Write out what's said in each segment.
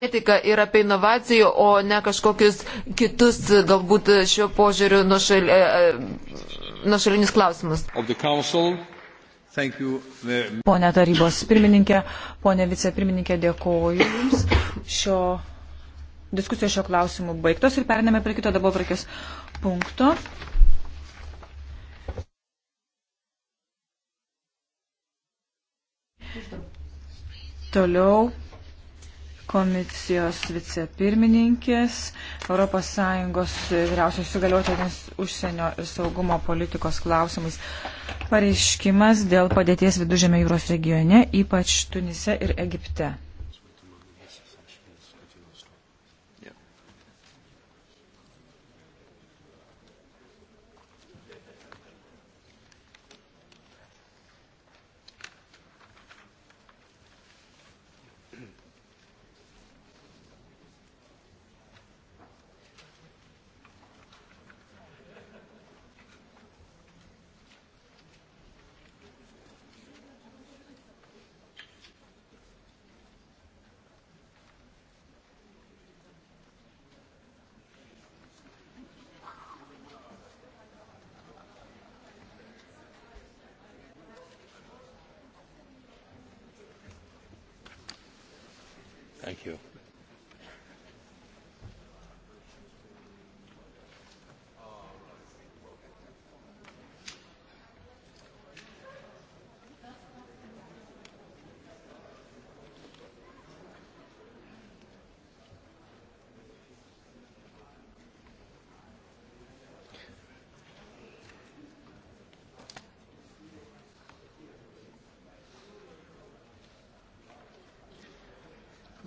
energetiką ir apie inovacijų, o ne kažkokius kitus galbūt šiuo požiūriu nuošal, e, e, nuošalinius klausimus. Pone tarybos pirmininkė, pone vicepirmininkė, dėkoju Jums. Šio diskusijos šio klausimu baigtos ir periname prie kito dabar prakės punkto. Toliau komisijos vicepirmininkės, ES vyriausios įgaliotinės užsienio ir saugumo politikos klausimais pareiškimas dėl padėties Vidužėme jūros regione, ypač Tunise ir Egipte.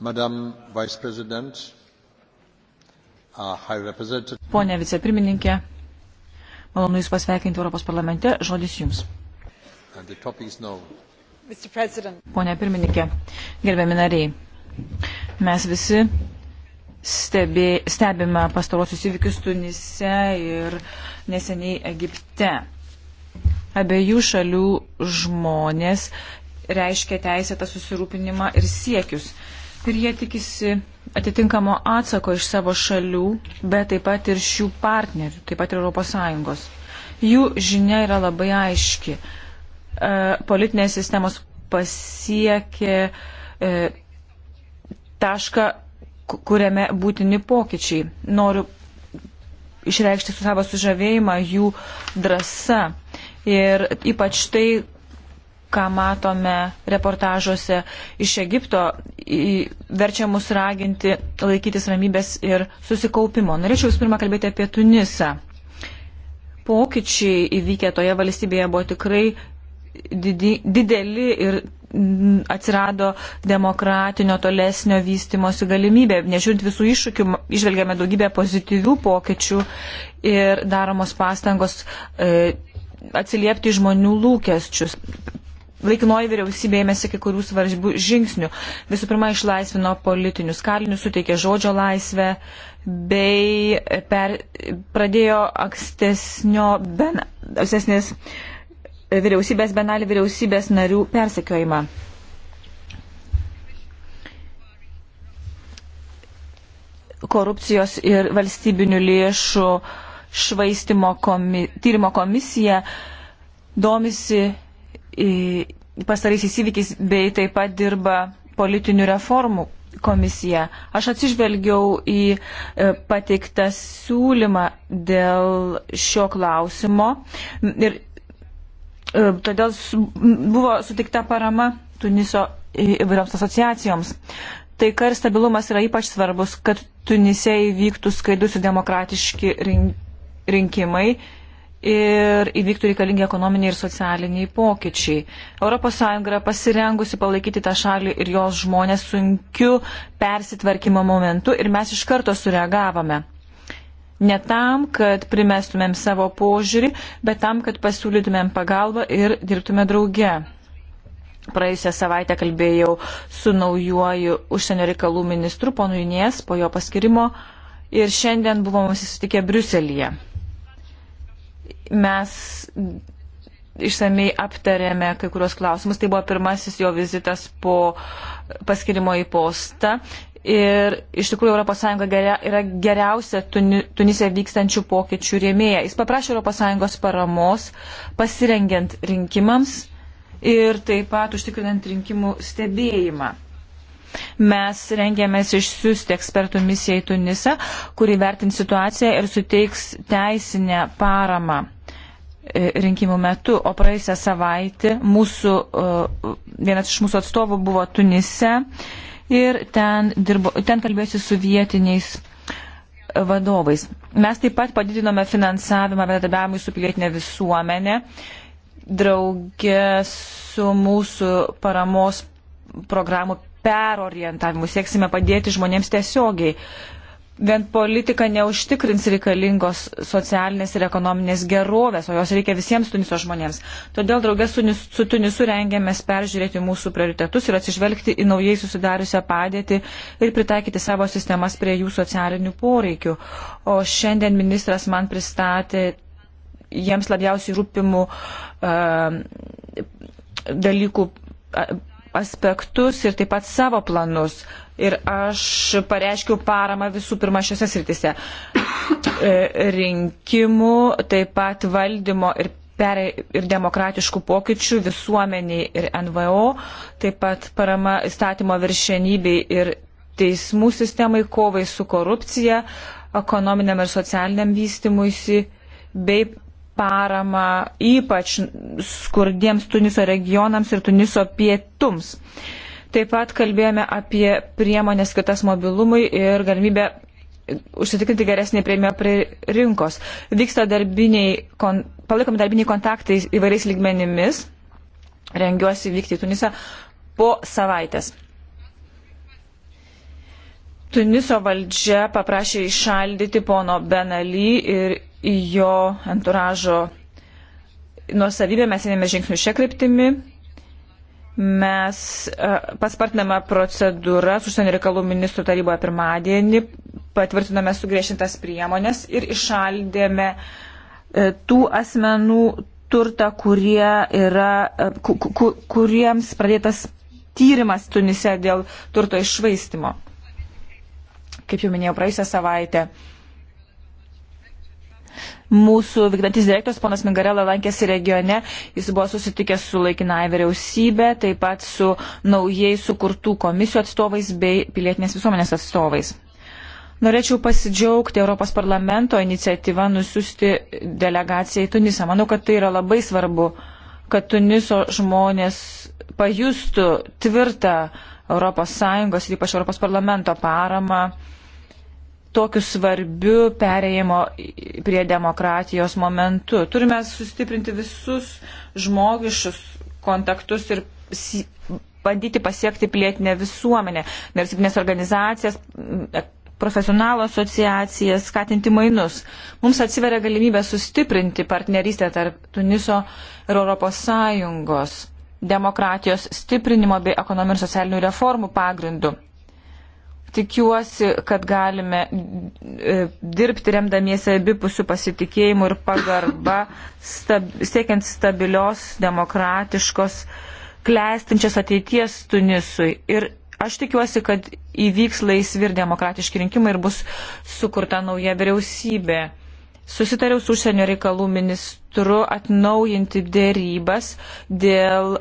Madam Vice President, uh, High Representative. Pone vicepirmininkė, malonu Jūs pasveikinti Europos parlamente, žodis Jums. No. Pone pirmininkė, gerbiami nariai, mes visi stebi, stebime pastarosius įvykius Tunise ir neseniai Egipte. Abiejų šalių žmonės reiškia teisėtą susirūpinimą ir siekius ir jie tikisi atitinkamo atsako iš savo šalių, bet taip pat ir šių partnerių, taip pat ir ES. Jų žinia yra labai aiški. E, politinės sistemos pasiekė e, tašką, kuriame būtini pokyčiai. Noriu išreikšti su savo sužavėjimą jų drąsa. Ir ypač tai, ką matome reportažuose iš Egipto, verčia mus raginti laikytis ramybės ir susikaupimo. Norėčiau jūs pirmą kalbėti apie Tunisą. Pokyčiai įvykę toje valstybėje buvo tikrai didi, dideli ir mm, atsirado demokratinio tolesnio vystimosi galimybė. Nežiūrint visų iššūkių, išvelgiame daugybę pozityvių pokyčių ir daromos pastangos e, atsiliepti žmonių lūkesčius laikinoji vyriausybė ėmėsi kai kurių svarbių žingsnių. Visų pirma, išlaisvino politinius kalinius, suteikė žodžio laisvę bei per, pradėjo ankstesnio ben, ankstesnės vyriausybės, benalį vyriausybės narių persekiojimą. Korupcijos ir valstybinių lėšų švaistimo komi, tyrimo komisija domisi pastaraisiais įvykiais, bei taip pat dirba politinių reformų komisija. Aš atsižvelgiau į e, pateiktą siūlymą dėl šio klausimo ir e, todėl buvo sutikta parama Tuniso įvairioms asociacijoms. Taika ir stabilumas yra ypač svarbus, kad Tunise įvyktų skaidus ir demokratiški rinkimai ir įvyktų reikalingi ekonominiai ir socialiniai pokyčiai. ES yra pasirengusi palaikyti tą šalį ir jos žmonės sunkiu persitvarkymo momentu ir mes iš karto sureagavome. Ne tam, kad primestumėm savo požiūrį, bet tam, kad pasiūlytumėm pagalbą ir dirbtume drauge. Praėjusią savaitę kalbėjau su naujuoju užsienio reikalų ministru ponu Junies po jo paskirimo ir šiandien buvome susitikę Briuselėje. Mes išsamei aptarėme kai kurios klausimus. Tai buvo pirmasis jo vizitas po paskirimo į postą. Ir iš tikrųjų ES geria, yra geriausia tuni, Tunise vykstančių pokyčių rėmėja. Jis paprašė ES paramos pasirengiant rinkimams ir taip pat užtikrinant rinkimų stebėjimą. Mes rengėmės išsiųsti ekspertų misiją į Tunisą, kuri vertins situaciją ir suteiks teisinę paramą. E, rinkimų metu, o praėjusią savaitę mūsų, e, vienas iš mūsų atstovų buvo Tunise ir ten, dirbo, ten kalbėjusi su vietiniais e, vadovais. Mes taip pat padidinome finansavimą bendradarbiavimui su pilietinė visuomenė, draugė su mūsų paramos programų perorientavimu. Sieksime padėti žmonėms tiesiogiai vien politika neužtikrins reikalingos socialinės ir ekonominės gerovės, o jos reikia visiems Tuniso žmonėms. Todėl draugės su, su Tunisu rengiamės peržiūrėti mūsų prioritetus ir atsižvelgti į naujai susidariusią padėtį ir pritaikyti savo sistemas prie jų socialinių poreikių. O šiandien ministras man pristatė jiems labiausiai rūpimų uh, dalykų aspektus ir taip pat savo planus. Uh, ir aš pareiškiau paramą visų pirma šiose sritise. E, rinkimų, taip pat valdymo ir, per, ir demokratiškų pokyčių visuomeniai ir NVO, taip pat parama įstatymo viršenybei ir teismų sistemai, kovai su korupcija, ekonominiam ir socialiniam vystimuisi bei parama ypač skurdiems Tuniso regionams ir Tuniso pietums. Uh, Taip pat kalbėjome apie priemonės skirtas mobilumui ir galimybę užsitikrinti geresnį prieimimą prie rinkos. Vyksta darbiniai, kon, palaikomi darbiniai kontaktai įvairiais lygmenimis. Rengiuosi vykti į Tunisą po savaitės. Tuniso valdžia paprašė išaldyti pono Benaly ir jo anturažo nuosavybę mes ėmėme žingsnių šią kryptimį. Mes e, paspartiname procedūras užsienio reikalų ministrų taryboje pirmadienį, patvirtiname sugriešintas priemonės ir išaldėme e, tų asmenų turtą, kurie yra, e, ku, ku, kuriems pradėtas tyrimas Tunise dėl turto išvaistimo. Kaip jau minėjau praėjusią savaitę, Mūsų vykdantis direktorius ponas Mingarela lankėsi regione, jis buvo susitikęs su laikinai vyriausybė, taip pat su naujai sukurtų komisijų atstovais bei pilietinės visuomenės atstovais. Norėčiau pasidžiaugti Europos parlamento iniciatyvą nusiųsti delegaciją į Tunisą. Manau, kad tai yra labai svarbu, kad Tuniso žmonės pajustų tvirtą ES ir ypač ES parlamento paramą tokiu svarbiu perėjimo prie demokratijos momentu. Turime sustiprinti visus žmogiškus kontaktus ir bandyti pasiekti pilietinę visuomenę, nevyriausybinės organizacijas, profesionalų asociacijas, skatinti mainus. Mums atsiveria galimybė sustiprinti partnerystę tarp Tuniso ir ES demokratijos stiprinimo bei ekonominių ir socialinių reformų pagrindų tikiuosi, kad galime e, dirbti remdamiesi abipusių pasitikėjimų ir pagarba, stab, siekiant stabilios, demokratiškos, klestinčios ateities Tunisui. Ir aš tikiuosi, kad įvyks laisvi ir demokratiški rinkimai ir bus sukurta nauja vyriausybė. Susitariau su užsienio reikalų ministru atnaujinti dėrybas dėl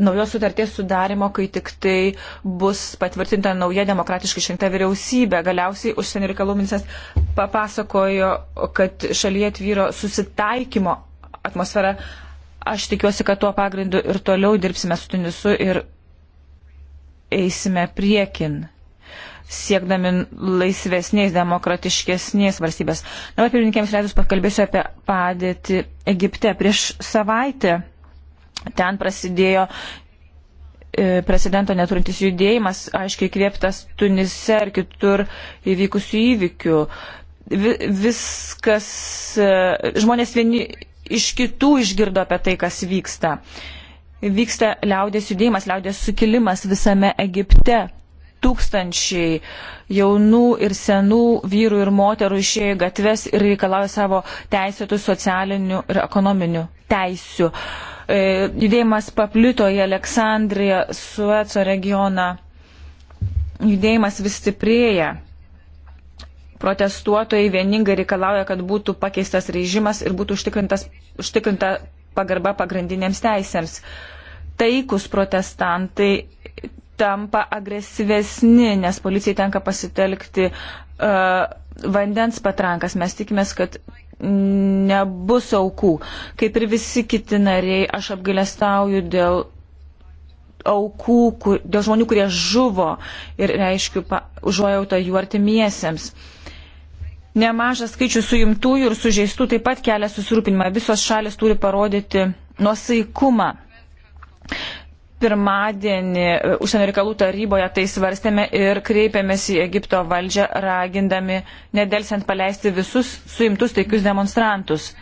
naujos sutarties sudarimo, kai tik tai bus patvirtinta nauja demokratiškai išrinkta vyriausybė. Galiausiai užsienio reikalų ministras papasakojo, kad šalyje atvyro susitaikymo atmosfera. Aš tikiuosi, kad tuo pagrindu ir toliau dirbsime su Tunisu ir eisime priekin siekdami laisvesnės, demokratiškesnės valstybės. Na, pirmininkėms leidus pakalbėsiu apie padėtį Egipte. Prieš savaitę Ten prasidėjo e, prezidento neturintis judėjimas, aiškiai kvėptas Tunise ir kitur įvykusių įvykių. Viskas, e, žmonės vieni iš kitų išgirdo apie tai, kas vyksta. Vyksta liaudės judėjimas, liaudės sukilimas visame Egipte. Tūkstančiai jaunų ir senų vyrų ir moterų išėjo į gatves ir reikalauja savo teisėtų socialinių ir ekonominių teisių. Uh, E, judėjimas paplito į Aleksandriją, Sueco regioną. Judėjimas vis stiprėja. Protestuotojai vieningai reikalauja, kad būtų pakeistas režimas ir būtų užtikrinta pagarba pagrindinėms teisėms. Taikus protestantai tampa agresyvesni, nes policijai tenka pasitelkti uh, vandens patrankas. Mes tikimės, kad nebus aukų. Kaip ir visi kiti nariai, aš apgailestauju dėl aukų, kur, dėl žmonių, kurie žuvo ir reiškiu užuojautą jų artimiesiems. Nemažas skaičius suimtųjų ir sužeistų taip pat kelia susirūpinimą. Visos šalis turi parodyti nuosaikumą pirmadienį e, užsienio reikalų taryboje tai svarstėme ir kreipėmės į Egipto valdžią, ragindami nedelsiant paleisti visus suimtus taikius demonstrantus.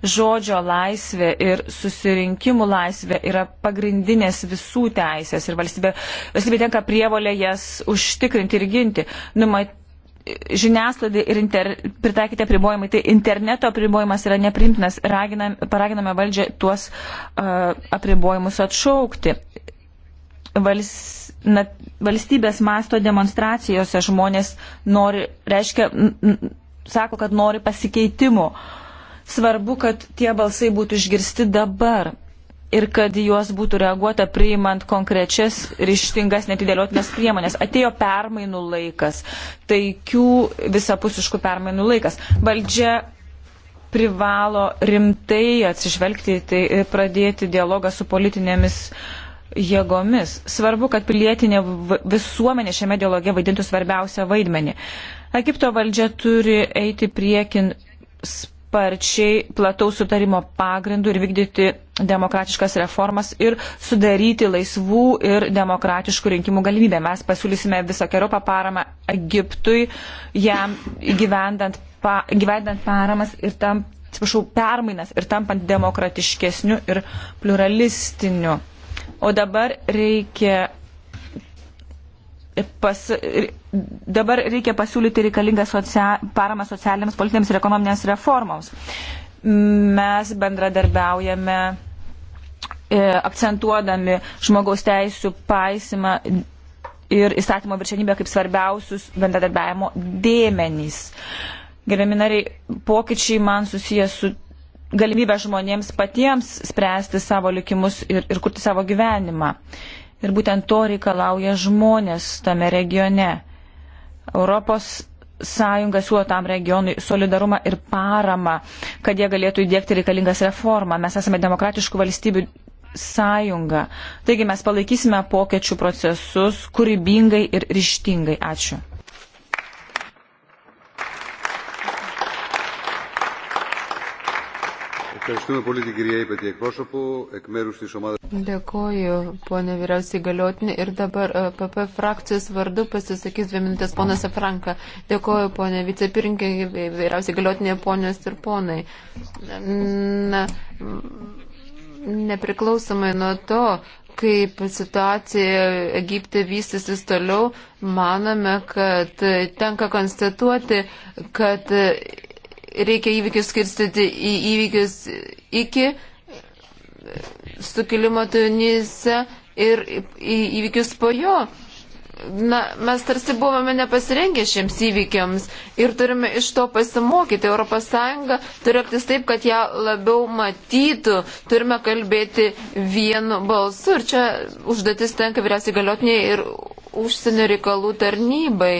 Žodžio laisvė ir susirinkimų laisvė yra pagrindinės visų teisės ir valstybė, valstybė tenka prievolė jas užtikrinti ir ginti. Numat, žiniasklaidai ir inter, pritaikyti apribojimai. Tai interneto apribojimas yra neprimtinas. Raginam, paraginame valdžią tuos uh, apribojimus atšaukti. Vals, na, valstybės masto demonstracijose žmonės nori, reiškia, m, sako, kad nori pasikeitimų. Svarbu, kad tie balsai būtų išgirsti dabar ir kad juos būtų reaguota priimant konkrečias ryštingas netidėliotinės priemonės. Atėjo permainų laikas, taikių visapusiškų permainų laikas. Valdžia privalo rimtai atsižvelgti į tai ir pradėti dialogą su politinėmis jėgomis. Svarbu, kad pilietinė visuomenė šiame dialoge vaidintų svarbiausią vaidmenį. Egipto valdžia turi eiti priekin sparčiai plataus sutarimo pagrindų ir vykdyti demokratiškas reformas ir sudaryti laisvų ir demokratiškų rinkimų galimybę. Mes pasiūlysime visokiojo paramą Egiptui, jam gyvendant, pa, gyvendant paramas ir tam, atsiprašau, permainas ir tampant demokratiškesniu ir pluralistiniu. O dabar reikia Pas, dabar reikia pasiūlyti reikalingą socia, paramą socialinėms, politinėms ir ekonominėms reformoms. Mes bendradarbiaujame e, akcentuodami žmogaus teisų paisimą ir įstatymo viršenybę kaip svarbiausius bendradarbiavimo dėmenys. Gerbiami nariai, pokyčiai man susijęs su galimybę žmonėms patiems spręsti savo likimus ir, ir kurti savo gyvenimą. E, Ir būtent to reikalauja žmonės tame regione. Europos Sąjunga siūlo tam regionui solidarumą ir paramą, kad jie galėtų įdėkti reikalingas reformą. Mes esame demokratiškų valstybių sąjunga. Taigi mes palaikysime pokėčių procesus kūrybingai ir ryštingai. Ačiū. Dėkoju, ponė vyriausiai galiotinė. Ir dabar PP frakcijos vardu pasisakys dvi minutės ponas Afranka. Dėkoju, ponė vicepirinkė, vyriausiai galiotinė, ponios ir ponai. Na, nepriklausomai nuo to, kaip situacija Egipte vystysis toliau, manome, kad tenka konstatuoti, kad reikia įvykius skirstyti į įvykius iki sukilimo Tunise ir į įvykius po jo. Na, mes tarsi buvome nepasirengę šiems įvykiams ir turime iš to pasimokyti. ES turi elgtis taip, kad ją labiau matytų, turime kalbėti vienu balsu ir čia užduotis tenka vyriausiai galiotiniai ir užsienio reikalų tarnybai.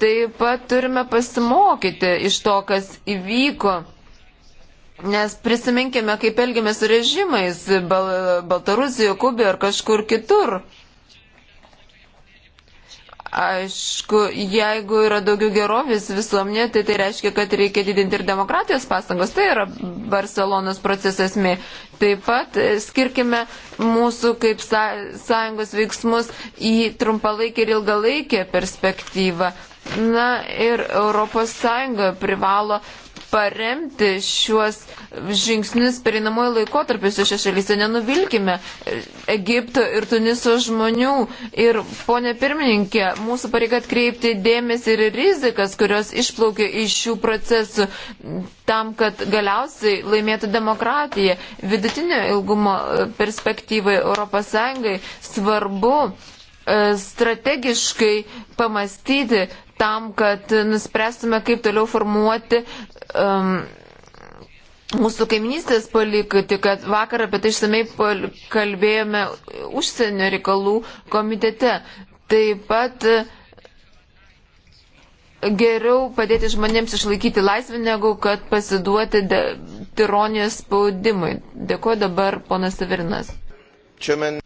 Taip pat turime pasimokyti iš to, kas įvyko. Nes prisiminkime, kaip elgiamės su režimais Bal Baltarusijoje, Kubijoje ar kažkur kitur. Aišku, jeigu yra daugiau gerovės visuomenė, tai tai reiškia, kad reikia didinti ir demokratijos pastangos. Tai yra Barcelonos procesas mė. Taip pat e, skirkime mūsų kaip sąjungos veiksmus į trumpalaikį ir ilgalaikį perspektyvą. Na ir ES privalo paremti šiuos žingsnius perinamojo laikotarpiu su šia šalyse. Nenuvilkime Egipto ir Tuniso žmonių. Ir, ponė pirmininkė, mūsų pareiga atkreipti dėmesį ir rizikas, kurios išplaukia iš šių procesų tam, kad galiausiai laimėtų demokratija. Vidutinio ilgumo perspektyvai ES svarbu e, strategiškai pamastyti, tam, kad nuspręstume, kaip toliau formuoti um, mūsų kaiminystės palikti, kad vakar apie tai išsamei kalbėjome užsienio reikalų komitete. Taip pat e, geriau padėti žmonėms išlaikyti laisvę, negu kad pasiduoti tironijos spaudimui. Dėkuoju dabar, ponas Severinas. Čia men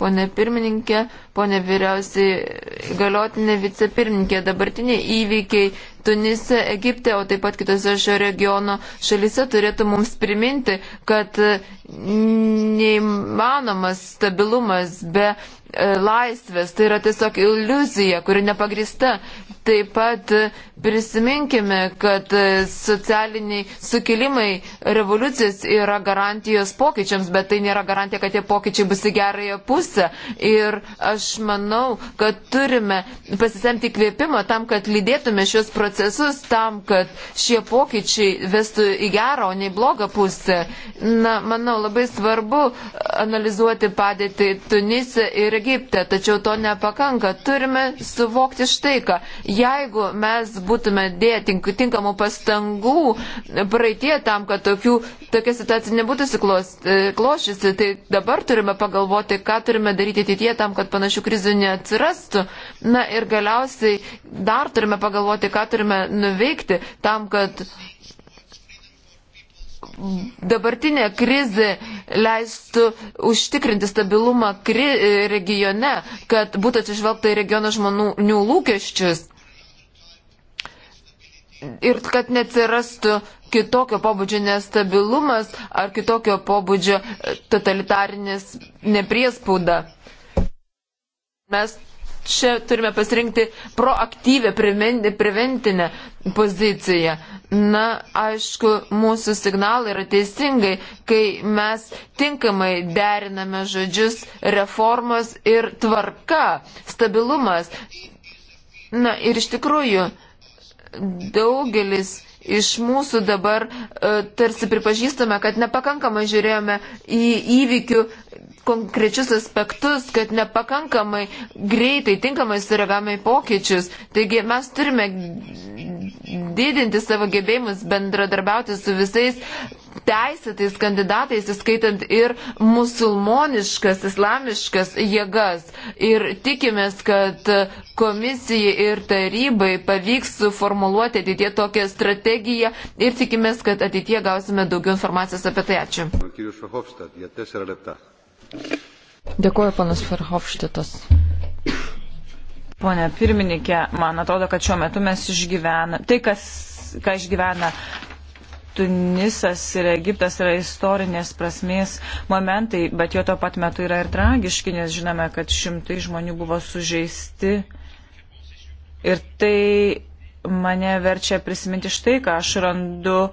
Pone pirmininkė, pone vyriausiai galiotinė vicepirmininkė, dabartiniai įvykiai Tunise, Egipte, o taip pat kitose šio regiono šalise turėtų mums priminti, kad e, neįmanomas stabilumas be e, laisvės, tai yra tiesiog iliuzija, kuri nepagrista. Taip pat e, prisiminkime, kad socialiniai sukilimai, revoliucijas yra garantijos pokyčiams, bet tai nėra garantija, kad tie pokyčiai bus į gerąją pusę. Ir aš manau, kad turime pasisemti kvėpimo tam, kad lydėtume šios procesus procesus tam, kad šie pokyčiai vestų į gerą, o ne į blogą pusę. Na, manau, labai svarbu analizuoti padėtį Tunise ir Egipte, tačiau to nepakanka. Turime suvokti štai ką. Jeigu mes būtume dėję tinkamų pastangų praeitie tam, kad tokių, tokia situacija nebūtų siklošysi, tai dabar turime pagalvoti, ką turime daryti ateityje tam, kad panašių krizių neatsirastų. Na ir galiausiai dar turime pagalvoti, ką turime turime nuveikti tam, kad dabartinė krizė leistų užtikrinti stabilumą kri regione, kad būtų atsižvelgta į regiono žmonių lūkesčius ir kad neatsirastų kitokio pobūdžio nestabilumas ar kitokio pobūdžio totalitarinis nepriespauda. Mes čia turime pasirinkti proaktyvę preventinę poziciją. Na, aišku, mūsų signalai yra teisingai, kai mes tinkamai deriname žodžius reformos ir tvarka, stabilumas. Na ir iš tikrųjų, daugelis iš mūsų dabar e, tarsi pripažįstame, kad nepakankamai žiūrėjome į įvykių konkrečius aspektus, kad nepakankamai greitai, tinkamai sureagavome į pokyčius. Taigi mes turime didinti savo gebėjimus bendradarbiauti su visais teisėtais kandidatais, įskaitant ir musulmoniškas, islamiškas jėgas. Ir tikimės, kad komisijai ir tarybai pavyks suformuluoti ateitie tokią strategiją ir tikimės, kad ateitie gausime daugiau informacijos apie tai. Ačiū. Dėkuoju, panas Ferhofštitas. Pone pirmininkė, man atrodo, kad šiuo metu mes išgyvename, tai kas, ką išgyvena Tunisas ir Egiptas yra istorinės prasmės momentai, bet jo tuo pat metu yra ir tragiški, nes žinome, kad šimtai žmonių buvo sužeisti Ir tai mane verčia prisiminti štai, ką aš randu e,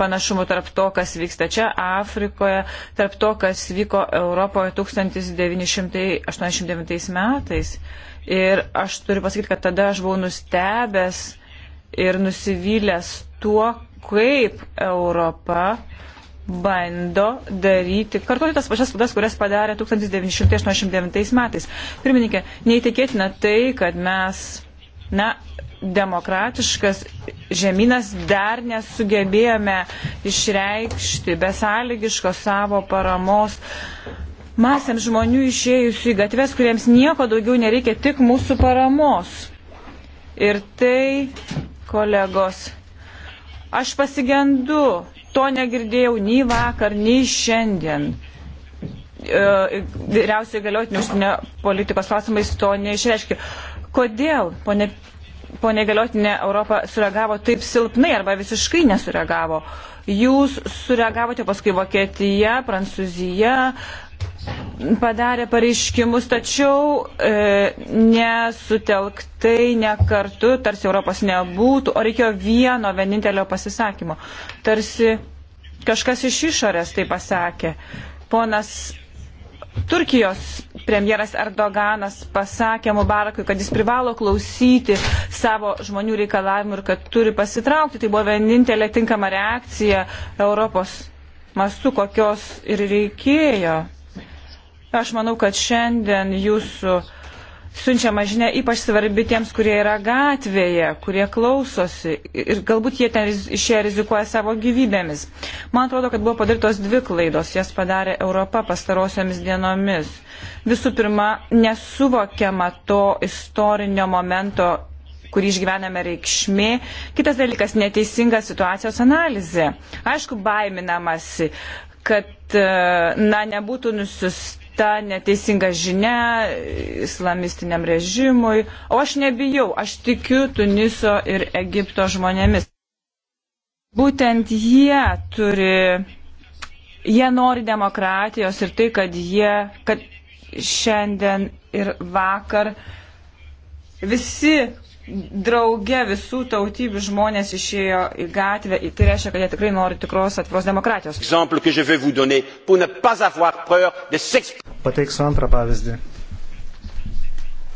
panašumų tarp to, kas vyksta čia Afrikoje, tarp to, kas vyko Europoje 1989 metais. Ir aš turiu pasakyti, kad tada aš buvau nustebęs ir nusivylęs tuo, kaip Europa bando daryti, kartuoti tas pačias klaidas, kurias padarė 1989 metais. Pirmininkė, neįtikėtina tai, kad mes, na, demokratiškas žemynas dar nesugebėjome išreikšti besąlygiškos savo paramos masėms žmonių išėjusių į gatves, kuriems nieko daugiau nereikia, tik mūsų paramos. Ir tai, kolegos, aš pasigendu To negirdėjau nei vakar, nei šiandien. E, vyriausiai galiotinė užsienio politikos klausimais to neišreiškia. Kodėl, ponė, ponė galiotinė, Europą sureagavo taip silpnai arba visiškai nesureagavo? Jūs sureagavote paskui Vokietija, Prancūzija, uh, padarė pareiškimus, tačiau e, nesutelktai, ne kartu, tarsi Europos nebūtų, o reikėjo vieno vienintelio pasisakymo. Tarsi kažkas iš išorės tai pasakė. Ponas Turkijos premjeras Erdoganas pasakė Mubarakui, kad jis privalo klausyti savo žmonių reikalavimų ir kad turi pasitraukti. Tai buvo vienintelė tinkama reakcija Europos mastu, kokios ir reikėjo. Aš manau, kad šiandien jūsų siunčiama žinia ypač svarbi tiems, kurie yra gatvėje, kurie klausosi ir galbūt jie ten išėję rizikuoja savo gyvybėmis. Man atrodo, kad buvo padarytos dvi klaidos, jas padarė Europa pastarosiomis dienomis. Visų pirma, nesuvokiama to istorinio momento kurį išgyvename reikšmė. Kitas dalykas - neteisinga situacijos analizė. Aišku, baiminamasi, kad e, na, nebūtų nusis, ta neteisinga žinia islamistiniam režimui. O aš nebijau, aš tikiu Tuniso ir Egipto žmonėmis. Būtent jie turi, jie nori demokratijos ir tai, kad jie, kad šiandien ir vakar visi drauge visų tautybių žmonės išėjo į gatvę, tai reiškia, kad jie tikrai nori tikros atviros demokratijos. Pateiksiu antrą pavyzdį.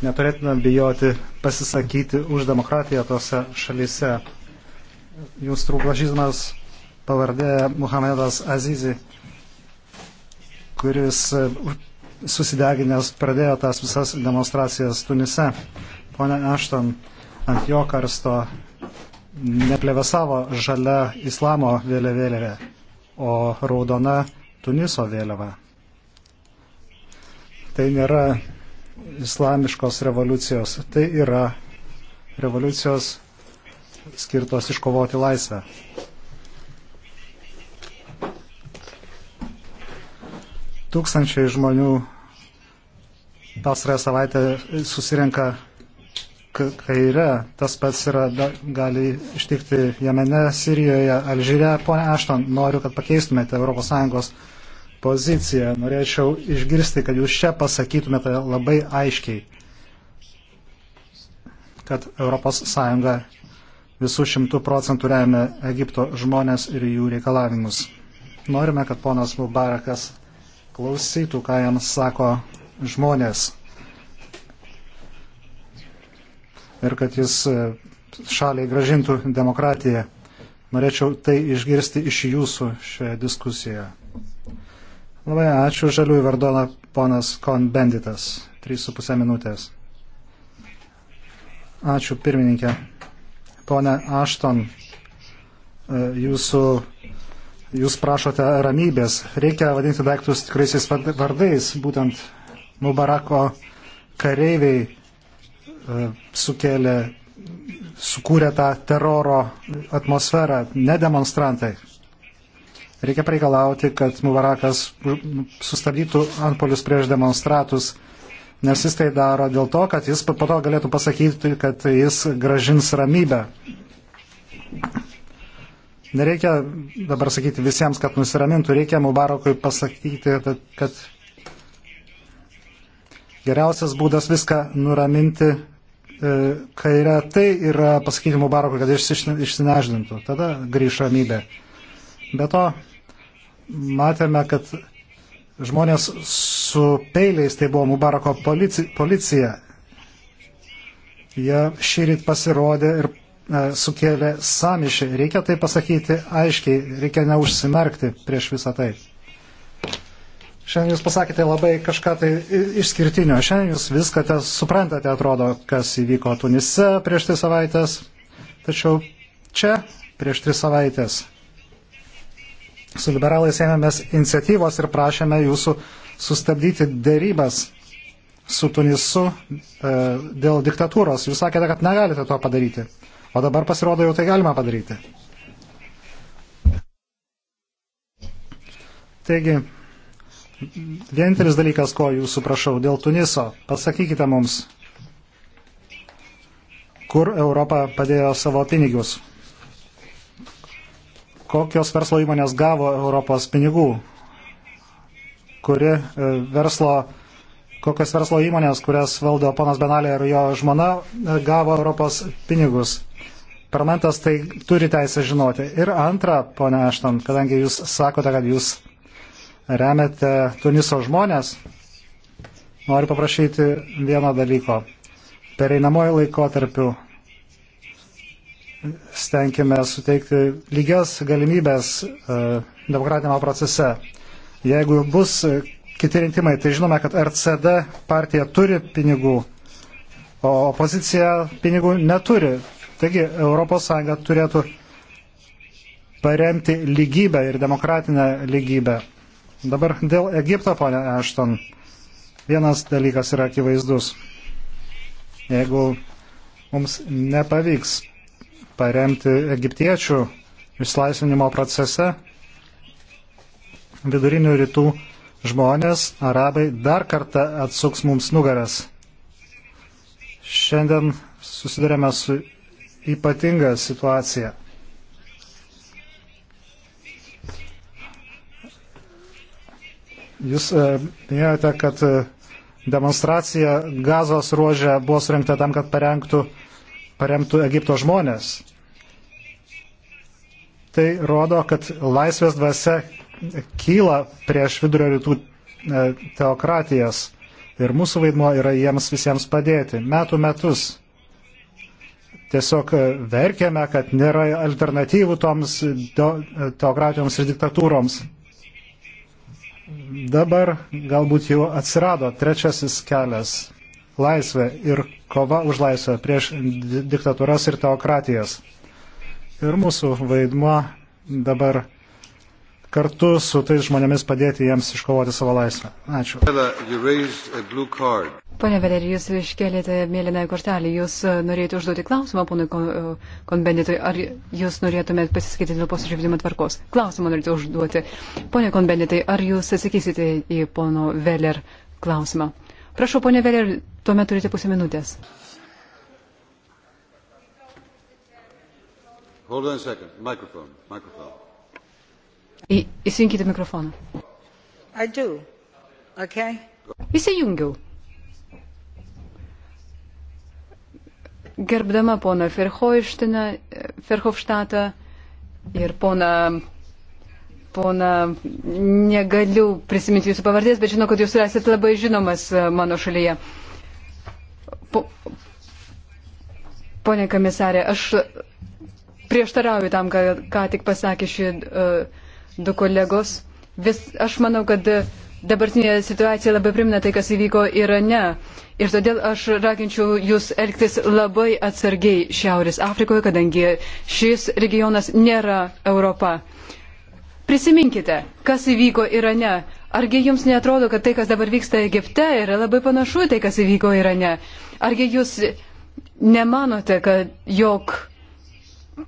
Neturėtume bijoti pasisakyti už demokratiją tose šalyse. Jūs trūklašizmas pavardė Muhamedas Azizi, kuris e, susideginęs pradėjo tas visas demonstracijas Tunise. Pone Ašton, ant jo karsto neplevesavo žalia islamo vėliavėlė, o raudona Tuniso vėliava. Tai nėra islamiškos revoliucijos, tai yra revoliucijos skirtos iškovoti laisvę. Tūkstančiai žmonių pasarąją savaitę susirenka kairę. Tas pats yra, da, gali ištikti Jemene, Sirijoje, Alžyre. Pone Ašton, noriu, kad pakeistumėte ES poziciją. Norėčiau išgirsti, kad jūs čia pasakytumėte labai aiškiai, kad ES visų šimtų procentų remia Egipto žmonės ir jų reikalavimus. Norime, kad ponas Mubarakas klausytų, ką jam sako žmonės ir kad jis e, šaliai gražintų demokratiją. Norėčiau tai išgirsti iš jūsų šioje diskusijoje. Labai ačiū žaliųjų vardoną ponas Konbenditas. 3,5 minutės. Ačiū pirmininkė. Pone Ašton, e, jūsų, jūs prašote ramybės. Reikia vadinti daiktus tikraisiais vardais. Būtent Mubarako kareiviai E, sukėlė, sukūrė tą teroro atmosferą, ne demonstrantai. Reikia reikalauti, kad Mubarakas sustabdytų antpolius prieš demonstratus, nes jis tai daro dėl to, kad jis po to galėtų pasakyti, kad jis gražins ramybę. Nereikia dabar sakyti visiems, kad nusiramintų, reikia Mubarakui pasakyti, kad, kad geriausias būdas viską nuraminti E, kairę, tai yra pasakyti Mubarakui, kad išsineždintų. Tada grįž ramybė. Be to, matėme, kad žmonės su peiliais, tai buvo Mubarako polici, policija. Jie šįryt pasirodė ir e, sukėlė samišį. Reikia tai pasakyti aiškiai, reikia neužsimerkti prieš visą tai. Šiandien jūs pasakėte labai kažką tai išskirtinio. Šiandien jūs viską suprantate, atrodo, kas įvyko Tunise prieš tris savaitės. Tačiau čia prieš tris savaitės su liberalais ėmėmės iniciatyvos ir prašėme jūsų sustabdyti dėrybas su Tunisu e, dėl diktatūros. Jūs sakėte, kad negalite to padaryti. O dabar pasirodo, jau tai galima padaryti. Taigi, vienintelis dalykas, ko jūsų prašau, dėl Tuniso, pasakykite mums, kur Europa padėjo savo pinigus. Kokios verslo įmonės gavo Europos pinigų, kuri e, verslo, kokios verslo įmonės, kurias valdo ponas Benalė ir jo žmona, e, gavo Europos pinigus. Parlamentas tai turi teisę žinoti. Ir antra, ponia Ašton, kadangi jūs sakote, kad jūs remiate Tuniso žmonės, noriu paprašyti vieno dalyko. Pereinamojo laikotarpiu stenkime suteikti lygias galimybės e, demokratinėme procese. Jeigu bus kiti rinkimai, tai žinome, kad RCD partija turi pinigų, o opozicija pinigų neturi. Taigi ES turėtų paremti lygybę ir demokratinę lygybę. Dabar dėl Egipto, ponė Ešton, vienas dalykas yra akivaizdus. Jeigu mums nepavyks paremti egiptiečių išlaisvinimo procese, vidurinių rytų žmonės, arabai, dar kartą atsuks mums nugaras. Šiandien susidurėme su ypatinga situacija. Jūs e, minėjote, kad e, demonstracija gazos ruožė buvo surinkta tam, kad parengtų, paremtų Egipto žmonės. Tai rodo, kad laisvės dvasia kyla prieš vidurio rytų e, teokratijas ir mūsų vaidmo yra jiems visiems padėti. Metų metus tiesiog verkėme, kad nėra alternatyvų toms teokratijoms ir diktatūroms. Dabar galbūt jau atsirado trečiasis kelias - laisvė ir kova už laisvę prieš diktatūras ir teokratijas. Ir mūsų vaidmuo dabar kartu su tais žmonėmis padėti jiems iškovoti savo laisvę. Ačiū. Pane Velerį, jūs iškėlėte mėlynąją kortelį. Jūs norėjote užduoti klausimą, ponui Konbenditui, ar jūs norėtumėt pasiskaityti dėl posėdžio tvarkos? Klausimą norite užduoti. Pone Konbenditai, ar jūs atsakysite į pono Veler klausimą? Prašau, ponė Veler, tuomet turite pusę minutės. Hold on a second. Microphone. Microphone. Į, įsijunkite mikrofoną. I do. Okay. Įsijungiau. Gerbdama poną Ferhofštatą ir poną, poną, negaliu prisiminti jūsų pavardės, bet žinau, kad jūs esate labai žinomas e, mano šalyje. Po, pone komisarė, aš prieštarauju tam, ką, ką tik pasakė ši. Uh, du kolegos. Vis, aš manau, kad dabartinė situacija labai primena tai, kas įvyko Irane. Ir todėl aš raginčiau jūs elgtis labai atsargiai Šiaurės Afrikoje, kadangi šis regionas nėra Europa. Prisiminkite, kas įvyko Irane. Argi jums netrodo, kad tai, kas dabar vyksta Egipte, yra labai panašu tai, kas įvyko Irane? Argi jūs nemanote, kad jog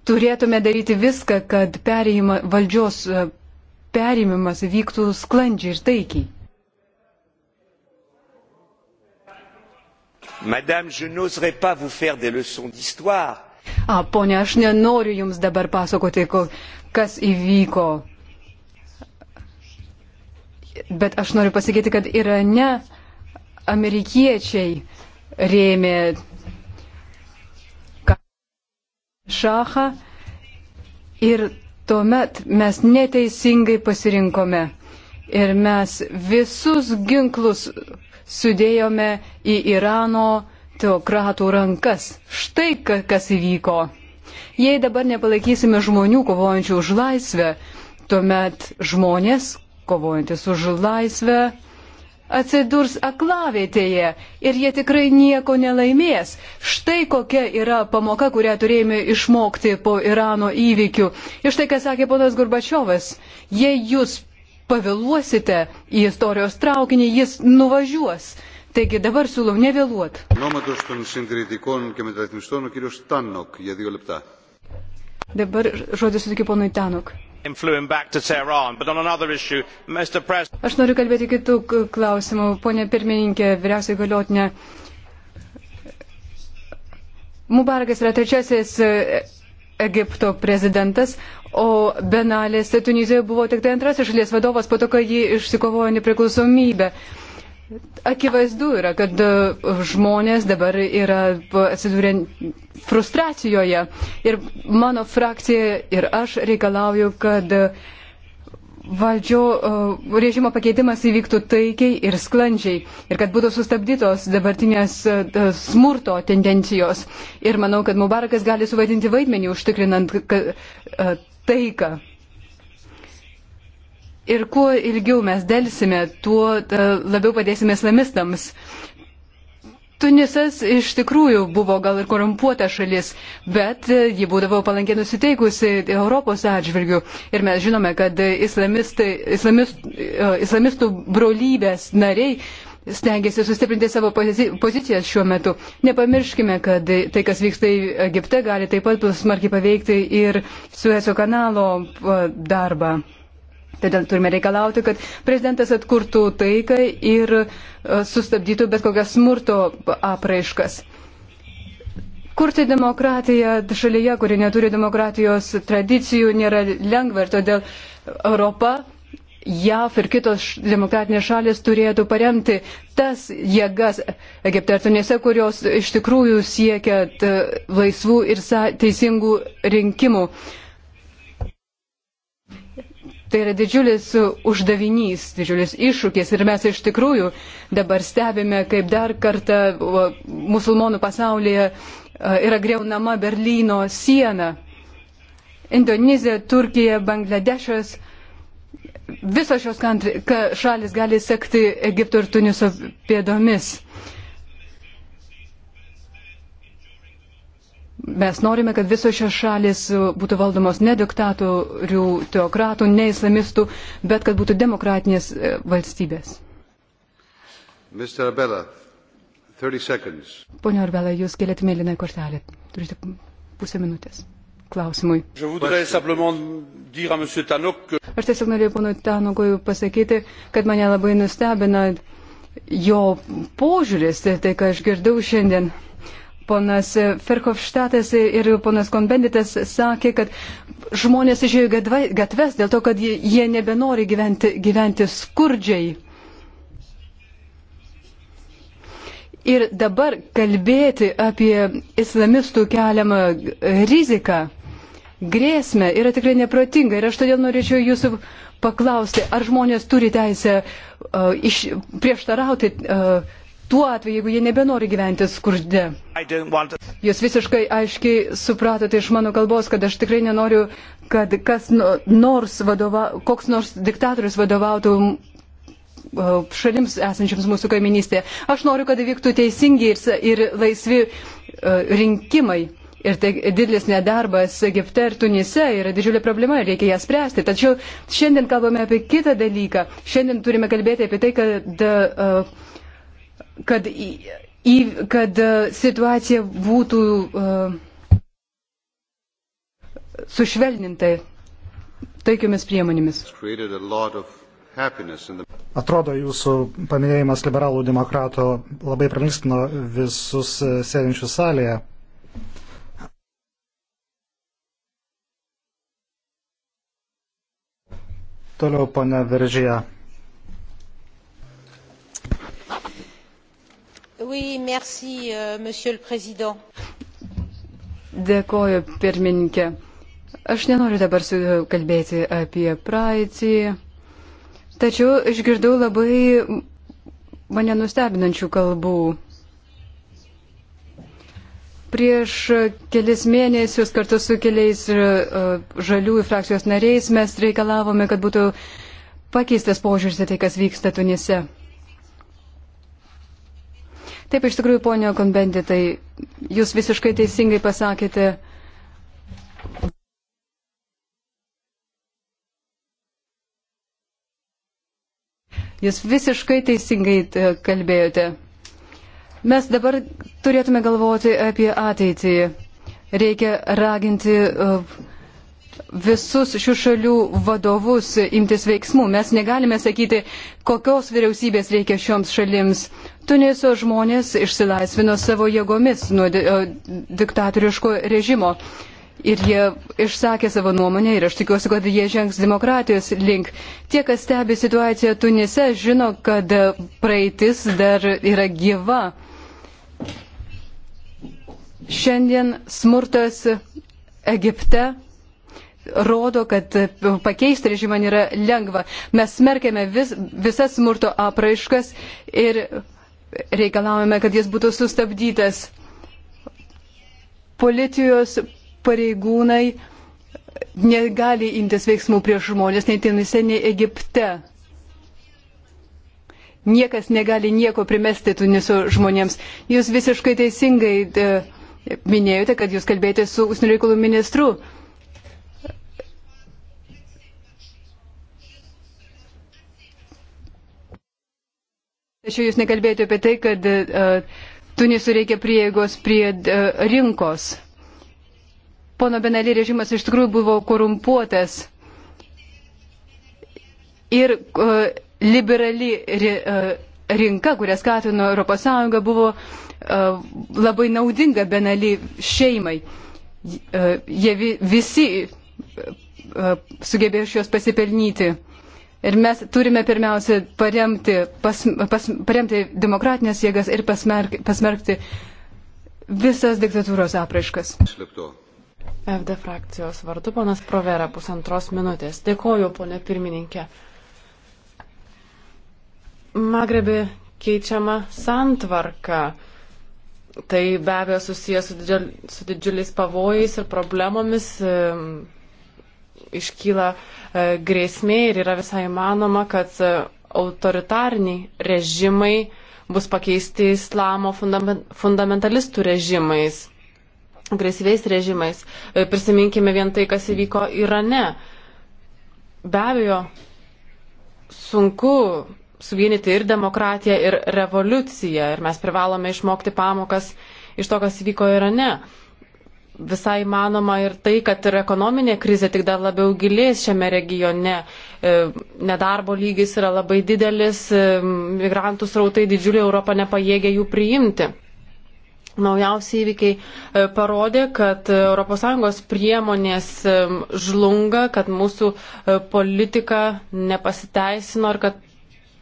turėtume daryti viską, kad perėjima, valdžios e, perėmimas vyktų sklandžiai ir taikiai. Madame, je n'oserais pas vous faire des leçons d'histoire. A, ponia, aš nenoriu jums dabar pasakoti, kas įvyko. Bet aš noriu pasakyti, kad Irane amerikiečiai rėmė šachą ir tuomet mes neteisingai pasirinkome ir mes visus ginklus sudėjome į Irano teokratų rankas. Štai kas įvyko. Jei dabar nepalaikysime žmonių kovojančių už laisvę, tuomet žmonės kovojantis už laisvę atsidurs aklavietėje ir jie tikrai nieko nelaimės. Štai kokia yra pamoka, kurią turėjome išmokti po Irano įvykių. Ir štai ką sakė ponas Gorbačiovas, jei jūs pavėluosite į istorijos traukinį, jis nuvažiuos. Taigi dabar siūlau nevėluot. Dabar žodis sutikiu ponui Tanuk. Aš noriu kalbėti kitų klausimų, ponė pirmininkė, vyriausiai galiotinė. Mubarakas yra trečiasis e, Egipto prezidentas, o Benalis Tunizijoje buvo tik tai antrasis šalies vadovas po to, kai jį išsikovojo nepriklausomybę. Akivaizdu yra, kad e, žmonės dabar yra e, atsidūrę frustracijoje ir mano frakcija ir aš reikalauju, kad e, valdžio režimo pakeitimas įvyktų taikiai ir sklandžiai ir kad būtų sustabdytos dabartinės smurto tendencijos. Ir manau, kad Mubarakas gali suvaidinti vaidmenį užtikrinant taiką. Ir kuo ilgiau mes dėlsime, tuo e, labiau padėsime islamistams. Tunisas iš tikrųjų buvo gal ir korumpuota šalis, bet e, ji būdavo palankiai nusiteikusi Europos atžvilgių. Ir mes žinome, kad islamist, e, islamistų brolybės nariai stengiasi sustiprinti savo pozicijas šiuo metu. Nepamirškime, kad tai, kas vyksta Egipte, gali taip pat smarkiai paveikti ir Sueso kanalo darbą. Todėl turime reikalauti, kad prezidentas atkurtų taiką ir e, sustabdytų bet kokias smurto apraiškas. Kurti demokratiją šalyje, kuri neturi demokratijos tradicijų, nėra lengva ir todėl Europa, JAF ir kitos demokratinės šalis turėtų paremti tas jėgas Egipte ir Tunise, kurios iš tikrųjų siekia laisvų ir teisingų rinkimų. Uh, Tai yra didžiulis uždavinys, didžiulis iššūkis ir mes iš tikrųjų dabar stebime, kaip dar kartą musulmonų pasaulyje yra greunama Berlyno siena. Indonezija, Turkija, Bangladešas, visos šios šalis gali sekti Egipto ir Tuniso pėdomis. Mes norime, kad visos šios šalis būtų valdomos ne diktatorių, teokratų, ne islamistų, bet kad būtų demokratinės e, valstybės. Arbella, Pone Arbela, jūs keliat mėlyną kortelę. Turite pusę minutės klausimui. Aš tiesiog norėjau ponui Tanukui pasakyti, kad mane labai nustebina jo požiūris, tai ką aš girdau šiandien. Ponas Ferkovštatas ir ponas Konbenditas sakė, kad žmonės išėjo į gatves dėl to, kad jie nebenori gyventi, gyventi skurdžiai. Ir dabar kalbėti apie islamistų keliamą riziką, grėsmę yra tikrai neprotinga. Ir aš todėl norėčiau jūsų paklausti, ar žmonės turi teisę uh, iš, prieštarauti uh, tuo atveju, jeigu jie nebenori gyventi skurde. Jūs visiškai aiškiai supratote iš mano kalbos, kad aš tikrai nenoriu, kad kas nors vadova, koks nors diktatorius vadovautų uh, šalims esančiams mūsų kaiminystėje. Aš noriu, kad vyktų teisingi ir, ir laisvi uh, rinkimai. Ir tai didelis nedarbas Egipte ir Tunise yra didžiulė problema ir reikia ją spręsti. Tačiau šiandien kalbame apie kitą dalyką. Šiandien turime kalbėti apie tai, kad uh, kad, į, kad e, situacija būtų uh, sušvelninta taikiomis priemonėmis. Atrodo, jūsų paminėjimas liberalų demokrato labai pralinksino visus e, sėdinčius salėje. Toliau, ponia Veržyje. Oui, merci, euh, Dėkoju, pirmininkė. Aš nenoriu dabar kalbėti apie praeitį, tačiau išgirdau labai mane nustebinančių kalbų. Prieš kelis mėnesius kartu su keliais e, žaliųjų frakcijos nariais mes reikalavome, kad būtų pakeistas požiūris į tai, kas vyksta Tunise. Taip, iš tikrųjų, ponio konbenditai, jūs visiškai teisingai pasakėte. Jūs visiškai teisingai e, kalbėjote. Mes dabar turėtume galvoti apie ateitį. Reikia raginti e, visus šių šalių vadovus imtis veiksmų. Mes negalime sakyti, kokios vyriausybės reikia šioms šalims, Tuniso žmonės išsilaisvino savo jėgomis nuo diktatoriško režimo. Ir jie išsakė savo nuomonę ir aš tikiuosi, kad jie žengs demokratijos link. Tie, kas stebi situaciją Tunise, žino, kad praeitis dar yra gyva. Šiandien smurtas Egipte rodo, kad pakeisti režimą nėra lengva. Mes smerkėme vis, visas smurto apraiškas ir reikalavome, kad jis būtų sustabdytas. Policijos pareigūnai negali imtis veiksmų prieš žmonės nei Tunise, nei Egipte. Niekas negali nieko primesti Tuniso žmonėms. Jūs visiškai teisingai e, minėjote, kad jūs kalbėjote su užsienio reikalų ministru. Aš jūs nekalbėjote apie tai, kad uh, e, Tunisų reikia prieigos prie uh, rinkos. Pono Benelį režimas iš tikrųjų buvo korumpuotas. Ir uh, liberali ri, uh, rinka, kurią skatino ES, buvo uh, labai naudinga Benelį šeimai. Uh, jie vi, visi uh, sugebėjo iš jos pasipelnyti. Uh, Ir mes turime pirmiausia paremti, pas, pas, paremti demokratinės jėgas ir pasmerk, pasmerkti visas diktatūros apraiškas. FD frakcijos vardu panas Provera pusantros minutės. Dėkoju, ponė pirmininkė. Magrebi keičiama santvarka. Tai be abejo susijęs su, didžiul, su didžiuliais pavojais ir problemomis. E, iškyla e, grėsmė ir yra visai manoma, kad e, autoritariniai režimai bus pakeisti islamo fundamentalistų režimais, agresyviais režimais. E, prisiminkime vien tai, kas įvyko Irane. Be abejo, sunku suvienyti ir demokratiją, ir revoliuciją, ir mes privalome išmokti pamokas iš to, kas įvyko Irane. Ir visai manoma ir tai, kad ir ekonominė krizė tik dar labiau gilės šiame regione. E, nedarbo lygis yra labai didelis, e, migrantų srautai didžiulį Europą nepajėgia jų priimti. Naujausi įvykiai e, parodė, kad ES priemonės žlunga, kad mūsų politika nepasiteisino ir kad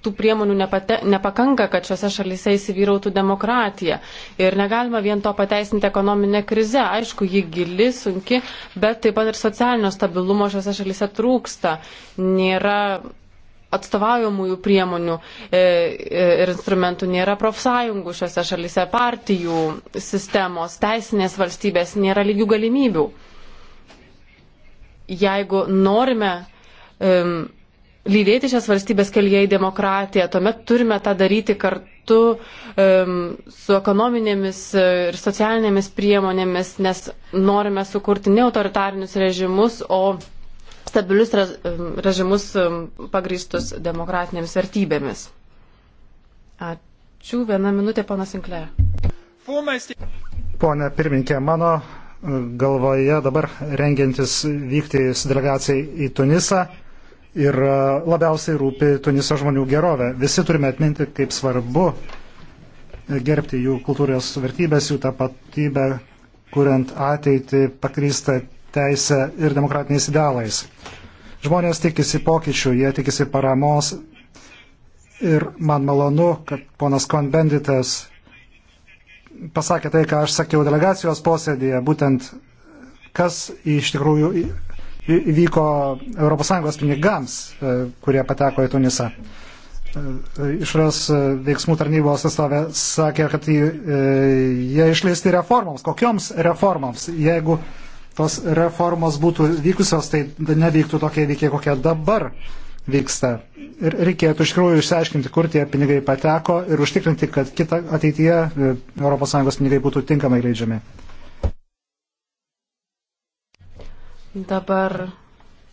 tų priemonių nepate, nepakanka, kad šiuose šalyse įsivyrautų demokratija. Ir negalima vien to pateisinti ekonominė krize. Aišku, ji gili, sunki, bet taip pat ir socialinio stabilumo šiuose šalyse trūksta. Nėra atstovaujamųjų priemonių e, e, ir instrumentų, nėra profsąjungų šiuose šalyse, partijų sistemos, teisinės valstybės, nėra lygių galimybių. Jeigu norime um, lydėti šias valstybės kelyje į demokratiją, tuomet turime tą daryti kartu um, su ekonominėmis e, ir socialinėmis priemonėmis, nes norime sukurti ne autoritarinius režimus, o stabilius režimus pagrįstus demokratinėmis vertybėmis. Ačiū. Viena minutė, panas Inklė. Pone pirmininkė, mano e, galvoje dabar rengiantis vykti su delegacijai į Tunisą ir e, labiausiai rūpi Tuniso žmonių gerovė. Visi turime atminti, kaip svarbu e, gerbti jų kultūros vertybės, jų tapatybę, kuriant ateitį pakrystą teisę ir demokratiniais idealais. Žmonės tikisi pokyčių, jie tikisi paramos ir man malonu, kad ponas Konbenditas pasakė tai, ką aš sakiau delegacijos posėdėje, būtent kas iš tikrųjų vyko ES pinigams, e, kurie pateko į Tunisą. E, e, išras veiksmų tarnybos atstovė sakė, kad jie išleisti reformoms. Kokioms reformoms? Jeigu tos reformos būtų vykusios, tai nevyktų tokie įvykiai, kokie dabar vyksta. Ir reikėtų iš tikrųjų išsiaiškinti, kur tie pinigai pateko ir užtikrinti, kad kita ateityje ES pinigai būtų tinkamai leidžiami. Dabar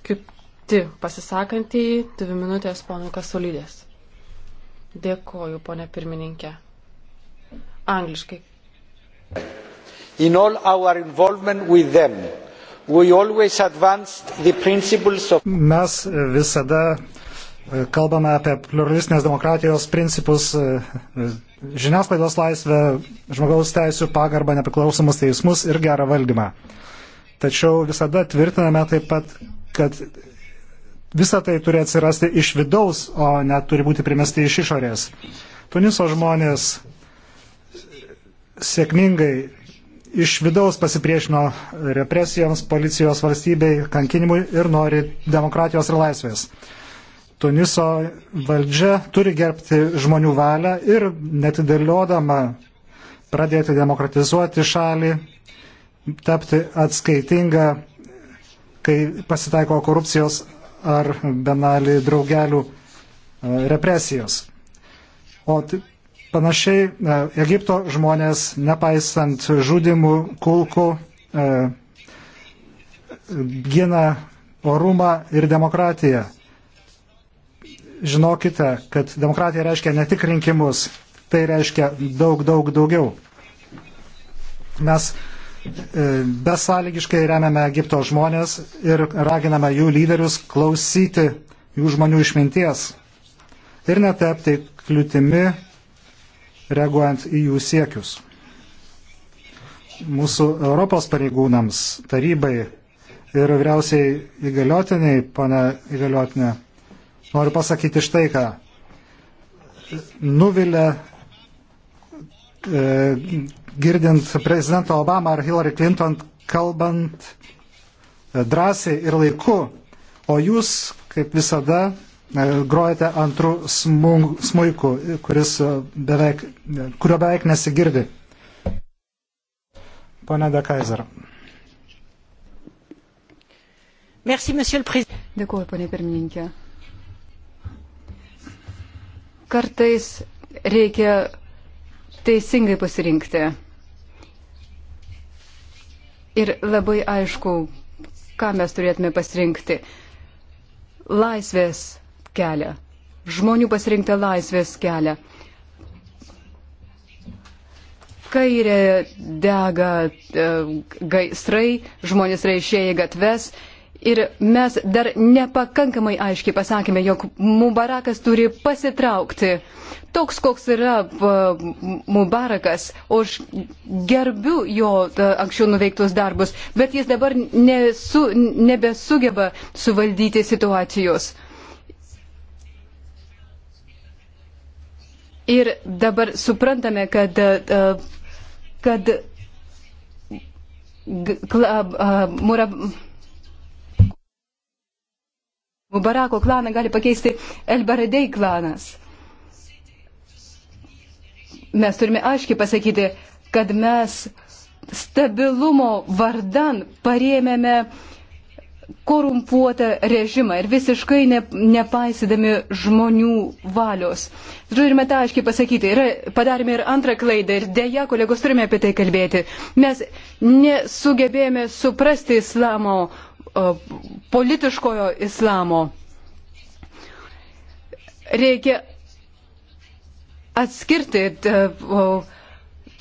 kiti pasisakantieji, dvi minutės ponui Kasulydės. Dėkoju, ponė pirmininkė. Angliškai. In all our involvement with them, we always advanced the principles of... Mes visada e, kalbame apie pluralistinės demokratijos principus, e, žiniasklaidos laisvę, žmogaus teisų pagarbą, nepriklausomus teismus ir gerą valdymą. Tačiau visada tvirtiname taip pat, kad visa tai turi atsirasti iš vidaus, o net turi būti primesti iš išorės. Tuniso žmonės sėkmingai iš vidaus pasipriešino represijoms, policijos valstybei, kankinimui ir nori demokratijos ir laisvės. Tuniso valdžia turi gerbti žmonių valią ir netidėliodama pradėti demokratizuoti šalį tapti atskaitinga, kai pasitaiko korupcijos ar benali draugelių e, represijos. O panašiai e, Egipto žmonės, nepaisant žudimų, kulkų, e, gina orumą ir demokratiją. Žinokite, kad demokratija reiškia ne tik rinkimus, tai reiškia daug, daug daugiau. Mes E, besąlygiškai remiame Egipto žmonės ir raginame jų lyderius klausyti jų žmonių išminties ir netepti kliūtimi reaguojant į jų siekius. Mūsų Europos pareigūnams, tarybai ir vyriausiai įgaliotiniai, pane įgaliotinė, noriu pasakyti štai ką. Nuvilė e, girdint prezidentą Obamą ar Hillary Clinton kalbant e, drąsiai ir laiku, o jūs, kaip visada, e, grojate antrų smuiku, kuris e, beveik, kurio beveik nesigirdi. Pone De Kaiser. Merci, Dėkuoju, ponė pirmininkė. Kartais reikia teisingai pasirinkti ir labai aišku, ką mes turėtume pasirinkti. Laisvės kelią. Žmonių pasirinktą laisvės kelią. Kairė dega e, gaisrai, žmonės reišėja gatves, Ir mes dar nepakankamai aiškiai pasakėme, jog Mubarakas turi pasitraukti. Toks, koks yra Mubarakas, o aš gerbiu jo anksčiau nuveiktus darbus, bet jis dabar nesu, nebesugeba suvaldyti situacijos. Ir dabar suprantame, kad, kad, kad Murab. Mubarako klaną gali pakeisti Elbaradei klanas. Mes turime aiškiai pasakyti, kad mes stabilumo vardan parėmėme korumpuotą režimą ir visiškai ne, nepaisydami žmonių valios. Turime tą aiškiai pasakyti. Yra, padarėme ir antrą klaidą ir dėja, kolegos, turime apie tai kalbėti. Mes nesugebėjome suprasti islamo E, politiškojo islamo. Reikia atskirti e,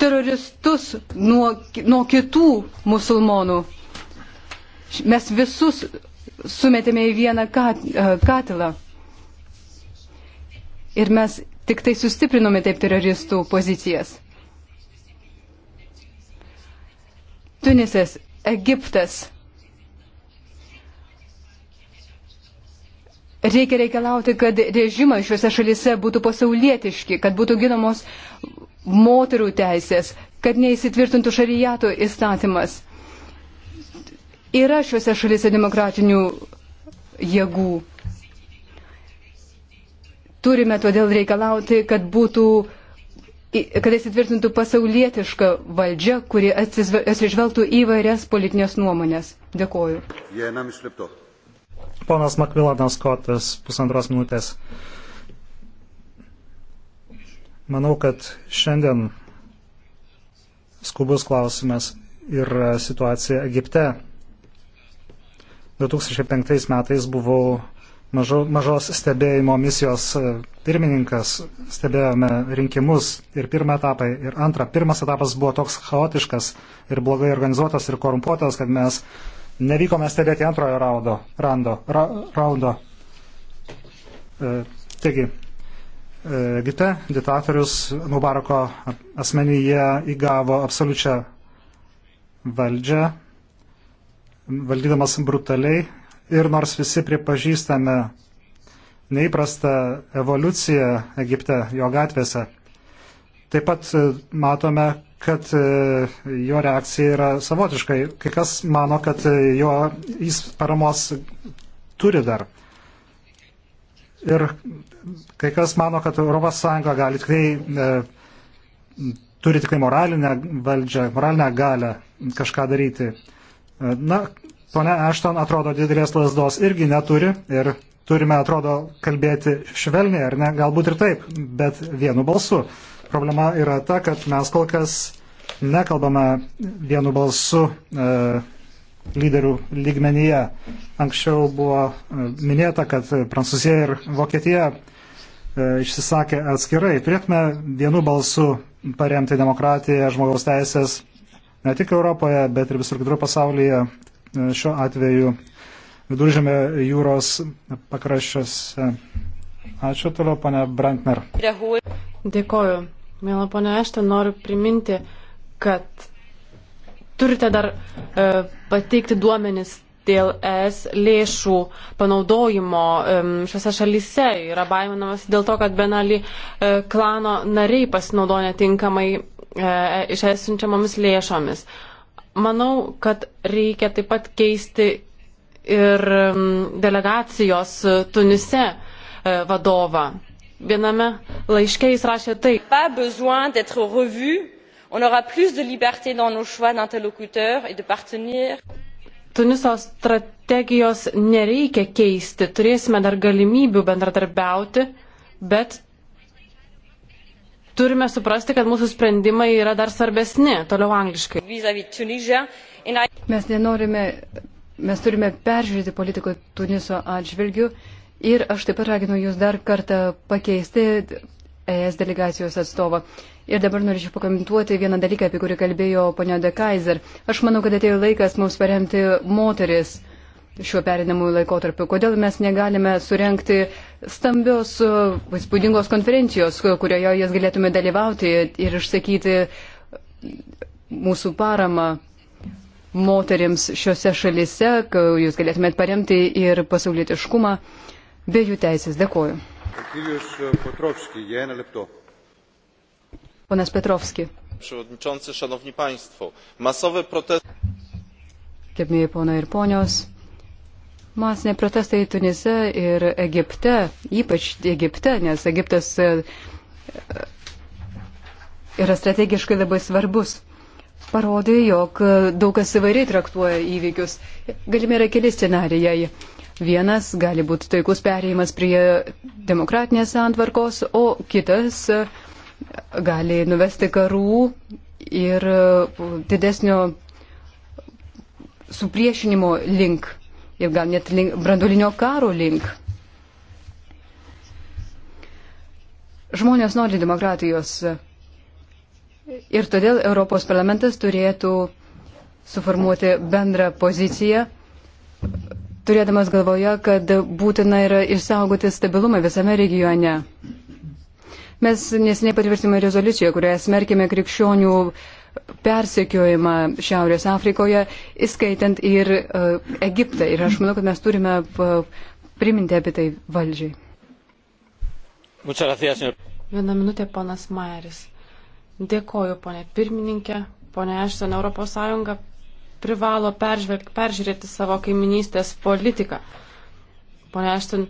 teroristus nuo, nuo kitų musulmonų. Mes visus sumetėme į vieną e, katilą. Ir mes tik tai sustiprinome taip teroristų pozicijas. Tunisas, Egiptas, Reikia reikalauti, kad režimai šiuose šalise būtų pasaulietiški, kad būtų ginamos moterų teisės, kad neįsitvirtintų šarijato įstatymas. Yra šiuose šalise demokratinių jėgų. Turime todėl reikalauti, kad būtų kad įsitvirtintų pasaulietiška valdžia, kuri atsižvelgtų į vairias politinės nuomonės. Dėkoju. Yeah, Ponas Makvilanas Kotas, pusantros minutės. Manau, kad šiandien skubus klausimas yra situacija Egipte. 2005 metais buvau mažo, mažos stebėjimo misijos e, pirmininkas, stebėjome rinkimus ir pirmą etapą, ir antrą. Pirmas etapas buvo toks chaotiškas ir blogai organizuotas ir korumpuotas, kad mes nevykome stebėti antrojo raudo, rando, ra, raundo. E, taigi, Egipte diktatorius Mubarako asmenyje įgavo absoliučią valdžią, valdydamas brutaliai ir nors visi pripažįstame neįprastą evoliuciją Egipte jo gatvėse, taip pat e, matome, kad e, jo reakcija yra savotiškai. Kai kas mano, kad e, jo jis paramos turi dar. Ir kai kas mano, kad ES gali tikrai, e, turi tikrai moralinę valdžią, moralinę galę kažką daryti. E, na, ponia Ešton atrodo didelės lasdos irgi neturi ir turime, atrodo, kalbėti švelniai, ar ne, galbūt ir taip, bet vienu balsu. E, Problema yra ta, kad mes kol kas nekalbame vienu balsu e, lyderių lygmenyje. Anksčiau buvo e, minėta, kad Prancūzija ir Vokietija e, išsisakė atskirai. Turėtume vienu balsu paremti demokratiją, žmogaus teisės ne tik Europoje, bet ir visur kitur pasaulyje. E, šiuo atveju viduržėme jūros pakraščiuose. Ačiū toliau, pane Brantner. Dėkuoju. Mėla ponia Ešten, noriu priminti, kad turite dar e, pateikti duomenis dėl ES lėšų panaudojimo e, šiose šalyse. Yra baiminamas dėl to, kad Benali e, klano nariai pasinaudoja netinkamai e, iš ES siunčiamomis lėšomis. Manau, kad reikia taip pat keisti ir delegacijos Tunise e, vadovą viename laiške jis rašė taip Tuniso strategijos nereikia keisti, turėsime dar galimybių bendradarbiauti, bet turime suprasti, kad mūsų sprendimai yra dar svarbesni, toliau angliškai. Mes nenorime, mes turime peržiūrėti politiką Tuniso atžvilgių Ir aš taip pat raginu jūs dar kartą pakeisti ES delegacijos atstovą. Ir dabar norėčiau pakomentuoti vieną dalyką, apie kurį kalbėjo ponia De Kaiser. Aš manau, kad atėjo laikas mums paremti moteris šiuo perinamųjų laikotarpiu. Kodėl mes negalime surenkti stambios, e, įspūdingos konferencijos, kurioje jas galėtume dalyvauti ir išsakyti mūsų paramą moteriams šiuose šalise, jūs galėtumėt paremti ir pasaulietiškumą bei jų teisės. Dėkoju. Ponas Petrovski. Gerbėjai ponai ir ponios, masiniai protestai Tunise ir Egipte, ypač Egipte, nes Egiptas e, e, yra strategiškai labai svarbus parodė, jog daug kas įvairiai traktuoja įvykius. Galime yra keli scenarijai. Vienas gali būti taikus perėjimas prie demokratinės santvarkos, o kitas e, gali nuvesti karų ir e, didesnio supriešinimo link ir gal net link, brandulinio karo link. Žmonės nori demokratijos ir todėl Europos parlamentas turėtų suformuoti bendrą poziciją turėdamas galvoje, kad būtina yra išsaugoti stabilumą visame regione. Mes nesiniai patvirtinome rezoliuciją, kurioje smerkime krikščionių persekiojimą Šiaurės Afrikoje, įskaitant ir uh, Egiptą. Ir aš manau, kad mes turime uh, priminti apie tai valdžiai. Vieną minutę, ponas Maeris. Dėkoju, ponė pirmininkė, ponė Ešton, ES privalo peržvelg, peržiūrėti savo kaiminystės politiką. Pone Ašten,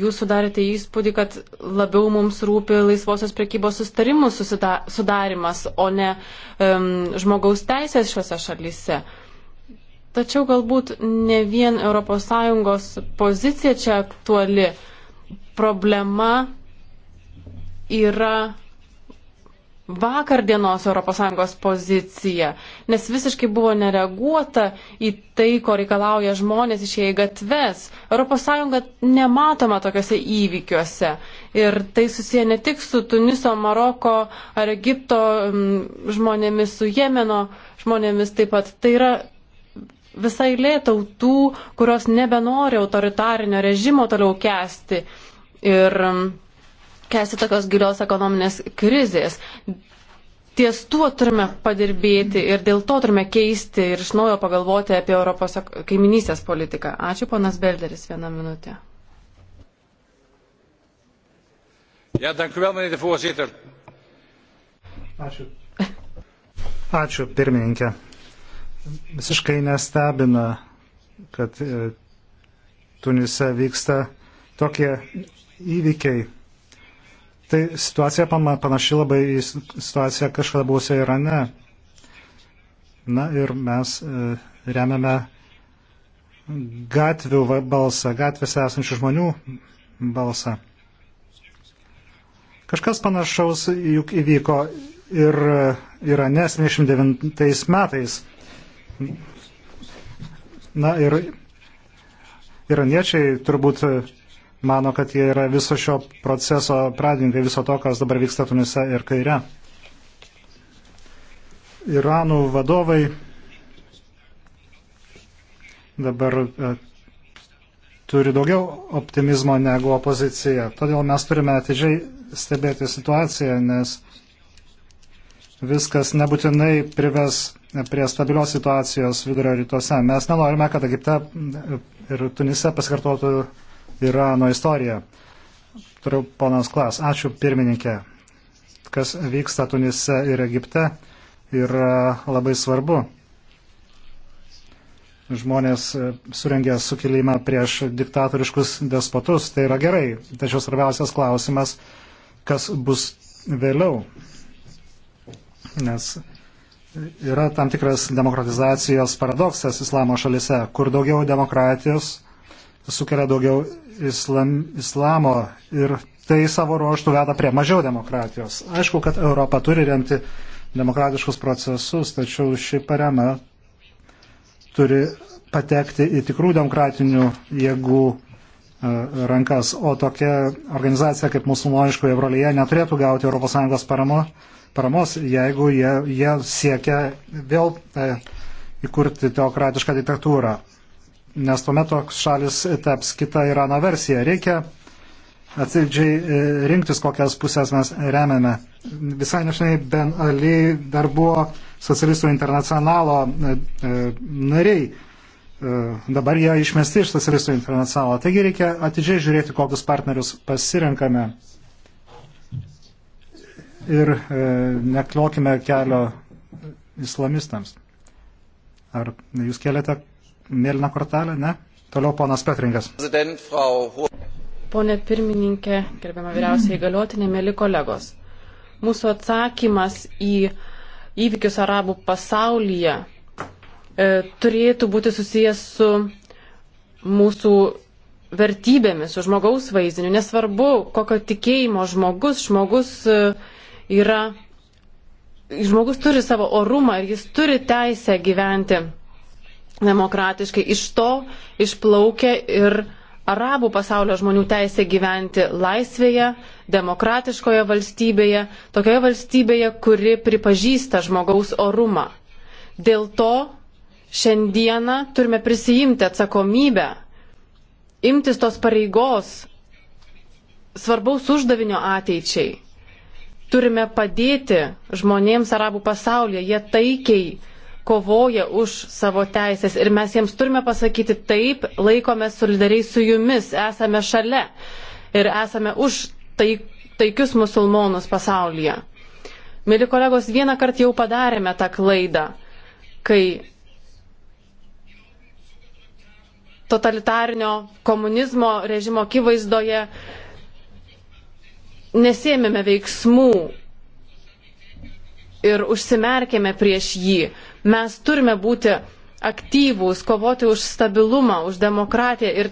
jūs sudarėte įspūdį, kad labiau mums rūpi laisvosios prekybos sustarimų sudarimas, o ne um, žmogaus teisės šiuose šalyse. Tačiau galbūt ne vien ES pozicija čia aktuali. Problema yra vakardienos ES poziciją, nes visiškai buvo nereaguota į tai, ko reikalauja žmonės išėję į gatves. ES nematoma tokiuose įvykiuose. Ir tai susiję ne tik su Tuniso, Maroko ar Egipto mm, žmonėmis, su Jemeno žmonėmis taip pat. Tai yra visai lėtautų, kurios nebenori autoritarinio režimo toliau kesti. Ir mm, kesti tokios gilios ekonominės krizės. Ties tuo turime padirbėti ir dėl to turime keisti ir iš naujo pagalvoti apie Europos kaiminystės politiką. Ačiū, ponas Belderis, vieną minutę. Ja, dankjewel, meneer de voorzitter. Ačiū. Ačiū, pirmininkė. Visiškai nestebina, kad e, Tunise vyksta tokie įvykiai Tai situacija panaši labai į situaciją kažkada buvusioje Irane. Na ir mes e, remiame gatvių balsą, gatvėse esančių žmonių balsą. Kažkas panašaus juk įvyko ir e, Irane 79 metais. Na ir iraniečiai turbūt e, mano, kad jie yra viso šio proceso pradininkai, viso to, kas dabar vyksta Tunise ir kaire. Iranų vadovai dabar e, turi daugiau optimizmo negu opozicija. Todėl mes turime atidžiai stebėti situaciją, nes viskas nebūtinai prives prie stabilios situacijos vidurio rytuose. Mes nenorime, kad Egipte ir Tunise pasikartotų Irano istoriją. Turiu ponas Klas, ačiū pirmininkė. Kas vyksta Tunise ir Egipte yra labai svarbu. Žmonės surengė sukilimą prieš diktatoriškus despotus, tai yra gerai. Tačiau svarbiausias klausimas, kas bus vėliau. Nes yra tam tikras demokratizacijos paradoksas islamo šalise, kur daugiau demokratijos, sukelia daugiau islam, islamo ir tai savo ruoštų veda prie mažiau demokratijos. Aišku, kad Europa turi remti demokratiškus procesus, tačiau ši parema turi patekti į tikrų demokratinių jėgų e, rankas, o tokia organizacija kaip musulmoniškoje brolyje neturėtų gauti ES paramo, paramos, jeigu jie, jie siekia vėl e, įkurti teokratišką diktatūrą nes tuomet toks šalis taps kita Irano versija. Reikia atsidžiai e, rinktis, kokias pusės mes remiame. Visai nežinai, Ben Ali dar buvo socialistų internacionalo e, e, nariai. Dabar jie išmesti iš socialistų internacionalo. Taigi reikia atidžiai žiūrėti, kokius partnerius pasirenkame. Ir e, neklokime kelio islamistams. Ar jūs keliate mėlyną kortelę, ne? Toliau ponas Petringas. Pone pirmininkė, gerbiama vyriausiai įgaliotinė, mėly kolegos. Mūsų atsakymas į įvykius arabų pasaulyje e, turėtų būti susijęs su mūsų vertybėmis, su žmogaus vaizdiniu. Nesvarbu, kokio tikėjimo žmogus, žmogus e, yra, žmogus turi savo orumą ir jis turi teisę gyventi demokratiškai. Iš to išplaukia ir arabų pasaulio žmonių teisė gyventi laisvėje, demokratiškoje valstybėje, tokioje valstybėje, kuri pripažįsta žmogaus orumą. Dėl to šiandieną turime prisijimti atsakomybę, imtis tos pareigos, svarbaus uždavinio ateičiai. Turime padėti žmonėms arabų pasaulyje, jie taikiai kovoja už savo teisės ir mes jiems turime pasakyti taip, laikome solidariai su jumis, esame šalia ir esame už taik, taikius musulmonus pasaulyje. Mili kolegos, vieną kartą jau padarėme tą klaidą, kai totalitarinio komunizmo režimo akivaizdoje nesėmėme veiksmų ir užsimerkėme prieš jį. Mes turime būti aktyvūs, kovoti už stabilumą, už demokratiją ir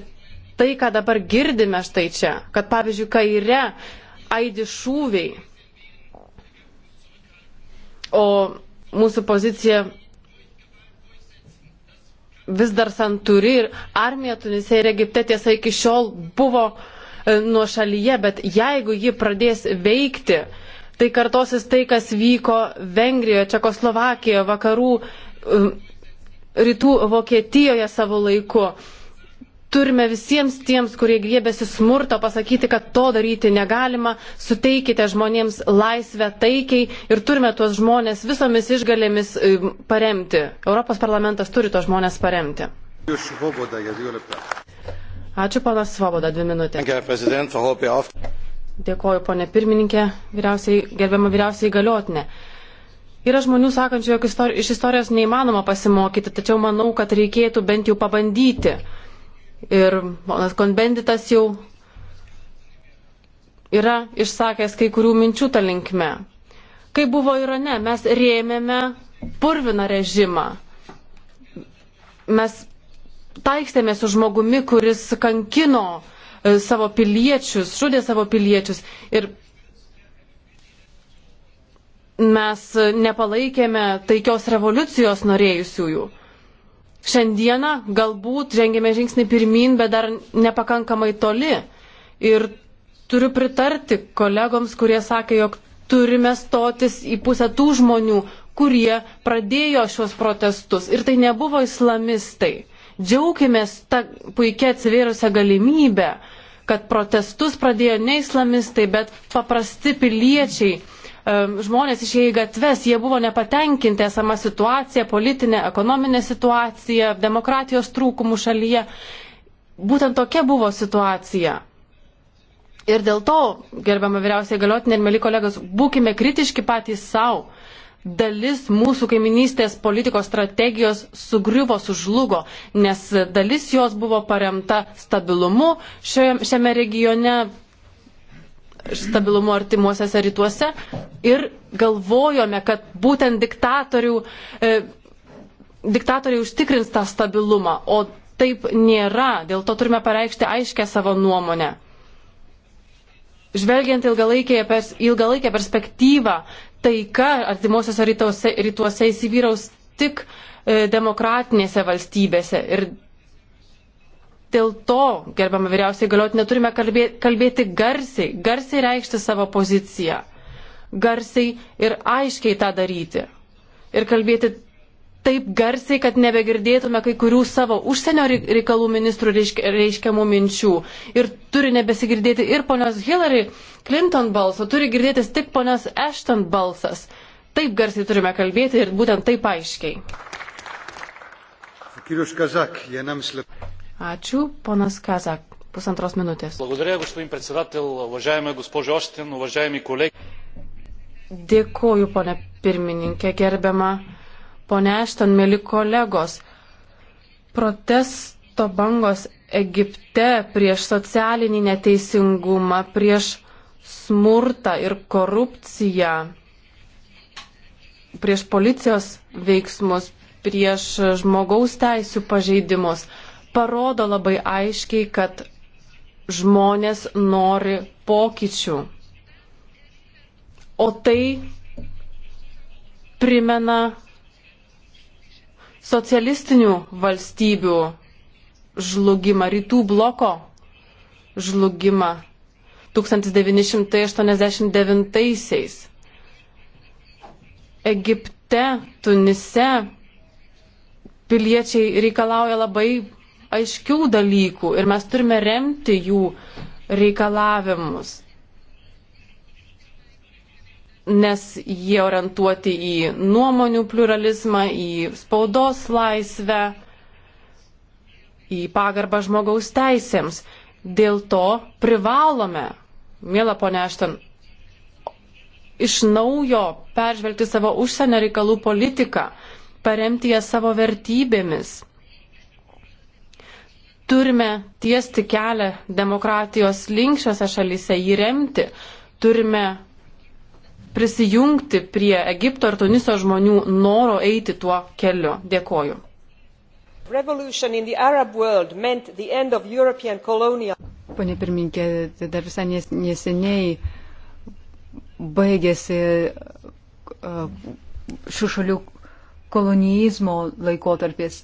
tai, ką dabar girdime štai čia, kad pavyzdžiui kaire aidi šūviai, o mūsų pozicija vis dar santuri ir armija Tunise ir Egipte tiesa iki šiol buvo e, nuo šalyje, bet jeigu ji pradės veikti, tai kartosis tai, kas vyko Vengrijoje, Čekoslovakijoje, vakarų, um, rytų Vokietijoje savo laiku. Turime visiems tiems, kurie griebėsi smurto, pasakyti, kad to daryti negalima, suteikite žmonėms laisvę taikiai ir turime tuos žmonės visomis išgalėmis um, paremti. Europos parlamentas turi tuos žmonės paremti. Ačiū, panas Svoboda, dvi minutės. Dėkoju, ponė pirmininkė, vyriausiai, gerbiama vyriausiai galiotinė. Yra žmonių sakančių, jog istor iš istorijos neįmanoma pasimokyti, tačiau manau, kad reikėtų bent jau pabandyti. Ir ponas Konbenditas jau yra išsakęs kai kurių minčių tą linkme. Kai buvo Irane, mes rėmėme purviną režimą. Mes taikstėmės su žmogumi, kuris kankino uh, E, savo piliečius, žudė savo piliečius. Ir mes nepalaikėme taikios revoliucijos norėjusiųjų. Šiandieną galbūt žengėme žingsnį pirmin, bet dar nepakankamai toli. Ir turiu pritarti kolegoms, kurie sakė, jog turime stotis į pusę tų žmonių, kurie pradėjo šios protestus. Ir tai nebuvo islamistai. Džiaukimės tą puikia atsivėrusią galimybę uh, kad protestus pradėjo ne islamistai, bet paprasti piliečiai. Žmonės išėjo į gatves, jie buvo nepatenkinti esama situacija, politinė, ekonominė situacija, demokratijos trūkumų šalyje. Būtent tokia buvo situacija. Ir dėl to, gerbiama vyriausiai galiotinė ir mėly kolegos, būkime kritiški patys savo dalis mūsų kaiminystės politikos strategijos sugriuvo, sužlugo, nes dalis jos buvo paremta stabilumu šioje, šiame regione, stabilumu artimuosiuose rytuose ir galvojome, kad būtent diktatorių, e, diktatoriai užtikrins tą stabilumą, o taip nėra, dėl to turime pareikšti aiškę savo nuomonę. Žvelgiant ilgalaikę pers, ilgalaikę perspektyvą, taika artimuosiuose rytuose, rytuose įsivyraus tik e, demokratinėse valstybėse. Ir dėl to, gerbama vyriausiai galiot, neturime kalbėti, kalbėti garsiai, garsiai reikšti savo poziciją, garsiai ir aiškiai tą daryti. Ir kalbėti taip garsiai, kad nebegirdėtume kai kurių savo užsienio reikalų ministrų reiškiamų minčių. Ir turi nebesigirdėti ir ponios Hillary Clinton balso, turi girdėtis tik ponios Ashton balsas. Taip garsiai turime kalbėti ir būtent taip aiškiai. Ačiū, ponas Kazak. Pusantros minutės. Dėkuoju, ponė pirmininkė, gerbiama ponia Ešton, mėly kolegos, protesto bangos Egipte prieš socialinį neteisingumą, prieš smurtą ir korupciją, prieš policijos veiksmus, prieš žmogaus teisų pažeidimus, parodo labai aiškiai, kad žmonės nori pokyčių. O tai primena socialistinių valstybių žlugimą, rytų bloko žlugimą 1989-aisiais. Egipte, Tunise piliečiai reikalauja labai aiškių dalykų ir mes turime remti jų reikalavimus nes jie orientuoti į nuomonių pluralizmą, į spaudos laisvę, į pagarbą žmogaus teisėms. Dėl to privalome, mėla ponia Ašten, iš naujo peržvelgti savo užsienio reikalų politiką, paremti ją savo vertybėmis. Turime tiesti kelią demokratijos linkščiose šalyse, jį remti. Turime prisijungti prie Egipto ir Tuniso žmonių noro eiti tuo keliu. Dėkoju. Pane pirminkė, tai dar visai neseniai baigėsi šių šalių kolonijizmo laikotarpis.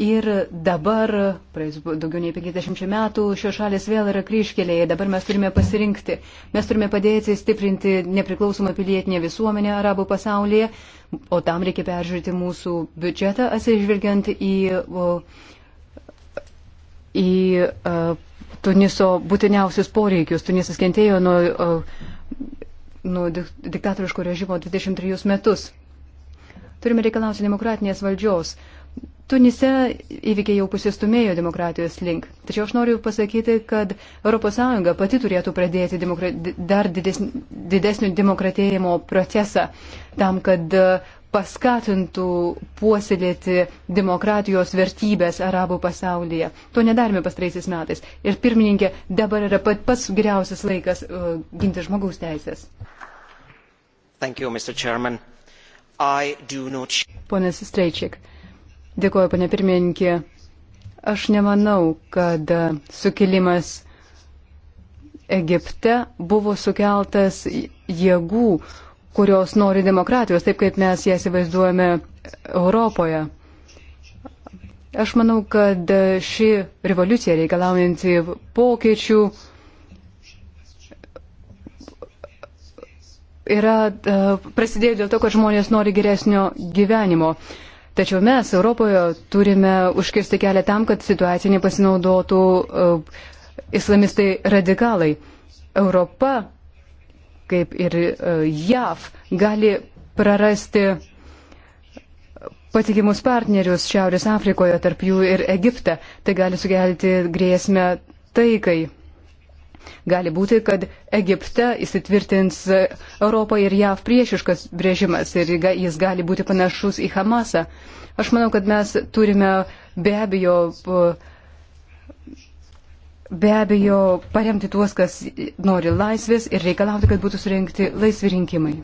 Ir dabar, praeis daugiau nei 50 metų, šios šalis vėl yra kryškelėje. Dabar mes turime pasirinkti. Mes turime padėti stiprinti nepriklausomą pilietinę visuomenę arabų pasaulyje, o tam reikia peržiūrėti mūsų biudžetą, atsižvelgiant į, į, į Tuniso būtiniausius poreikius. Tunisas kentėjo nuo, nuo diktatoriško režimo 23 metus. Turime reikalauti demokratinės valdžios. Tunise įvykiai jau pasistumėjo demokratijos link. Tačiau aš noriu pasakyti, kad ES pati turėtų pradėti demokra... dar didesnį, didesnį demokratėjimo procesą tam, kad uh, paskatintų puoselėti demokratijos vertybės arabų pasaulyje. To nedarėme pastraisiais metais. Ir pirmininkė, dabar yra pat pats geriausias laikas uh, ginti žmogaus teisės. Thank you, Mr. Chairman. I do not... Ponas Streičik. Uh, Dėkuoju, pane pirmininkė. Aš nemanau, kad e, sukilimas Egipte buvo sukeltas jėgų, kurios nori demokratijos, taip kaip mes ją įsivaizduojame Europoje. Aš manau, kad e, ši revoliucija reikalaujanti pokyčių yra e, prasidėjo dėl to, kad žmonės nori geresnio gyvenimo. Tačiau mes Europoje turime užkirsti kelią tam, kad situacija nepasinaudotų uh, islamistai radikalai. Europa, kaip ir uh, JAV, gali prarasti patikimus partnerius Šiaurės Afrikoje, tarp jų ir Egiptą. Tai gali sukelti grėsmę taikai. Gali būti, kad Egipte įsitvirtins Europą ir JAV priešiškas brėžimas ir jis gali būti panašus į Hamasą. Aš manau, kad mes turime be abejo, be abejo paremti tuos, kas nori laisvės ir reikalauti, kad būtų surinkti laisvi rinkimai.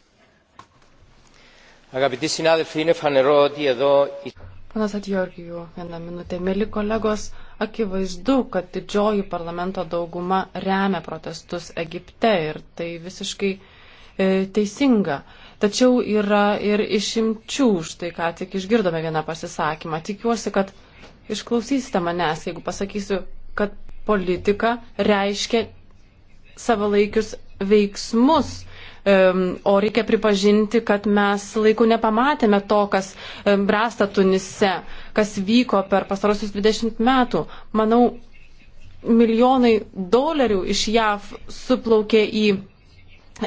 Panas Atjorgijų, vieną minutę, mėly kolegos. Akivaizdu, kad didžioji parlamento dauguma remia protestus Egipte ir tai visiškai e, teisinga. Tačiau yra ir išimčių, štai ką tik išgirdome vieną pasisakymą. Tikiuosi, kad išklausysite manęs, jeigu pasakysiu, kad politika reiškia savalaikius veiksmus. O reikia pripažinti, kad mes laiku nepamatėme to, kas bręsta Tunise kas vyko per pastarosius 20 metų. Manau, milijonai dolerių iš JAV suplaukė į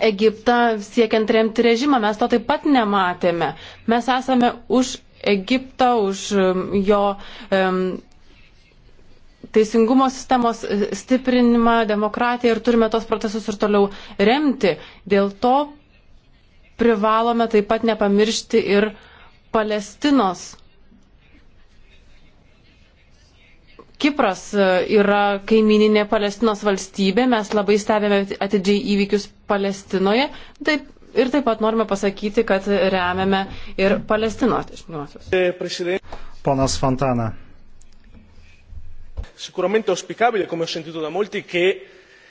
Egiptą siekiant remti režimą. Mes to taip pat nematėme. Mes esame už Egiptą, už um, jo um, teisingumo sistemos stiprinimą, demokratiją ir turime tos procesus ir toliau remti. Dėl to privalome taip pat nepamiršti ir Palestinos Kipras e, yra kaimininė Palestinos valstybė, mes labai stebėme atidžiai įvykius Palestinoje taip, ir taip pat norime pasakyti, kad remiame ir Palestinos dešiniuosius. E, Ponas Fontana.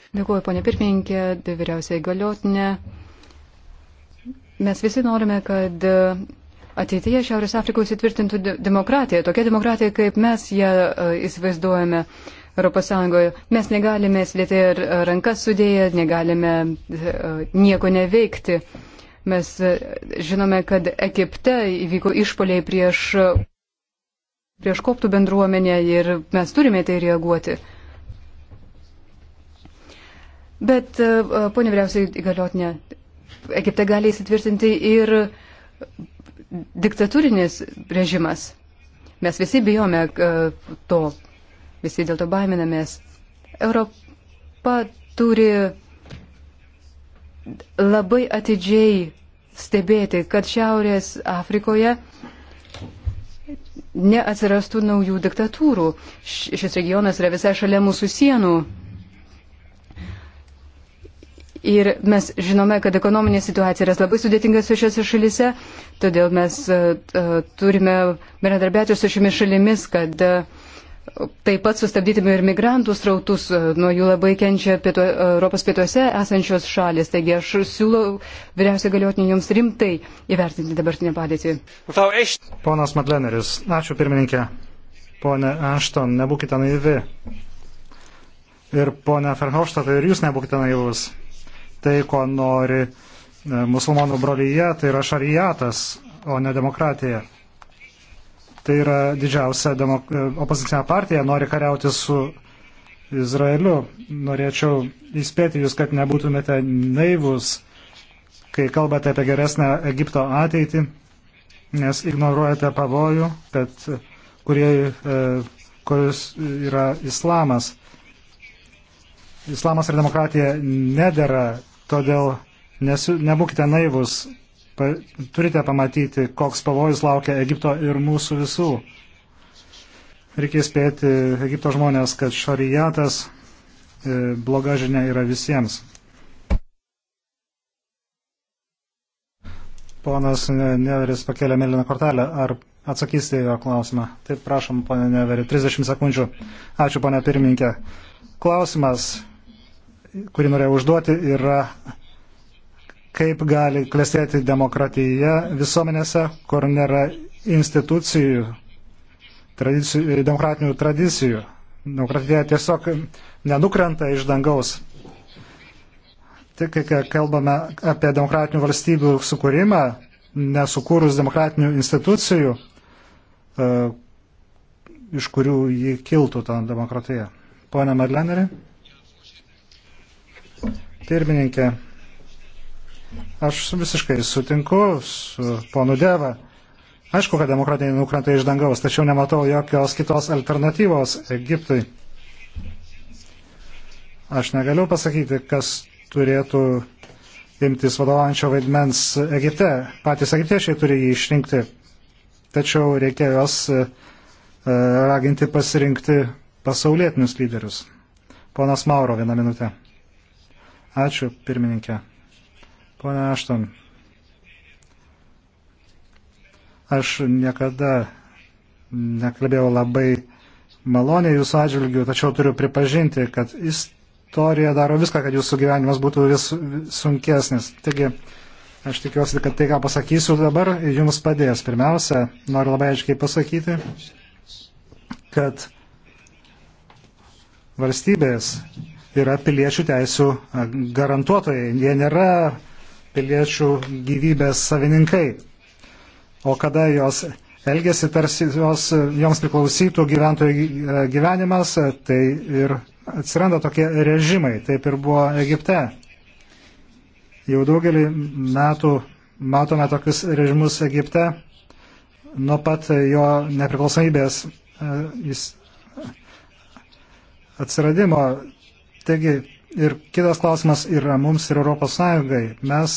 Dėkuoju, ponė pirmininkė, vyriausiai galiotinė. Mes visi norime, kad ateityje Šiaurės Afrikoje įsitvirtintų demokratija, tokia demokratija, kaip mes ją e, įsivaizduojame. Europos Sąjungoje mes negalime slėti e, rankas sudėję, negalime e, nieko neveikti. Mes žinome, kad Egipte įvyko išpoliai prieš, prieš koptų bendruomenę ir mes turime tai reaguoti. Bet, ponė vyriausiai įgaliotinė, Egipte gali įsitvirtinti ir diktatūrinis režimas. Mes visi bijome e, to, visi dėl to baiminamės. Europa turi labai atidžiai stebėti, kad Šiaurės Afrikoje neatsirastų naujų diktatūrų. Šis regionas yra visai šalia mūsų sienų. Ir mes žinome, kad ekonominė situacija yra labai sudėtinga su šiose šalise, todėl mes uh, turime bendradarbiauti su šiomis šalimis, kad uh, taip pat sustabdytume ir migrantų strautus, uh, nuo jų labai kenčia pietu, uh, Europos pietuose esančios šalis. Taigi aš siūlau vyriausiai galiotinį jums rimtai įvertinti dabartinę padėtį. Ponas Madleneris, ačiū pirmininkė. Pone Ašton, nebūkite naivi. Ir ponia Ferhofštatai, ir jūs nebūkite naivus tai, ko nori e, musulmonų brolyje, tai yra šarijatas, o ne demokratija. Tai yra didžiausia demok... E, opozicinė partija, nori kariauti su Izraeliu. Norėčiau įspėti jūs, kad nebūtumėte naivus, kai kalbate apie geresnę Egipto ateitį, nes ignoruojate pavojų, kad kurie, e, kuris yra islamas. Islamas ir demokratija nedėra Todėl nesu, nebūkite naivus, pa, turite pamatyti, koks pavojus laukia Egipto ir mūsų visų. Reikia įspėti Egipto žmonės, kad šarijatas e, bloga žinia yra visiems. Ponas Neveris pakėlė mėlyną kortelę. Ar atsakysite jo klausimą? Taip, prašom, ponė Neveri, 30 sekundžių. Ačiū, ponė pirmininkė. Klausimas kurį norėjau užduoti, yra kaip gali klestėti demokratija visuomenėse, kur nėra institucijų, tradicijų, demokratinių tradicijų. Demokratija tiesiog nenukrenta iš dangaus. Tik kai kalbame apie demokratinių valstybių sukūrimą, nesukūrus demokratinių institucijų, e, iš kurių jį kiltų tą demokratiją. Pone Marlenerį pirmininkė. Aš visiškai sutinku su ponu Deva. Aišku, kad demokratija nukrenta iš dangaus, tačiau nematau jokios kitos alternatyvos Egiptui. Aš negaliu pasakyti, kas turėtų imtis vadovančio vaidmens Egipte. Patys egiptiečiai turi jį išrinkti. Tačiau reikia juos e, raginti pasirinkti pasaulietinius lyderius. Ponas Mauro, vieną minutę. Ačiū, pirmininkė. Pone Ašton, aš niekada nekalbėjau labai maloniai jūsų atžvilgių, tačiau turiu pripažinti, kad istorija daro viską, kad jūsų gyvenimas būtų vis sunkesnis. Taigi, aš tikiuosi, kad tai, ką pasakysiu dabar, jums padės. Pirmiausia, noriu labai aiškiai pasakyti, kad valstybės yra piliečių teisų garantuotojai. Jie nėra piliečių gyvybės savininkai. O kada jos elgesi, tarsi jos, joms priklausytų gyventojų gyvenimas, tai ir atsiranda tokie režimai. Taip ir buvo Egipte. Jau daugelį metų matome tokius režimus Egipte. Nuo pat jo nepriklausomybės jis atsiradimo Taigi, ir kitas klausimas yra mums ir Europos Sąjungai. Mes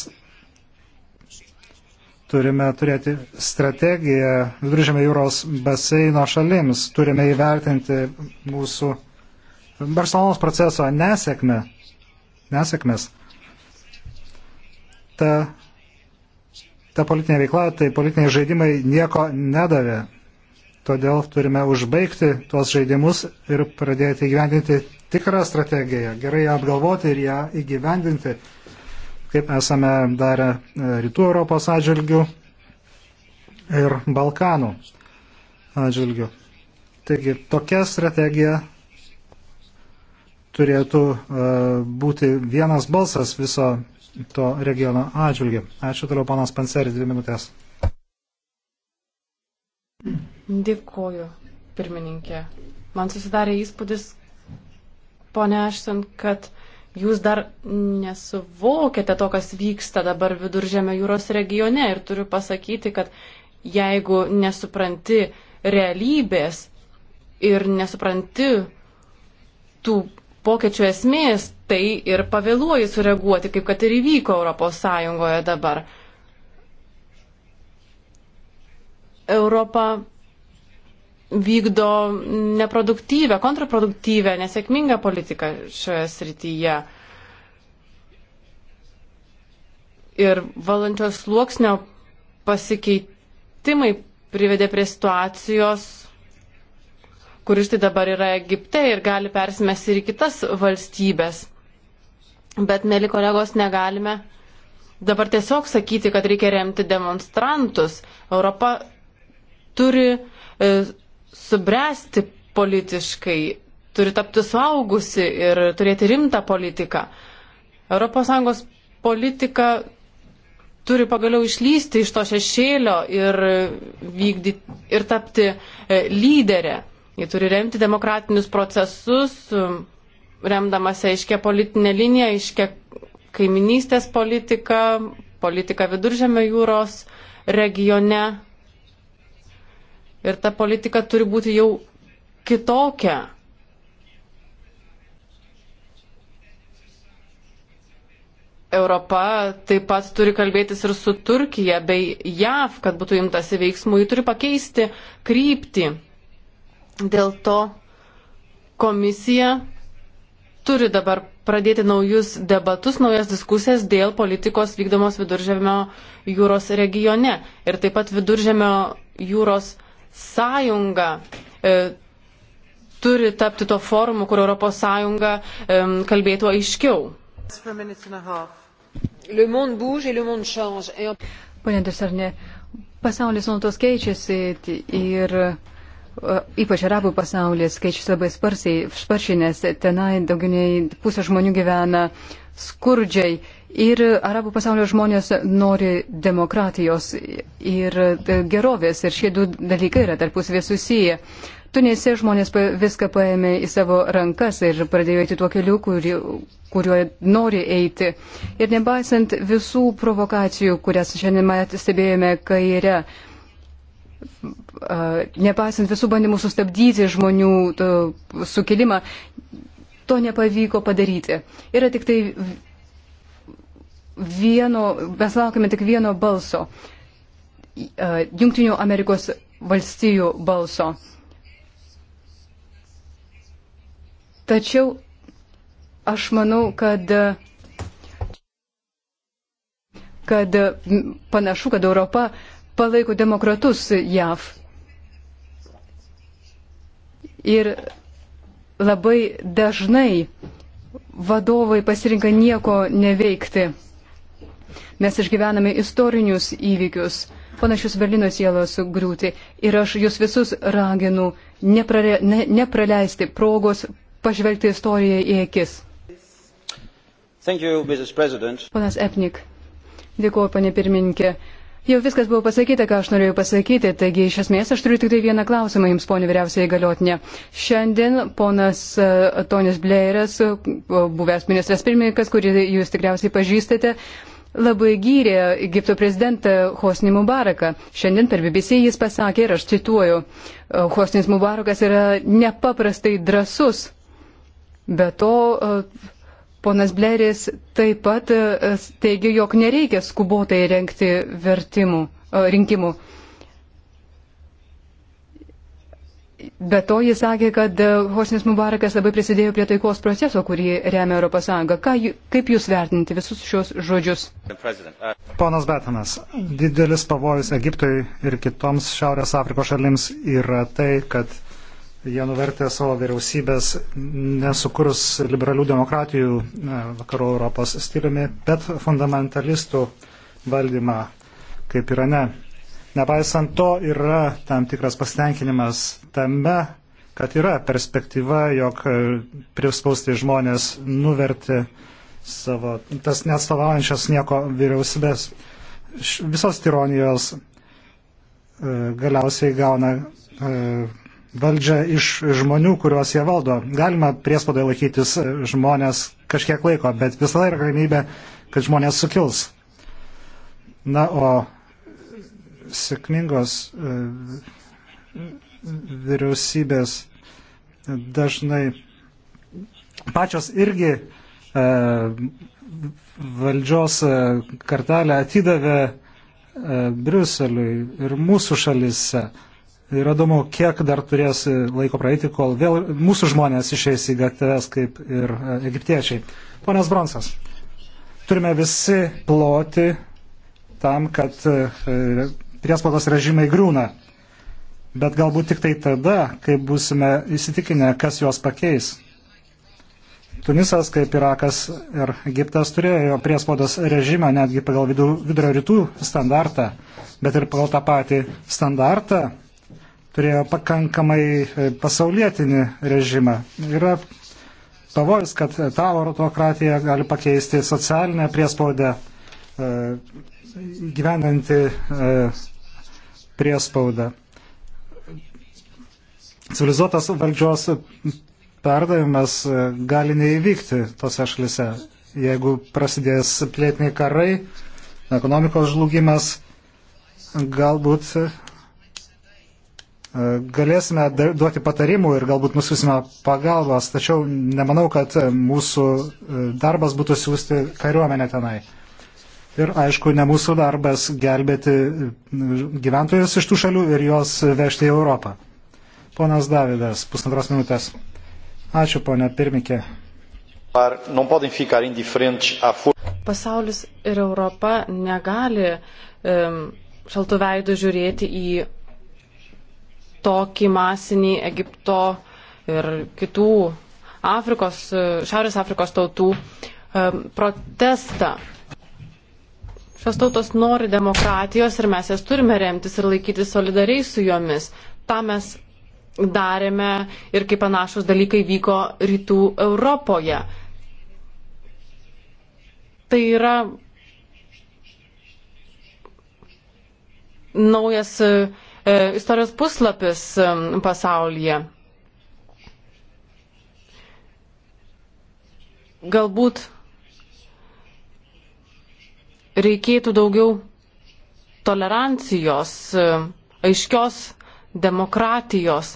turime turėti strategiją viduržėmio jūros baseino šalims, turime įvertinti mūsų Barcelonos proceso nesėkmę, nesėkmės. Ta, ta politinė veikla, tai politiniai žaidimai nieko nedavė. Todėl turime užbaigti tuos žaidimus ir pradėti gyventinti tikrą strategiją, gerai ją apgalvoti ir ją įgyvendinti, kaip esame darę e, Rytų Europos atžvilgių ir Balkanų atžvilgių. Taigi tokia strategija turėtų uh, būti vienas balsas viso to regiono atžvilgių. Ačiū toliau, panas Panseris, dvi minutės. Dėkuoju, pirmininkė. Man susidarė įspūdis, ponia Ašten, kad jūs dar nesuvokėte to, kas vyksta dabar viduržėme jūros regione ir turiu pasakyti, kad jeigu nesupranti realybės ir nesupranti tų pokyčių esmės, tai ir pavėluoji sureaguoti, kaip kad ir įvyko Europos Sąjungoje dabar. Europa vykdo neproduktyvę, kontraproduktyvę, nesėkmingą politiką šioje srityje. Ir valančios sluoksnio pasikeitimai privedė prie situacijos, kuris tai dabar yra Egipte ir gali persimesti ir kitas valstybės. Bet, mėly kolegos, negalime dabar tiesiog sakyti, kad reikia remti demonstrantus. Europa turi e, subręsti politiškai, turi tapti suaugusi ir turėti rimtą politiką. ES politika turi pagaliau išlysti iš to šešėlio ir, vykdyti, ir tapti e, lyderę. Ji turi remti demokratinius procesus, remdamasi aiškia politinė linija, aiškia kaiminystės politika, politika viduržėmio jūros regione ir ta politika turi būti jau kitokia. Europa taip pat turi kalbėtis ir su Turkija bei JAV, kad būtų imtasi veiksmų, ji turi pakeisti kryptį. Dėl to komisija turi dabar pradėti naujus debatus, naujas diskusijas dėl politikos vykdomos viduržėmio jūros regione. Ir taip pat viduržėmio jūros sąjunga e, turi tapti to forumu, kur Europos sąjunga e, kalbėtų aiškiau. Pane Desarne, pasaulis nuolatos keičiasi ir e, ypač arabų pasaulis keičiasi labai sparsiai, sparčiai, nes tenai daugiau nei pusė žmonių gyvena skurdžiai Ir arabų pasaulio žmonės nori demokratijos ir e, gerovės, ir šie du dalykai yra tarpusvė susiję. Tunise žmonės viską paėmė į savo rankas ir pradėjo eiti tuo keliu, kuri, kuriuo nori eiti. Ir nebaisant visų provokacijų, kurias šiandien stebėjome kaire, nepaisant visų bandymų sustabdyti žmonių sukilimą, to nepavyko padaryti. Yra tik tai vieno, mes laukiame tik vieno balso, e, Junktinių Amerikos valstijų balso. Tačiau aš manau, kad, kad panašu, kad Europa palaiko demokratus JAV. Ir labai dažnai vadovai pasirinka nieko neveikti. Mes išgyvename istorinius įvykius, panašius Berlyno sielos griūti. Ir aš jūs visus raginu neprare, ne, nepraleisti progos pažvelgti istoriją į akis. You, Panas Epnik, dėkuoju, panė pirmininkė. Jau viskas buvo pasakyta, ką aš norėjau pasakyti, taigi iš esmės aš turiu tik tai vieną klausimą jums, ponė vyriausiai galiotinė. Šiandien ponas e, Tonis Blairas, buvęs ministras pirmininkas, kurį jūs tikriausiai pažįstate, uh, labai gyrė Egipto prezidentą Hosnį Mubaraką. Šiandien per BBC jis pasakė, ir aš cituoju, Hosnis Mubarakas yra nepaprastai drasus. Be to, ponas Bleris taip pat e, teigia, jog nereikia skubotai renkti vertimų, e, rinkimų. Be to jis sakė, kad e, Hosnis Mubarakas labai prisidėjo prie taikos proceso, kurį remia ES. Ką, kaip jūs vertinti visus šios žodžius? Ponas Betanas, didelis pavojus Egiptui ir kitoms Šiaurės Afrikos šalims yra tai, kad jie nuvertė savo vyriausybės nesukurs liberalių demokratijų e, vakarų Europos stiliumi, bet fundamentalistų valdymą kaip Irane. Nepaisant to yra tam tikras pasitenkinimas tame, kad yra perspektyva, jog e, prispausti žmonės nuverti savo, tas neatstovaujančias nieko vyriausybės. Visos tironijos e, galiausiai gauna e, valdžią iš žmonių, kuriuos jie valdo. Galima priespadoje laikytis žmonės kažkiek laiko, bet visada yra galimybė, kad žmonės sukils. Na, o sėkmingos e, vyriausybės dažnai pačios irgi e, valdžios e, kartelę atidavė Briuseliui ir mūsų šalise. Ir įdomu, kiek dar turės laiko praeiti, kol vėl mūsų žmonės išeis į gatves, kaip ir egiptiečiai. Ponas Bronsas, turime visi ploti tam, kad priespaudos režimai grūna. Bet galbūt tik tai tada, kai būsime įsitikinę, kas juos pakeis. Tunisas, kaip Irakas ir Egiptas, turėjo priespaudos režimą netgi pagal vidurio rytų standartą, bet ir pagal tą patį standartą turėjo pakankamai e, pasaulietinį režimą. Yra pavojus, kad tą autokratiją gali pakeisti socialinę priespaudę, e, gyvenanti e, priespauda. Civilizuotas valdžios perdavimas e, gali neįvykti tose šalise, jeigu prasidės plėtiniai karai, ekonomikos žlugimas, galbūt e, galėsime duoti patarimų ir galbūt nusiusime pagalbas, tačiau nemanau, kad mūsų darbas būtų siūsti kariuomenę tenai. Ir aišku, ne mūsų darbas gelbėti mm, gyventojus iš tų šalių ir juos vežti į Europą. Ponas Davidas, pusantros minutės. Ačiū, ponė pirmikė. Nu Pasaulis ir Europa negali um, šaltų veidų žiūrėti į tokį masinį Egipto ir kitų Afrikos, Šiaurės Afrikos tautų um, protestą Šios tautos nori demokratijos ir mes jas turime remtis ir laikyti solidariai su jomis. Ta mes darėme ir kaip panašus dalykai vyko rytų Europoje. Tai yra naujas e, istorijos puslapis e, pasaulyje. Galbūt reikėtų daugiau tolerancijos, e, aiškios demokratijos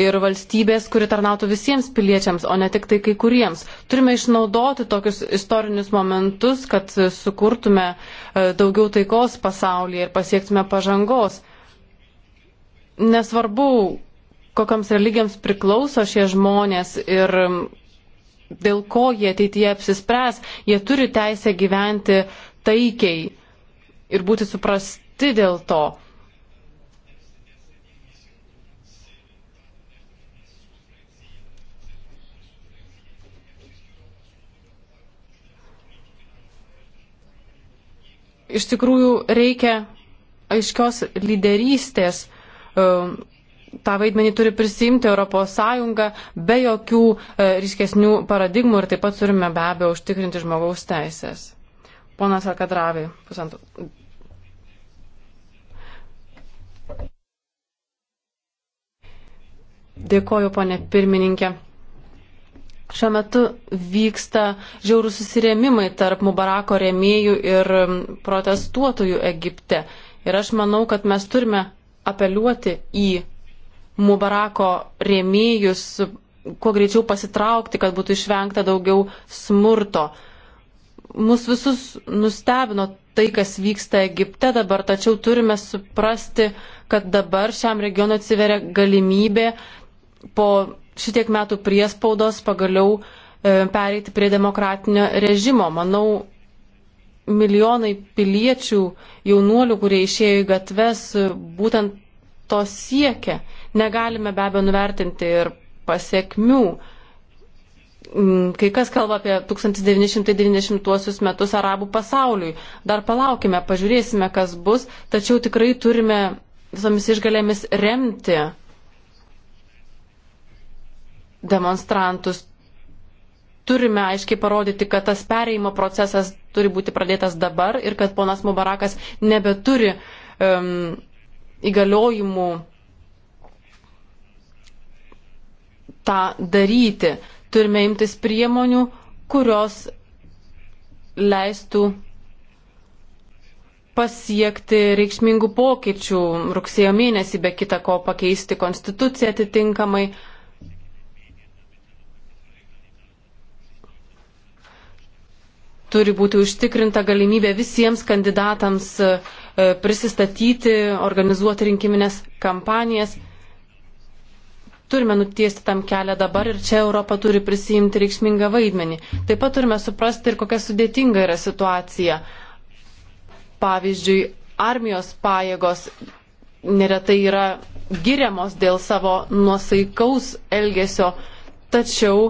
ir valstybės, kuri tarnautų visiems piliečiams, o ne tik tai kai kuriems. Turime išnaudoti tokius istorinius momentus, kad sukurtume e, daugiau taikos pasaulyje ir pasiektume pažangos. Nesvarbu, kokiams religijoms priklauso šie žmonės ir dėl ko jie ateityje apsispręs, jie turi teisę gyventi taikiai ir būti suprasti dėl to. Iš tikrųjų reikia aiškios lyderystės um, tą vaidmenį turi prisimti ES be jokių e, ryškesnių paradigmų ir taip pat turime be abejo užtikrinti žmogaus teisės. Ponas Alkadravi, pusantrų. Dėkoju, ponė pirmininkė. Šiuo metu vyksta žiaurų susirėmimai tarp Mubarako rėmėjų ir protestuotojų Egipte. Ir aš manau, kad mes turime apeliuoti į Mubarako rėmėjus kuo greičiau pasitraukti, kad būtų išvengta daugiau smurto. Mūsų visus nustebino tai, kas vyksta Egipte dabar, tačiau turime suprasti, kad dabar šiam regionui atsiveria galimybė po šitiek metų priespaudos pagaliau e, pereiti prie demokratinio režimo. Manau, milijonai piliečių, jaunuolių, kurie išėjo į gatves, būtent to siekia. Negalime be abejo nuvertinti ir pasiekmių. Mm, kai kas kalba apie 1990 metus arabų pasauliui. Dar palaukime, pažiūrėsime, kas bus, tačiau tikrai turime visomis išgalėmis remti demonstrantus. Turime aiškiai parodyti, kad tas pereimo procesas turi būti pradėtas dabar ir kad ponas Mubarakas nebeturi um, įgaliojimų tą daryti. Turime imtis priemonių, kurios leistų pasiekti reikšmingų pokyčių rugsėjo mėnesį, be kita ko pakeisti konstituciją atitinkamai. Turi būti užtikrinta galimybė visiems kandidatams e, prisistatyti, organizuoti rinkiminės kampanijas. Turime nutiesti tam kelią dabar ir čia Europa turi prisijimti reikšmingą vaidmenį. Taip pat turime suprasti ir kokia sudėtinga yra situacija. Pavyzdžiui, armijos pajėgos neretai yra giriamos dėl savo nuosaikaus elgesio, tačiau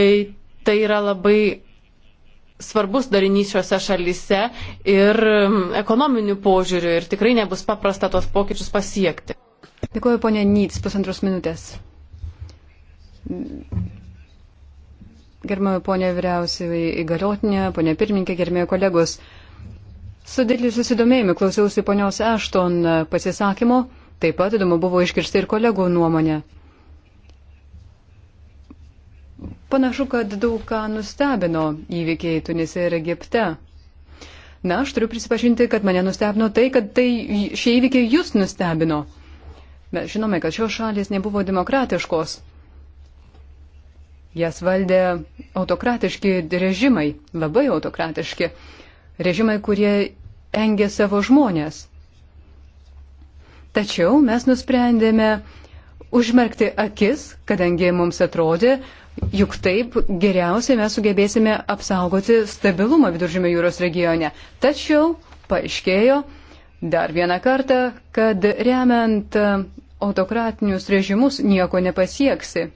e, tai yra labai svarbus darinys šiuose šalyse ir ekonominių požiūrių ir tikrai nebus paprasta tos pokyčius pasiekti. Dėkuoju, ponė Nyts, pusantros minutės. Gerbiamai ponė vyriausiai įgaliotinė, ponė pirmininkė, gerbėjai kolegos. Su dideliu susidomėjimu klausiausi ponios Ešton pasisakymo, taip pat įdomu buvo išgirsti ir kolegų nuomonę. Panašu, kad daug ką nustebino įvykiai Tunise ir Egipte. Na, aš turiu prisipažinti, kad mane nustebino tai, kad tai šie įvykiai jūs nustebino. Mes žinome, kad šios šalis nebuvo demokratiškos. Jas valdė autokratiški režimai, labai autokratiški režimai, kurie engė savo žmonės. Tačiau mes nusprendėme užmerkti akis, kadangi mums atrodė, Juk taip geriausiai mes sugebėsime apsaugoti stabilumą Viduržymio jūros regione. Tačiau paaiškėjo dar vieną kartą, kad remiant autokratinius režimus nieko nepasieksi.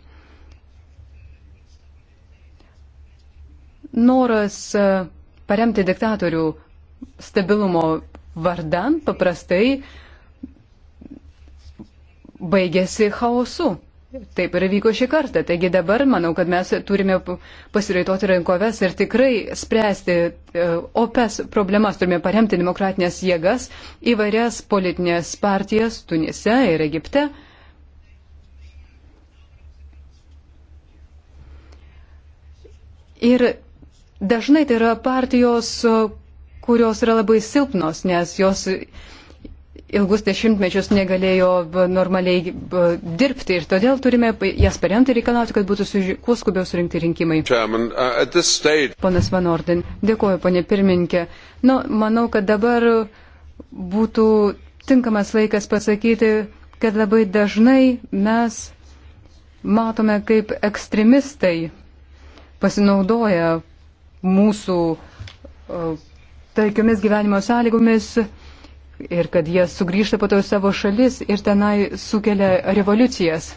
Noras e, paremti diktatorių stabilumo vardan paprastai baigėsi chaosu. Taip ir vyko šį kartą. Taigi dabar manau, kad mes turime pasiraitoti rankoves ir tikrai spręsti e, opes problemas. Turime paremti demokratinės jėgas įvairias politinės partijas Tunise ir Egipte. Ir Dažnai tai yra partijos, kurios yra labai silpnos, nes jos ilgus dešimtmečius negalėjo normaliai dirbti ir todėl turime jas paremti ir reikalauti, kad būtų suži... kuo skubiau surinkti rinkimai. Chairman, uh, stage... Ponas Van Orden, dėkuoju, ponė pirmininkė. Nu, manau, kad dabar būtų tinkamas laikas pasakyti, kad labai dažnai mes matome, kaip ekstremistai pasinaudoja mūsų e, taikiomis gyvenimo sąlygomis ir kad jie sugrįžta po to į savo šalis ir tenai sukelia revoliucijas.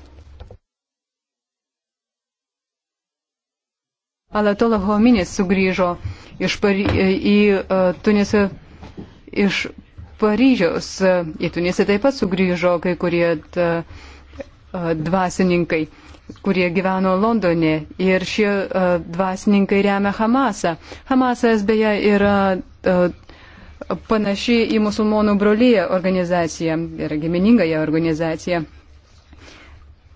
Alatola Hominis sugrįžo iš Pari į e, Tunisą iš Paryžiaus. Į Tunisą taip pat sugrįžo kai kurie e, dvasininkai kurie gyveno Londone ir šie uh, dvasininkai remia Hamasą. Hamasas beje yra uh, panaši į musulmonų brolyje organizaciją, yra gimininga ją organizacija.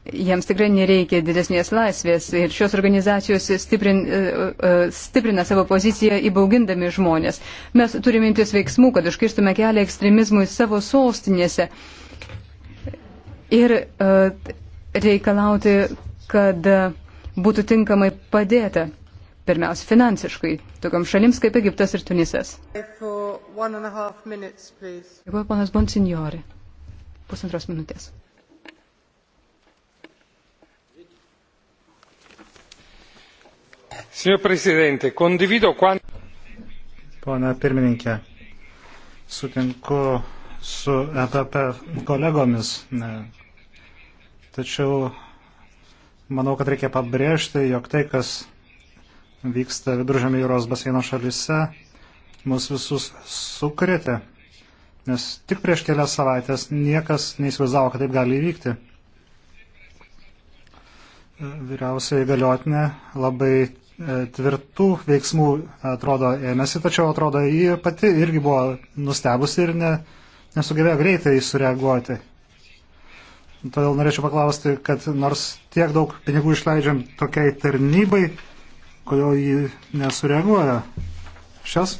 Jiems tikrai nereikia didesnės laisvės ir šios organizacijos stiprin, e, stiprina savo poziciją įbaugindami žmonės. Mes turime imtis veiksmų, kad užkirstume kelią ekstremizmui savo sostinėse. Ir uh, reikalauti, kad būtų tinkamai padėta, pirmiausia, finansiškai, tokiam šalims kaip Egiptas ir Tunisas. Dėkuoju, ponas Bonsignori. Pusantros minutės. Signor Presidente, condivido quanto. Pone pirmininkė, sutinku su EPP kolegomis, ne, Tačiau manau, kad reikia pabrėžti, jog tai, kas vyksta viduržėmio jūros baseino šalise, mus visus sukrėtė. Nes tik prieš kelias savaitės niekas neįsivaizdavo, kad taip gali įvykti. Vyriausiai galiotinė labai e, tvirtų veiksmų atrodo ėmėsi, tačiau atrodo, ji pati irgi buvo nustebusi ir ne, nesugebėjo greitai sureaguoti. Todėl norėčiau paklausti, kad nors tiek daug pinigų išleidžiam tokiai tarnybai, kodėl ji nesureaguoja. Šias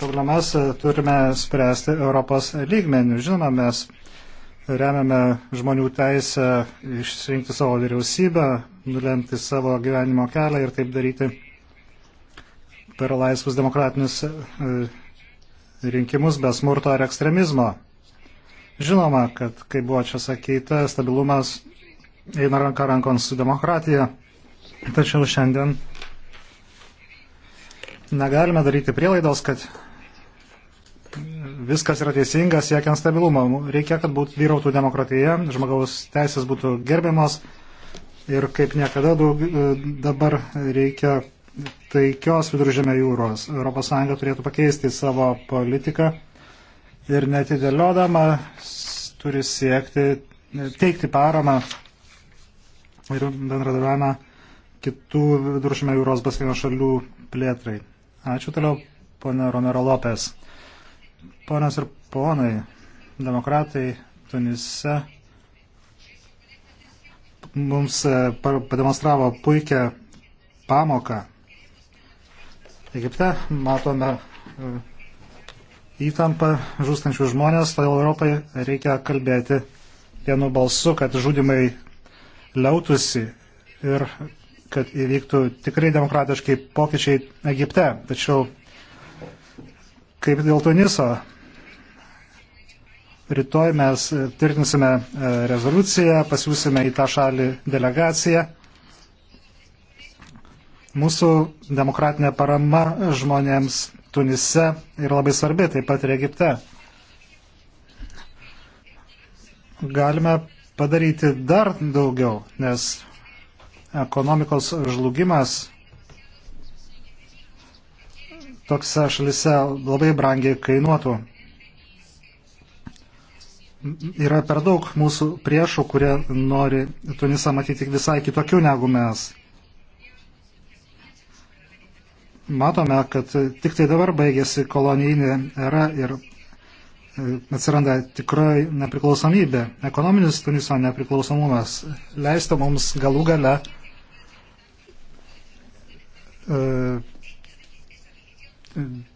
problemas e, turime spręsti Europos lygmenių. Žinoma, mes remiame žmonių teisę išrinkti savo vyriausybę, nulemti savo gyvenimo kelią ir taip daryti per laisvus demokratinius e, rinkimus be smurto ar ekstremizmo. Žinoma, kad, kaip buvo čia sakyta, stabilumas eina ranka rankon su demokratija. Tačiau šiandien negalime daryti prielaidos, kad viskas yra teisinga siekiant stabilumo. Reikia, kad būtų vyrautų demokratija, žmogaus teisės būtų gerbiamas ir kaip niekada daug, e, dabar reikia taikios viduržėme jūros. ES turėtų pakeisti savo politiką ir netidėliodama turi siekti, teikti paramą ir bendradarbiavimą kitų viduržymio jūros baseino šalių plėtrai. Ačiū toliau, ponė Romero Lopes. Ponas ir ponai, demokratai Tunise mums e, pademonstravo puikią pamoką. Egipte matome e, įtampą, žūstančių žmonės, todėl Europai reikia kalbėti vienu balsu, kad žudimai liautusi ir kad įvyktų tikrai demokratiškai pokyčiai Egipte. Tačiau kaip dėl Tuniso, rytoj mes tvirtinsime e, rezoliuciją, pasiūsime į tą šalį delegaciją. Mūsų demokratinė parama žmonėms Tunise yra labai svarbi, taip pat ir Egipte. Galime padaryti dar daugiau, nes ekonomikos žlugimas tokse šalise labai brangiai kainuotų. Yra per daug mūsų priešų, kurie nori Tunisą matyti visai kitokių negu mes matome, kad tik tai dabar baigėsi kolonijinė era ir e, atsiranda tikrai nepriklausomybė. Ekonominis Tuniso nepriklausomumas leista mums galų gale e,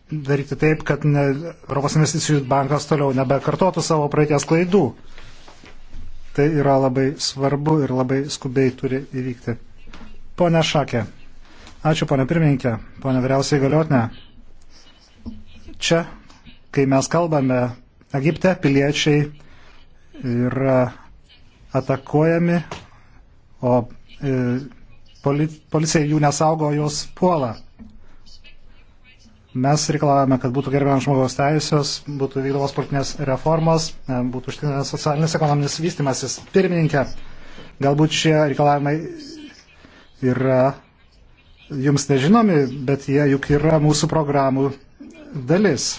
daryti taip, kad ne, Europos investicijų bankas toliau nebekartotų savo praeities klaidų. Tai yra labai svarbu ir labai skubiai turi įvykti. Pone Šakė. Ačiū, ponė pirmininkė, ponė vyriausiai galiotinė. Čia, kai mes kalbame, Egipte piliečiai yra atakuojami, o e, poli, policija jų nesaugo, jos puola. Mes reikalavome, kad būtų gerbiamas žmogaus teisės, būtų vykdomos politinės reformos, e, būtų užtikrintas socialinis ekonominis vystimasis. Pirmininkė, galbūt šie reikalavimai yra jums nežinomi, bet jie juk yra mūsų programų dalis.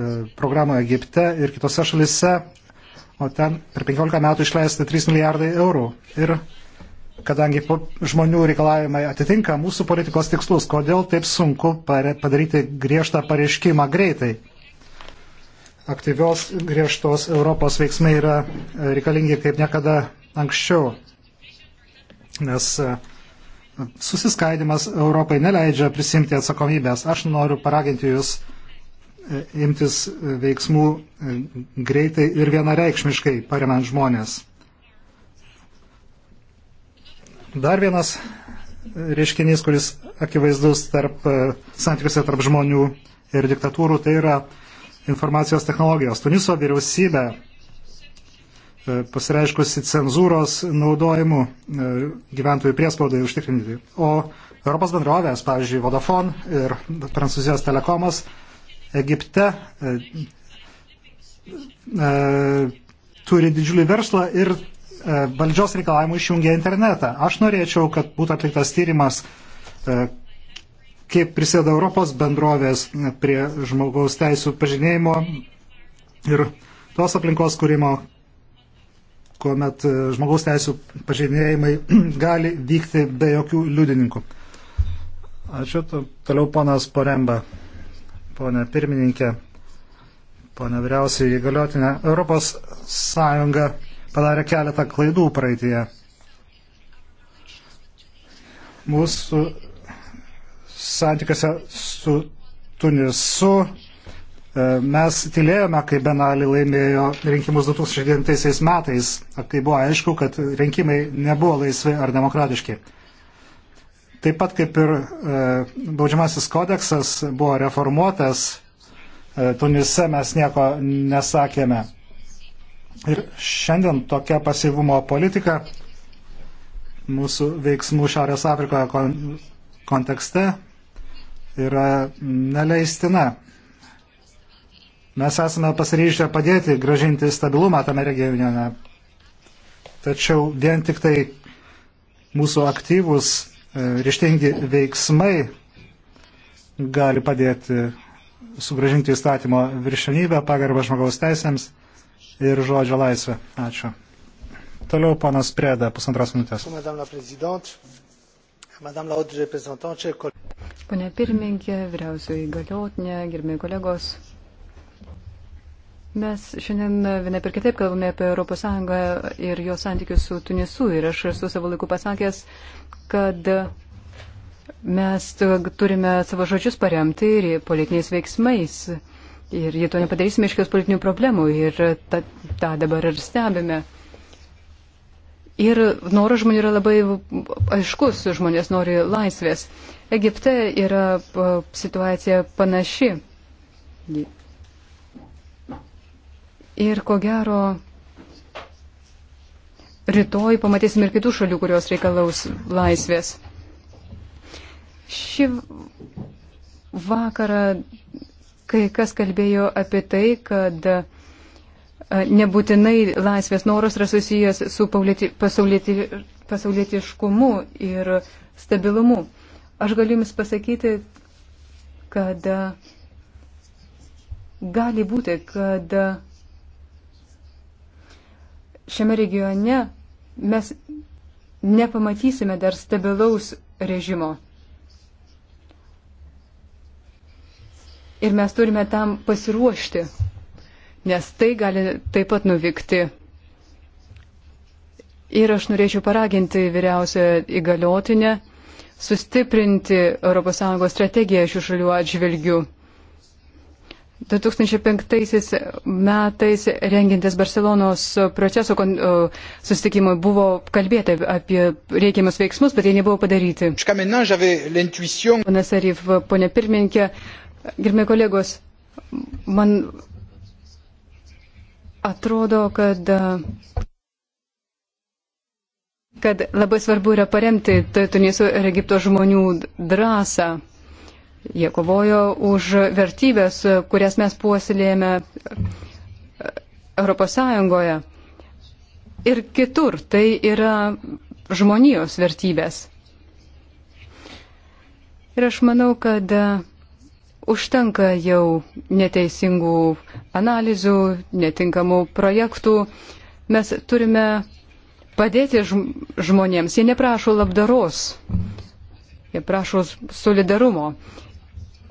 E, programų Egipte ir kitose šalise, o ten per 15 metų išleisti 3 milijardai eurų. Ir kadangi žmonių reikalavimai atitinka mūsų politikos tikslus, kodėl taip sunku padaryti griežtą pareiškimą greitai? Aktyvios griežtos Europos veiksmai yra reikalingi kaip niekada anksčiau, nes uh, susiskaidimas Europai neleidžia prisimti atsakomybės. Aš noriu paraginti Jūs e, imtis e, veiksmų e, greitai ir vienareikšmiškai paremant žmonės. Dar vienas reiškinys, kuris akivaizdus tarp santykiuose tarp žmonių ir diktatūrų, tai yra informacijos technologijos. Tuniso vyriausybė E, pasireiškusi cenzūros naudojimu e, gyventojų priespaudai užtikrinti. O Europos bendrovės, pavyzdžiui, Vodafone ir Prancūzijos telekomas Egipte e, e, turi didžiulį verslą ir e, valdžios reikalavimų išjungia internetą. Aš norėčiau, kad būtų atliktas tyrimas, e, kaip prisėda Europos bendrovės prie žmogaus teisų pažinėjimo ir tos aplinkos kūrimo, kuomet e, žmogaus teisų pažeidinėjimai gali vykti be jokių liudininkų. Ačiū. Toliau ponas Poremba, ponė pirmininkė, ponė vyriausiai įgaliotinė. Europos Sąjunga padarė keletą klaidų praeitie. Mūsų santykiuose su Tunisu E, mes tylėjome, kai Benali laimėjo rinkimus 2009 metais, kai buvo aišku, kad rinkimai nebuvo laisvi ar demokratiški. Taip pat kaip ir e, baudžiamasis kodeksas buvo reformuotas, e, Tunise mes nieko nesakėme. Ir šiandien tokia pasivumo politika mūsų veiksmų Šiaurės Afrikoje kontekste yra neleistina. Mes esame pasiryžę padėti gražinti stabilumą tame regione. Tačiau vien tik tai mūsų aktyvus e, ryštingi veiksmai gali padėti sugražinti įstatymo viršenybę, pagarbą žmogaus teisėms ir žodžio laisvę. Ačiū. Toliau panas Prėda, pusantros minutės. Pane pirmininkė, vyriausioji galiotinė, gerbėjai kolegos, Mes šiandien vienai per kitaip kalbame apie ES ir jo santykius su Tunisu. Ir aš esu savo laiku pasakęs, kad mes turime savo žodžius paremti ir politiniais veiksmais. Ir jei to nepadarysime, iškios politinių problemų. Ir tą dabar ir stebime. Ir noras žmonių yra labai aiškus, žmonės nori laisvės. Egipte yra situacija panaši. Ir ko gero, rytoj pamatysim ir kitų šalių, kurios reikalaus laisvės. Šį vakarą kai kas kalbėjo apie tai, kad e, nebūtinai laisvės noras yra susijęs su pasaulieti, pasaulietiškumu ir stabilumu. Aš galiu Jums pasakyti, kad e, gali būti, kad šiame regione mes nepamatysime dar stabilaus režimo. Ir mes turime tam pasiruošti, nes tai gali taip pat nuvykti. Ir aš norėčiau paraginti vyriausią įgaliotinę sustiprinti ES strategiją šių šalių atžvilgių. 2005 metais rengintis Barcelonos proceso susitikimui buvo kalbėta apie reikiamus veiksmus, bet jie nebuvo padaryti. Panas Arif, ponė pirmininkė, gerbėjai kolegos, man atrodo, kad kad labai svarbu yra paremti Tuniso ir Egipto žmonių drąsą. Jie kovojo už vertybės, kurias mes puoselėjame Europos Sąjungoje ir kitur. Tai yra žmonijos vertybės. Ir aš manau, kad e, užtenka jau neteisingų analizų, netinkamų projektų. Mes turime padėti žmonėms. Jie neprašo labdaros, jie prašo solidarumo.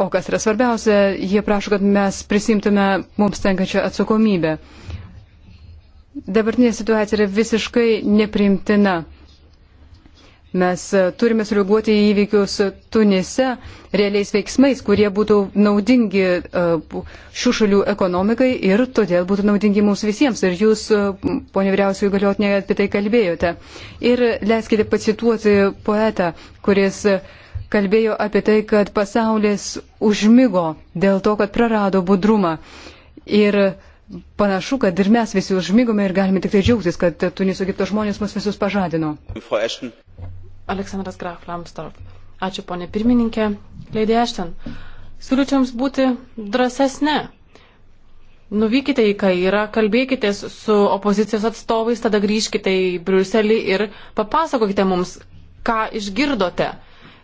O kas yra svarbiausia, jie prašo, kad mes prisimtume mums tenkačią atsakomybę. Dabartinė situacija yra visiškai neprimtina. Mes e, turime sureaguoti į įvykius Tunise realiais veiksmais, kurie būtų naudingi e, šių šalių ekonomikai ir todėl būtų naudingi mums visiems. Ir jūs, e, ponė vyriausiųjų galiotinė, apie tai kalbėjote. Ir leiskite pacituoti poetą, kuris uh, kalbėjo apie tai, kad pasaulis užmygo dėl to, kad prarado budrumą. Ir panašu, kad ir mes visi užmygome ir galime tik tai džiaugtis, kad Tuniso Egipto žmonės mus visus pažadino. Aleksandras Graf Lamstorf. Ačiū, ponė pirmininkė. Leidė Ešten, siūlyčiau jums būti drąsesnė. Nuvykite į Kairą, kalbėkite su opozicijos atstovais, tada grįžkite į Briuselį ir papasakokite mums, ką išgirdote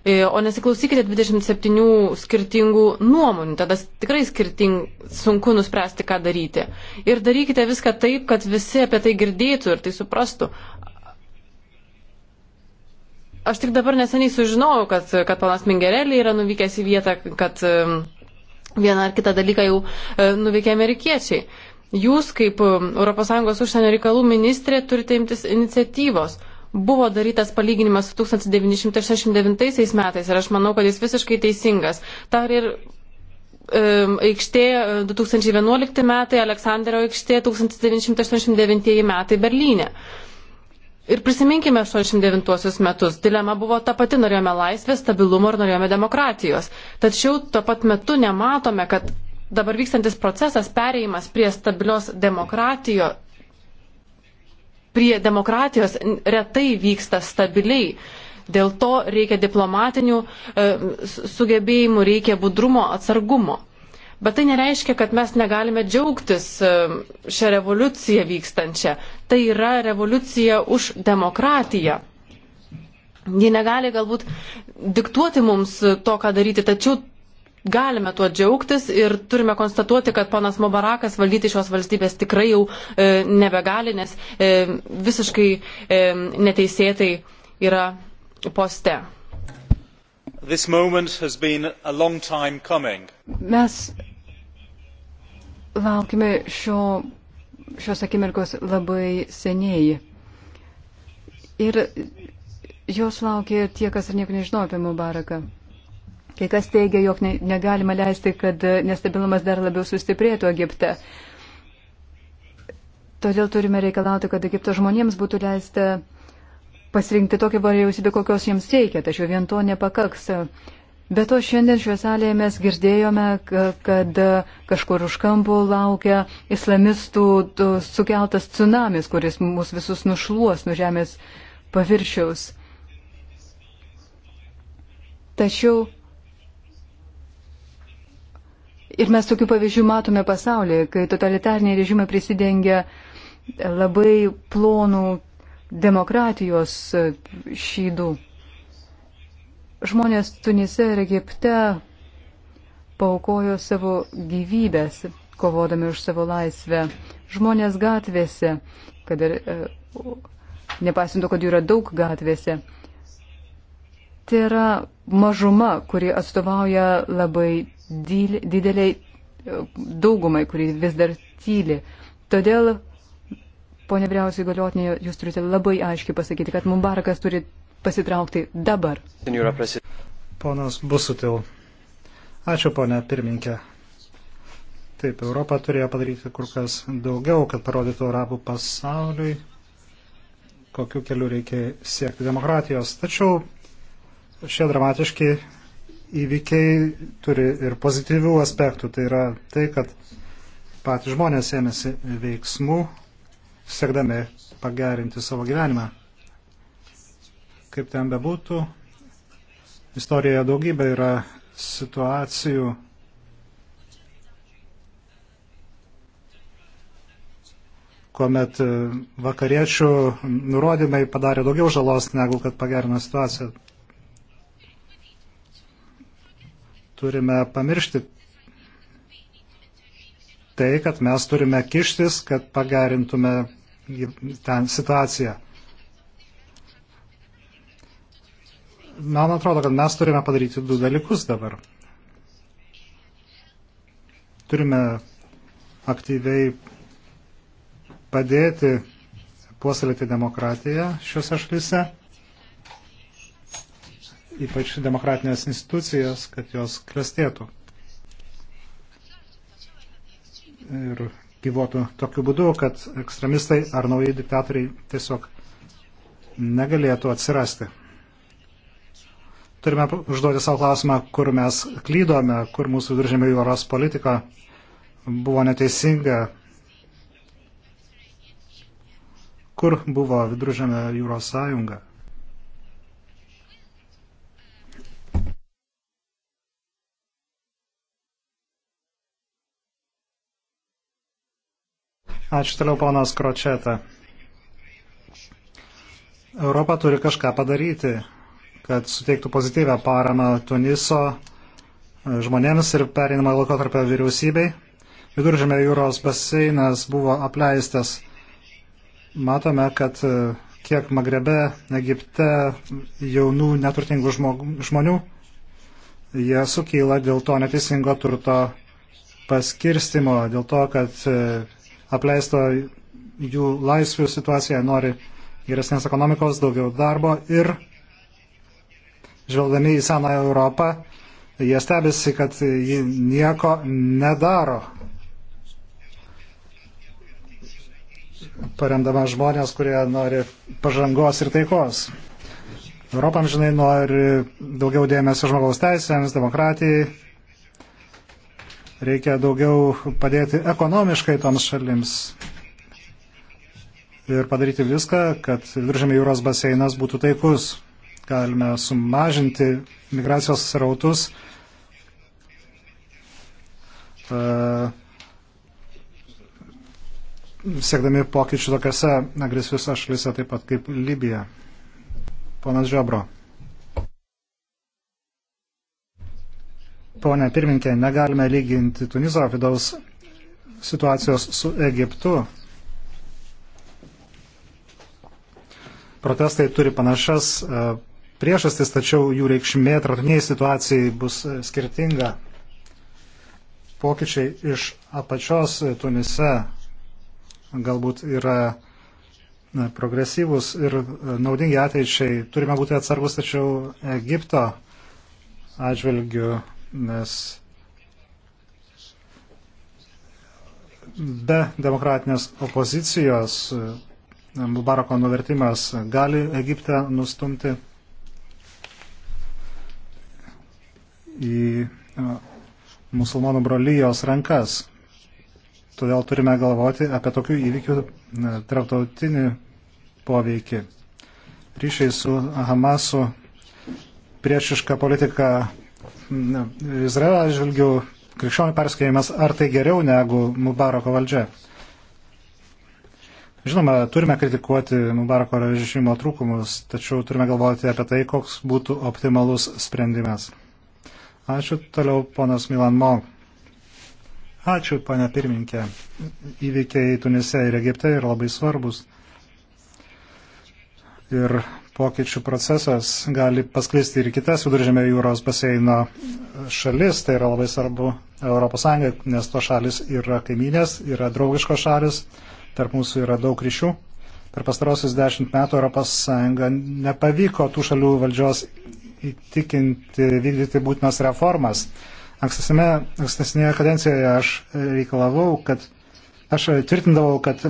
E, o nesiklausykite 27 skirtingų nuomonių, tada tikrai skirting, sunku nuspręsti, ką daryti. Ir darykite viską taip, kad visi apie tai girdėtų ir tai suprastų. Aš tik dabar neseniai sužinojau, kad, kad panas Mingerelė yra nuvykęs į vietą, kad vieną ar kitą dalyką jau e, nuveikė amerikiečiai. Jūs kaip ES užsienio reikalų ministrė turite imtis iniciatyvos buvo darytas palyginimas su 1969 metais ir aš manau, kad jis visiškai teisingas. Tar ir aikštė 2011 e, metai, Aleksandrio aikštė 1989 metai Berlyne. Ir prisiminkime 89 metus. Dilema buvo ta pati, norėjome laisvės, stabilumo ir norėjome demokratijos. Tačiau tuo pat metu nematome, kad dabar vykstantis procesas, pereimas prie stabilios demokratijo, prie demokratijos retai vyksta stabiliai. Dėl to reikia diplomatinių e, sugebėjimų, reikia budrumo, atsargumo. Bet tai nereiškia, kad mes negalime džiaugtis e, šią revoliuciją vykstančią. Tai yra revoliucija už demokratiją. Jie negali galbūt diktuoti mums to, ką daryti, tačiau galime tuo džiaugtis ir turime konstatuoti, kad ponas Mubarakas valdyti šios valstybės tikrai jau e, nebegali, nes e, visiškai e, neteisėtai yra poste. Mes laukime šio, šios akimirkos labai seniai. Ir jos laukia tie, kas ir nieko nežino apie Mubaraką. Kai kas teigia, jog negalima leisti, kad nestabilumas dar labiau sustiprėtų Egipte. Todėl turime reikalauti, kad Egipto žmonėms būtų leista pasirinkti tokią vyriausybę, kokios jiems reikia, tačiau vien to nepakaks. Be to šiandien šioje salėje mes girdėjome, kad kažkur už kampų laukia islamistų sukeltas tsunamis, kuris mus visus nušluos nuo žemės paviršiaus. Tačiau Ir mes tokių pavyzdžių matome pasaulyje, kai totalitariniai režimai prisidengia labai plonų demokratijos e, šydų. Žmonės Tunise ir Egipte paukojo savo gyvybės, kovodami už savo laisvę. Žmonės gatvėse, kad ir e, nepasinto, kad jų yra daug gatvėse. Tai yra mažuma, kuri atstovauja labai dideliai daugumai, kuri vis dar tyli. Todėl, ponė vyriausiai galiotinė, jūs turite labai aiškiai pasakyti, kad Mumbarakas turi pasitraukti dabar. Ponas Busutil. Ačiū, ponė pirminkė. Taip, Europa turėjo padaryti kur kas daugiau, kad parodytų arabų pasauliui, kokiu keliu reikia siekti demokratijos. Tačiau šie dramatiški įvykiai turi ir pozityvių aspektų. Tai yra tai, kad patys žmonės ėmėsi veiksmų, siekdami pagerinti savo gyvenimą. Kaip ten bebūtų, istorijoje daugybė yra situacijų, kuomet e, vakariečių nurodymai padarė daugiau žalos negu kad pagerino situaciją. turime pamiršti tai, kad mes turime kištis, kad pagerintume ten situaciją. Man atrodo, kad mes turime padaryti du dalykus dabar. Turime aktyviai padėti puoselėti demokratiją šiuose šalyse ypač demokratinės institucijas, kad jos klestėtų ir gyvuotų tokiu būdu, kad ekstremistai ar nauji diktatoriai tiesiog negalėtų atsirasti. Turime užduoti savo klausimą, kur mes klydome, kur mūsų viduržėmio jūros politika buvo neteisinga, kur buvo viduržėmio jūros sąjunga. Ačiū toliau, ponas Kročeta. Europa turi kažką padaryti, kad suteiktų pozityvę paramą Tuniso e, žmonėms ir pereinamą laikotarpę vyriausybei. Viduržėmė jūros baseinas buvo apleistas. Matome, kad e, kiek Magrebe, Egipte jaunų neturtingų žmonių, jie sukyla dėl to neteisingo turto paskirstimo, dėl to, kad e, apleisto jų laisvių situaciją, nori geresnės ekonomikos, daugiau darbo ir žvelgdami į seną Europą, jie stebisi, kad ji nieko nedaro. Paremdama žmonės, kurie nori pažangos ir taikos. Europam žinai nori daugiau dėmesio žmogaus teisėms, demokratijai, Reikia daugiau padėti ekonomiškai toms šalims ir padaryti viską, kad viduržėmė jūros baseinas būtų taikus. Galime sumažinti migracijos srautus. Uh, siekdami pokyčių tokiuose agresyviuose šalyse, taip pat kaip Libija. Ponas Žiobro. Pone pirminkė, negalime lyginti Tuniso vidaus situacijos su Egiptu. Protestai turi panašias e, priežastis, tačiau jų reikšmė tarptautiniai situacijai bus e, skirtinga. Pokyčiai iš apačios Tunise galbūt yra progresyvūs ir e, naudingi ateičiai. Turime būti atsargus, tačiau Egipto atžvilgiu nes be demokratinės opozicijos e, Mubarako nuvertimas gali Egipte nustumti į e, musulmonų brolyjos rankas. Todėl turime galvoti apie tokių įvykių e, tarptautinį poveikį. Ryšiai su Hamasu priešiška politika na, Izraelio atžvilgių krikščionių perskėjimas, ar tai geriau negu Mubarako valdžia. Žinoma, turime kritikuoti Mubarako režimo trūkumus, tačiau turime galvoti apie tai, koks būtų optimalus sprendimas. Ačiū toliau, ponas Milan Mo. Ačiū, pane pirminkė. Įvykiai Tunise ir Egipte yra labai svarbus. Ir pokyčių procesas gali pasklisti ir kitas viduržėmio jūros baseino šalis, tai yra labai svarbu ES, nes to šalis yra kaiminės, yra draugiškos šalis, tarp mūsų yra daug ryšių. Per pastarosius dešimt metų ES nepavyko tų šalių valdžios įtikinti vykdyti būtinas reformas. Ankstesnėje kadencijoje aš reikalavau, kad aš tvirtindavau, kad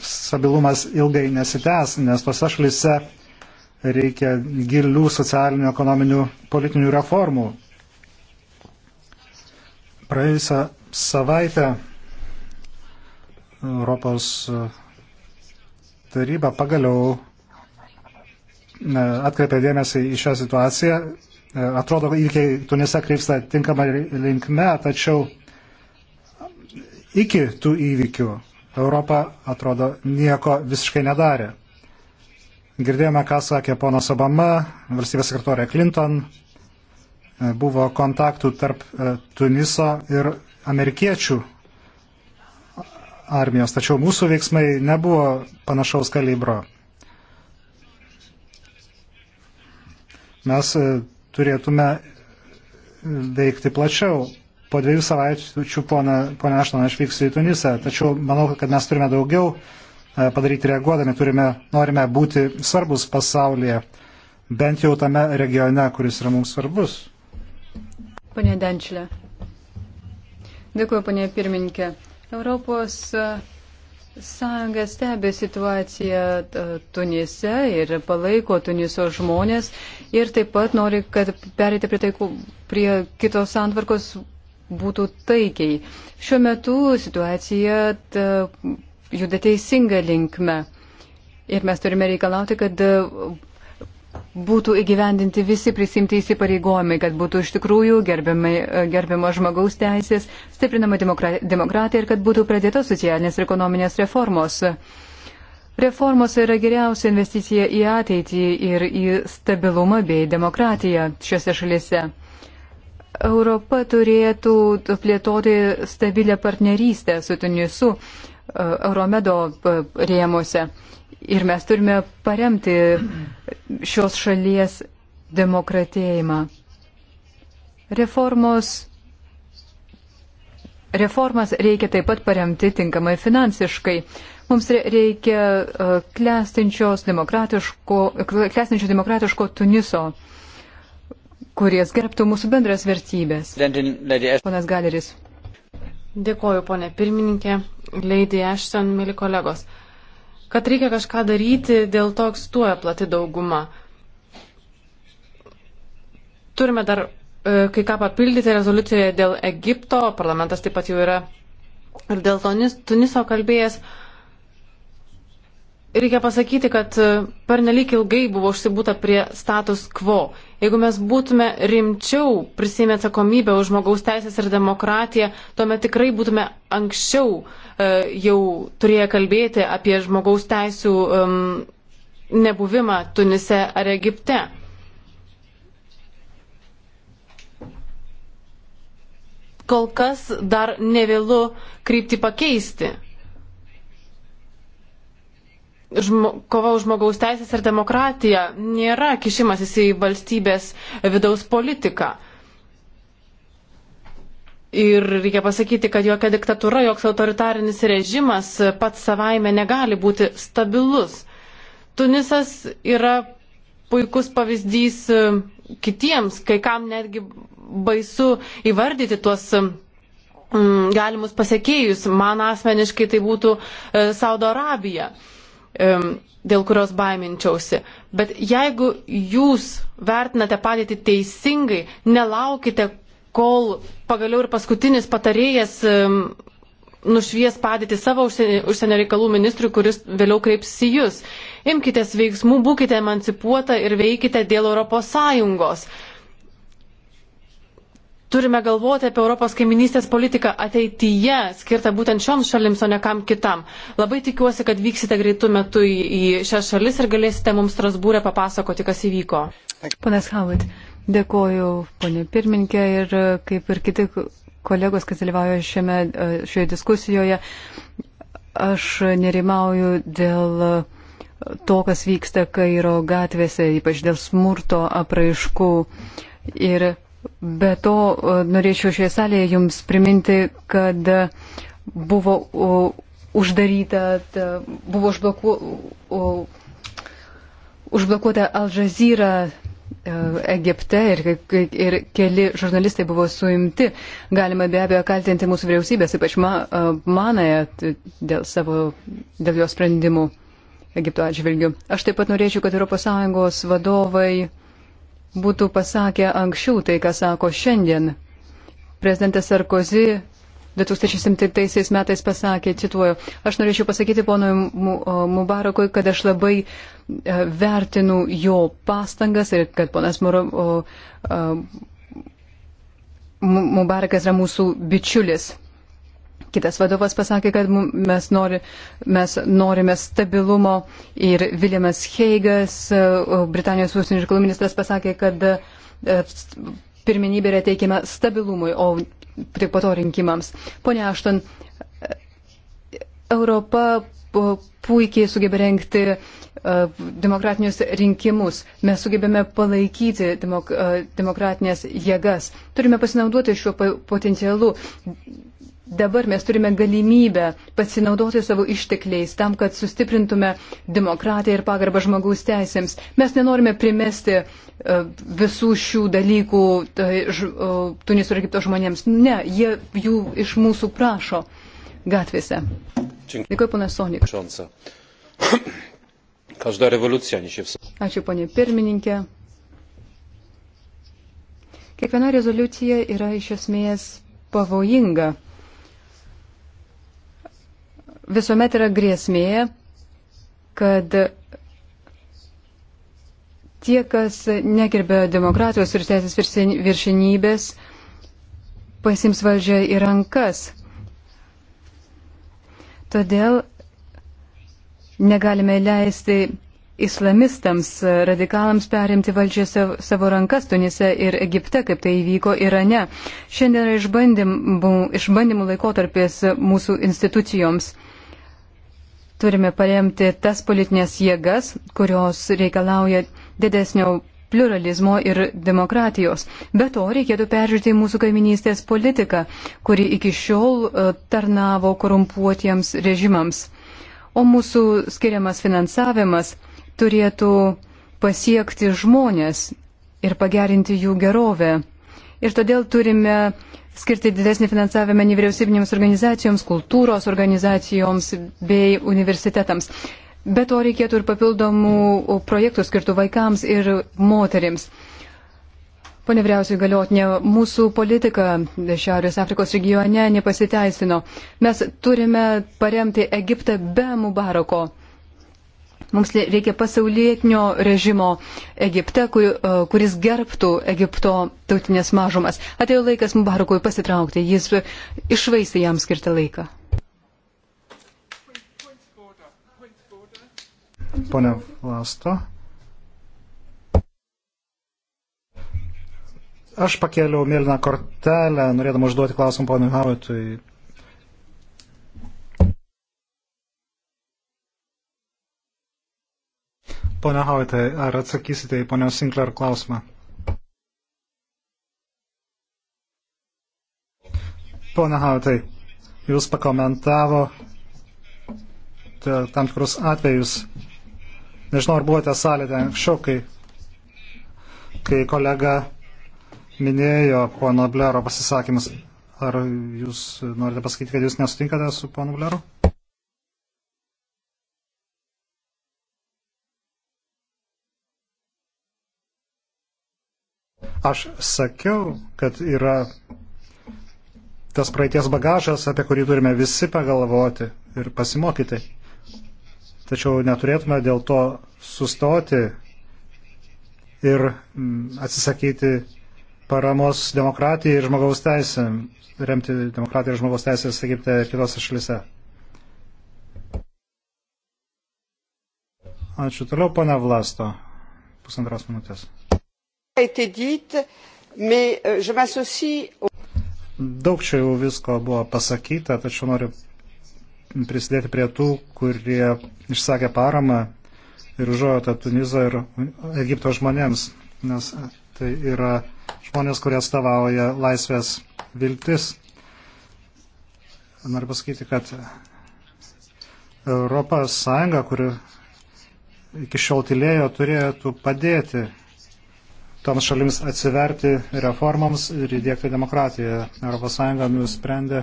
stabilumas ilgai nesitęs, nes tose šalise reikia gilių socialinių, ekonominių, politinių reformų. Praėjusią savaitę Europos e, taryba pagaliau e, atkreipė dėmesį į šią situaciją. E, atrodo, įvykiai Tunise krypsta tinkama linkme, tačiau iki tų įvykių Europa, atrodo, nieko visiškai nedarė. Girdėjome, ką sakė ponas Obama, valstybės sekretorė Clinton, e, buvo kontaktų tarp e, Tuniso ir amerikiečių armijos, tačiau mūsų veiksmai nebuvo panašaus kalibro. Mes e, turėtume veikti plačiau. Po dviejų savaičių, pone Ašton, aš vyksiu į Tunisą, tačiau manau, kad mes turime daugiau E, padaryti reaguodami, turime, norime būti svarbus pasaulyje, bent jau tame regione, kuris yra mums svarbus. Pane Denčilė. Dėkuoju, pane pirmininkė. Europos e, Sąjunga stebi situaciją e, Tunise ir palaiko Tuniso žmonės ir taip pat nori, kad perėti prie, taikų, prie kitos santvarkos būtų taikiai. Šiuo metu situacija ta, juda teisinga linkme. Ir mes turime reikalauti, kad e, būtų įgyvendinti visi prisimti įsipareigojimai, kad būtų iš tikrųjų gerbiama e, žmogaus teisės, stiprinama demokratija ir kad būtų pradėtos socialinės ir ekonominės reformos. Reformos yra geriausia investicija į ateitį ir į stabilumą bei demokratiją šiuose šalise. Europa turėtų plėtoti stabilę partnerystę su Tunisu, Euromedo e, rėmose. Ir mes turime paremti šios šalies demokratėjimą. Reformos, reformas reikia taip pat paremti tinkamai finansiškai. Mums reikia e, klestinčios demokratiško, klestinčio demokratiško Tuniso, kuris gerbtų mūsų bendras vertybės. Ponas Galeris. Dėkoju, ponė pirmininkė, Lady Ashton, mėly kolegos. Kad reikia kažką daryti, dėl to egzistuoja plati dauguma. Turime dar e, kai ką papildyti rezoliucijoje dėl Egipto, parlamentas taip pat jau yra ir dėl Tuniso kalbėjęs. E, reikia pasakyti, kad e, pernelyg ilgai buvo užsibūta prie status quo. Jeigu mes būtume rimčiau prisėmę atsakomybę už žmogaus teisės ir demokratiją, tuomet tikrai būtume anksčiau e, jau turėję kalbėti apie žmogaus teisų e, nebuvimą Tunise ar Egipte. Kol kas dar nevėlu krypti pakeisti žmo, kova už žmogaus teisės ir demokratiją nėra kišimasis į valstybės vidaus politiką. Ir reikia pasakyti, kad jokia diktatūra, joks autoritarinis režimas pats savaime negali būti stabilus. Tunisas yra puikus pavyzdys e, kitiems, kai kam netgi baisu įvardyti tuos galimus pasiekėjus. Man asmeniškai tai būtų e, Saudo Arabija dėl kurios baiminčiausi. Bet jeigu jūs vertinate padėtį teisingai, nelaukite, kol pagaliau ir paskutinis patarėjas nušvies padėti savo užsienio reikalų ministrui, kuris vėliau kreips į jūs. Imkite veiksmų, būkite emancipuota ir veikite dėl ES turime galvoti apie Europos kaiminystės politiką ateityje, skirtą būtent šioms šalims, o ne kam kitam. Labai tikiuosi, kad vyksite greitų metų į, į šias šalis ir galėsite mums Strasbūrė papasakoti, kas įvyko. Ponas Havat, dėkoju, ponė pirmininkė, ir kaip ir kiti kolegos, kas dalyvauja šiame, šioje diskusijoje, aš nerimauju dėl to, kas vyksta Kairo gatvėse, ypač dėl smurto apraiškų. Ir Be to, e, norėčiau šioje salėje Jums priminti, kad buvo uždaryta, buvo užbloku, užblokuota Al Jazeera e, Egipte ir, ir keli žurnalistai buvo suimti. Galima be abejo kaltinti mūsų vyriausybės, ypač ma, e, manąją dėl, savo, dėl jo sprendimų Egipto atžvilgių. Aš taip pat norėčiau, kad ES vadovai būtų pasakę anksčiau tai, ką sako šiandien. Prezidentas Sarkozy 2007 metais pasakė, cituoju, aš norėčiau pasakyti ponui Mubarakui, kad aš labai e, vertinu jo pastangas ir kad ponas Muro, e, Mubarakas yra mūsų bičiulis. Kitas vadovas pasakė, kad mes, nori, mes norime stabilumo ir Viljamas Heigas, Britanijos užsienio reikalų ministras, pasakė, kad e, pirmenybė yra teikiama stabilumui, o tik po to rinkimams. Pone Ašton, Europa puikiai sugebė rengti e, demokratinius rinkimus. Mes sugebėme palaikyti demok, e, demokratinės jėgas. Turime pasinaudoti šiuo potencialu. Dabar mes turime galimybę pasinaudoti savo ištekliais tam, kad sustiprintume demokratiją ir pagarbą žmogaus teisėms. Mes nenorime primesti e, visų šių dalykų tai, Tuniso ir Egipto žmonėms. Ne, jie jų iš mūsų prašo gatvėse. Dėkui, ponas Sonik. Ačiū, ponė pirmininkė. Kiekviena rezoliucija yra iš esmės pavojinga visuomet yra grėsmė, kad tie, kas negerbė demokratijos ir teisės viršinybės, pasims valdžią į rankas. Todėl negalime leisti islamistams, radikalams perimti valdžią savo rankas Tunise ir Egipte, kaip tai įvyko Irane. Šiandien yra išbandymų, išbandymų laikotarpis mūsų institucijoms. Turime paremti tas politinės jėgas, kurios reikalauja didesnio pluralizmo ir demokratijos. Be to, reikėtų peržiūrėti mūsų kaiminystės politiką, kuri iki šiol e, tarnavo korumpuotiems režimams. O mūsų skiriamas finansavimas turėtų pasiekti žmonės ir pagerinti jų gerovę ir todėl turime skirti didesnį finansavimą nevyriausybinėms organizacijoms, kultūros organizacijoms bei universitetams. Be to reikėtų ir papildomų projektų skirtų vaikams ir moterims. Pone vyriausiai galiotinė, mūsų politika Šiaurės Afrikos regione nepasiteisino. Mes turime paremti Egiptą be Mubarako. Mums reikia pasaulietinio režimo Egipte, e, kuris gerbtų Egipto tautinės mažumas. Atėjo laikas Mubarakui pasitraukti, jis išvaistė jam skirtą laiką. Pone Vlasto. Aš pakėliau mėlyną kortelę, norėdama užduoti klausimą ponui Havitui. Pone Hauitai, ar atsakysite į ponios Sinclair klausimą? Pone Hauitai, jūs pakomentavo tam tikrus atvejus. Nežinau, ar buvote salėte anksčiau, kai, kai kolega minėjo pono Blero pasisakymus. Ar jūs norite pasakyti, kad jūs nesutinkate su ponu Bleru? Aš sakiau, kad yra tas praeities bagažas, apie kurį turime visi pagalvoti ir pasimokyti. Tačiau neturėtume dėl to sustoti ir mm, atsisakyti paramos demokratijai ir žmogaus teisėm, remti demokratiją ir žmogaus teisės, sakykite, kitose šalise. Ačiū toliau, ponia Vlasto. Pusantros minutės. Euh, Daug čia jau visko buvo pasakyta, tačiau noriu prisidėti prie tų, kurie išsakė paramą ir užuojotą Tunizo ir Egipto žmonėms, nes tai yra žmonės, kurie atstovauja laisvės viltis. Noriu pasakyti, kad Europos Sąjunga, kuri iki šiol tylėjo, turėtų padėti toms šalims atsiverti reformams ir įdėkti demokratiją. ES nusprendė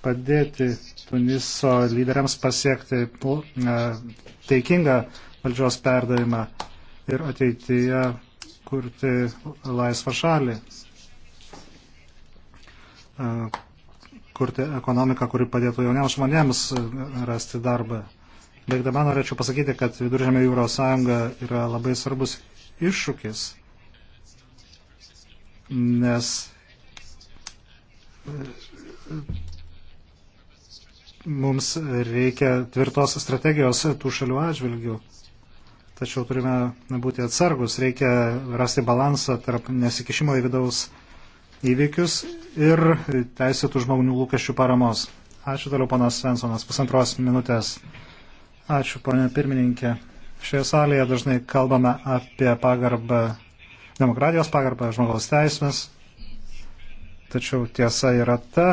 padėti Tuniso lyderiams pasiekti e, teikingą valdžios perdavimą ir ateityje kurti laisvą šalį, e, kurti ekonomiką, kuri padėtų jauniems žmonėms rasti darbą. Baigdama norėčiau pasakyti, kad Viduržėmė jūros sąjunga yra labai svarbus iššūkis, nes mums reikia tvirtos strategijos tų šalių atžvilgių. Tačiau turime būti atsargus, reikia rasti balansą tarp nesikišimo į vidaus įvykius ir teisėtų žmonių lūkesčių paramos. Ačiū toliau, panas Svensonas, pusantros minutės. Ačiū, ponė pirmininkė. Šioje salėje dažnai kalbame apie pagarbą, demokratijos pagarbą žmogaus teismės, tačiau tiesa yra ta,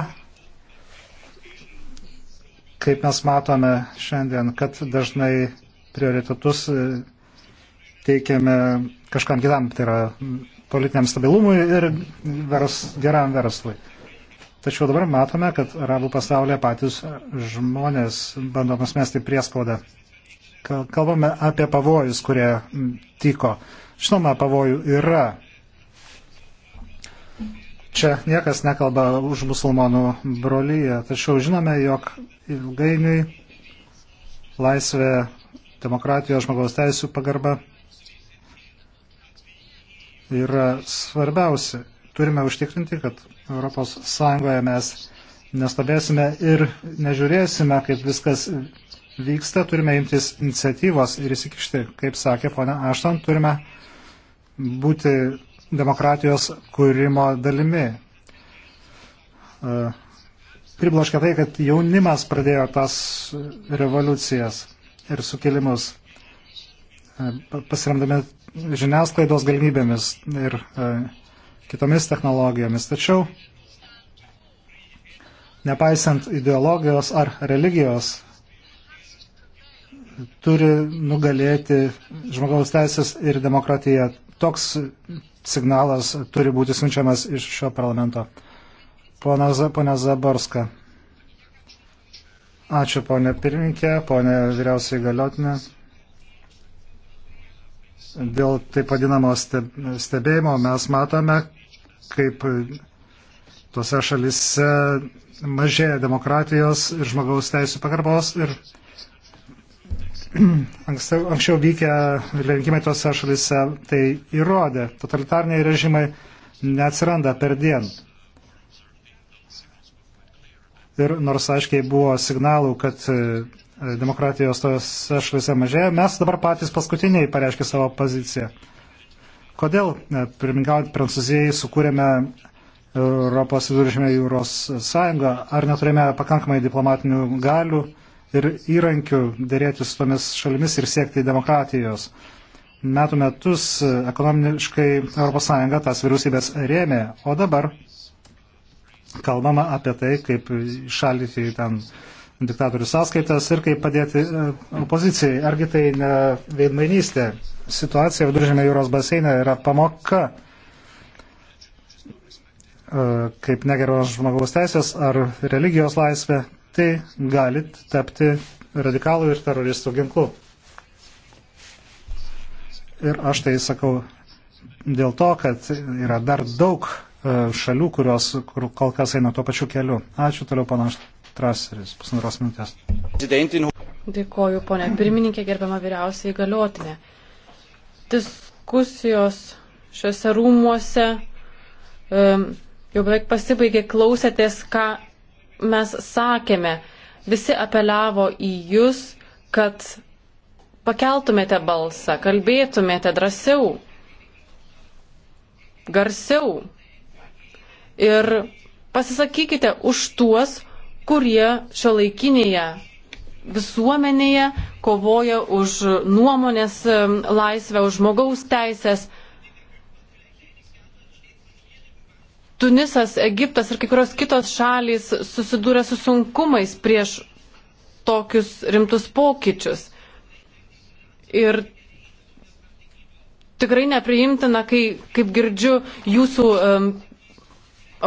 kaip mes matome šiandien, kad dažnai prioritetus e, teikiame kažkam kitam, tai yra politiniam stabilumui ir vers, geram verslui. Tačiau dabar matome, kad arabų pasaulyje patys žmonės bandoma smesti priespaudą Kalbame apie pavojus, kurie tiko. Žinoma, pavojų yra. Čia niekas nekalba už musulmonų brolyje, tačiau žinome, jog ilgainiui laisvė, demokratijos žmogaus teisų pagarba yra svarbiausi. Turime užtikrinti, kad ES mes nestabėsime ir nežiūrėsime, kaip viskas vyksta, turime imtis iniciatyvos ir įsikišti, kaip sakė ponia Ašton, turime būti demokratijos kūrimo dalimi. E, Pribloškia tai, kad jaunimas pradėjo tas revoliucijas ir sukilimus, e, pasiremdami žiniasklaidos galimybėmis ir e, kitomis technologijomis. Tačiau, nepaisant ideologijos ar religijos, turi nugalėti žmogaus teisės ir demokratija. Toks signalas turi būti siunčiamas iš šio parlamento. Pone Zaborska. Ačiū, ponė pirmininkė, ponė vyriausiai galiotinė. Dėl taip vadinamo stebėjimo mes matome, kaip tose šalise mažėja demokratijos ir žmogaus teisų pagarbos ir Anksčiau, anksčiau vykę rinkimai tose šalise tai įrodė. Totalitarniai režimai neatsiranda per dien. Ir nors aiškiai buvo signalų, kad e, demokratijos tose šalise mažėja, mes dabar patys paskutiniai pareiškė savo poziciją. Kodėl, e, pirmininkaujant Prancūzijai, sukūrėme Europos viduržėmė jūros sąjungą, ar neturėjome pakankamai diplomatinių galių ir įrankių dėrėtis su tomis šalimis ir siekti demokratijos. Metų metus ekonomiškai ES tas vyriausybės rėmė, o dabar kalbama apie tai, kaip šalyti ten diktatorių sąskaitas ir kaip padėti e, opozicijai. Argi tai ne veidmainystė? Situacija viduržėme jūros baseine yra pamoka e, kaip negeros žmogaus teisės ar religijos laisvė, tai gali tapti radikalų ir teroristų ginklu. Ir aš tai sakau dėl to, kad yra dar daug e, šalių, kurios kur kol kas eina tuo pačiu keliu. Ačiū toliau, panaš Traseris, pusantros minutės. Dėkoju, ponė pirmininkė, gerbiama vyriausiai galiotinė. Diskusijos šiuose rūmuose um, jau beveik pasibaigė, klausėtės, ką mes sakėme, visi apeliavo į jūs, kad pakeltumėte balsą, kalbėtumėte drąsiau, garsiau ir pasisakykite už tuos, kurie šio laikinėje visuomenėje kovoja už nuomonės laisvę, už žmogaus teisės Tunisas, Egiptas ir kai kurios kitos šalys susidūrė su sunkumais prieš tokius rimtus pokyčius. Ir tikrai nepriimtina, kai, kaip girdžiu, jūsų um,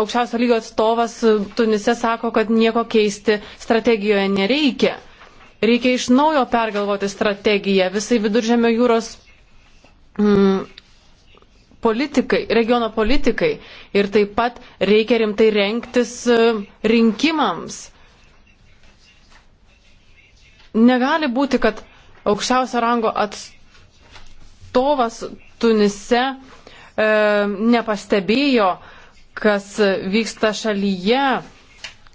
aukščiausio lygio atstovas e, Tunise sako, kad nieko keisti strategijoje nereikia. Reikia iš naujo pergalvoti strategiją visai viduržėmio jūros mm, politikai, regiono politikai. Ir taip pat reikia rimtai renktis e, rinkimams. Negali būti, kad aukščiausio rango atstovas Tunise e, nepastebėjo, kas vyksta šalyje,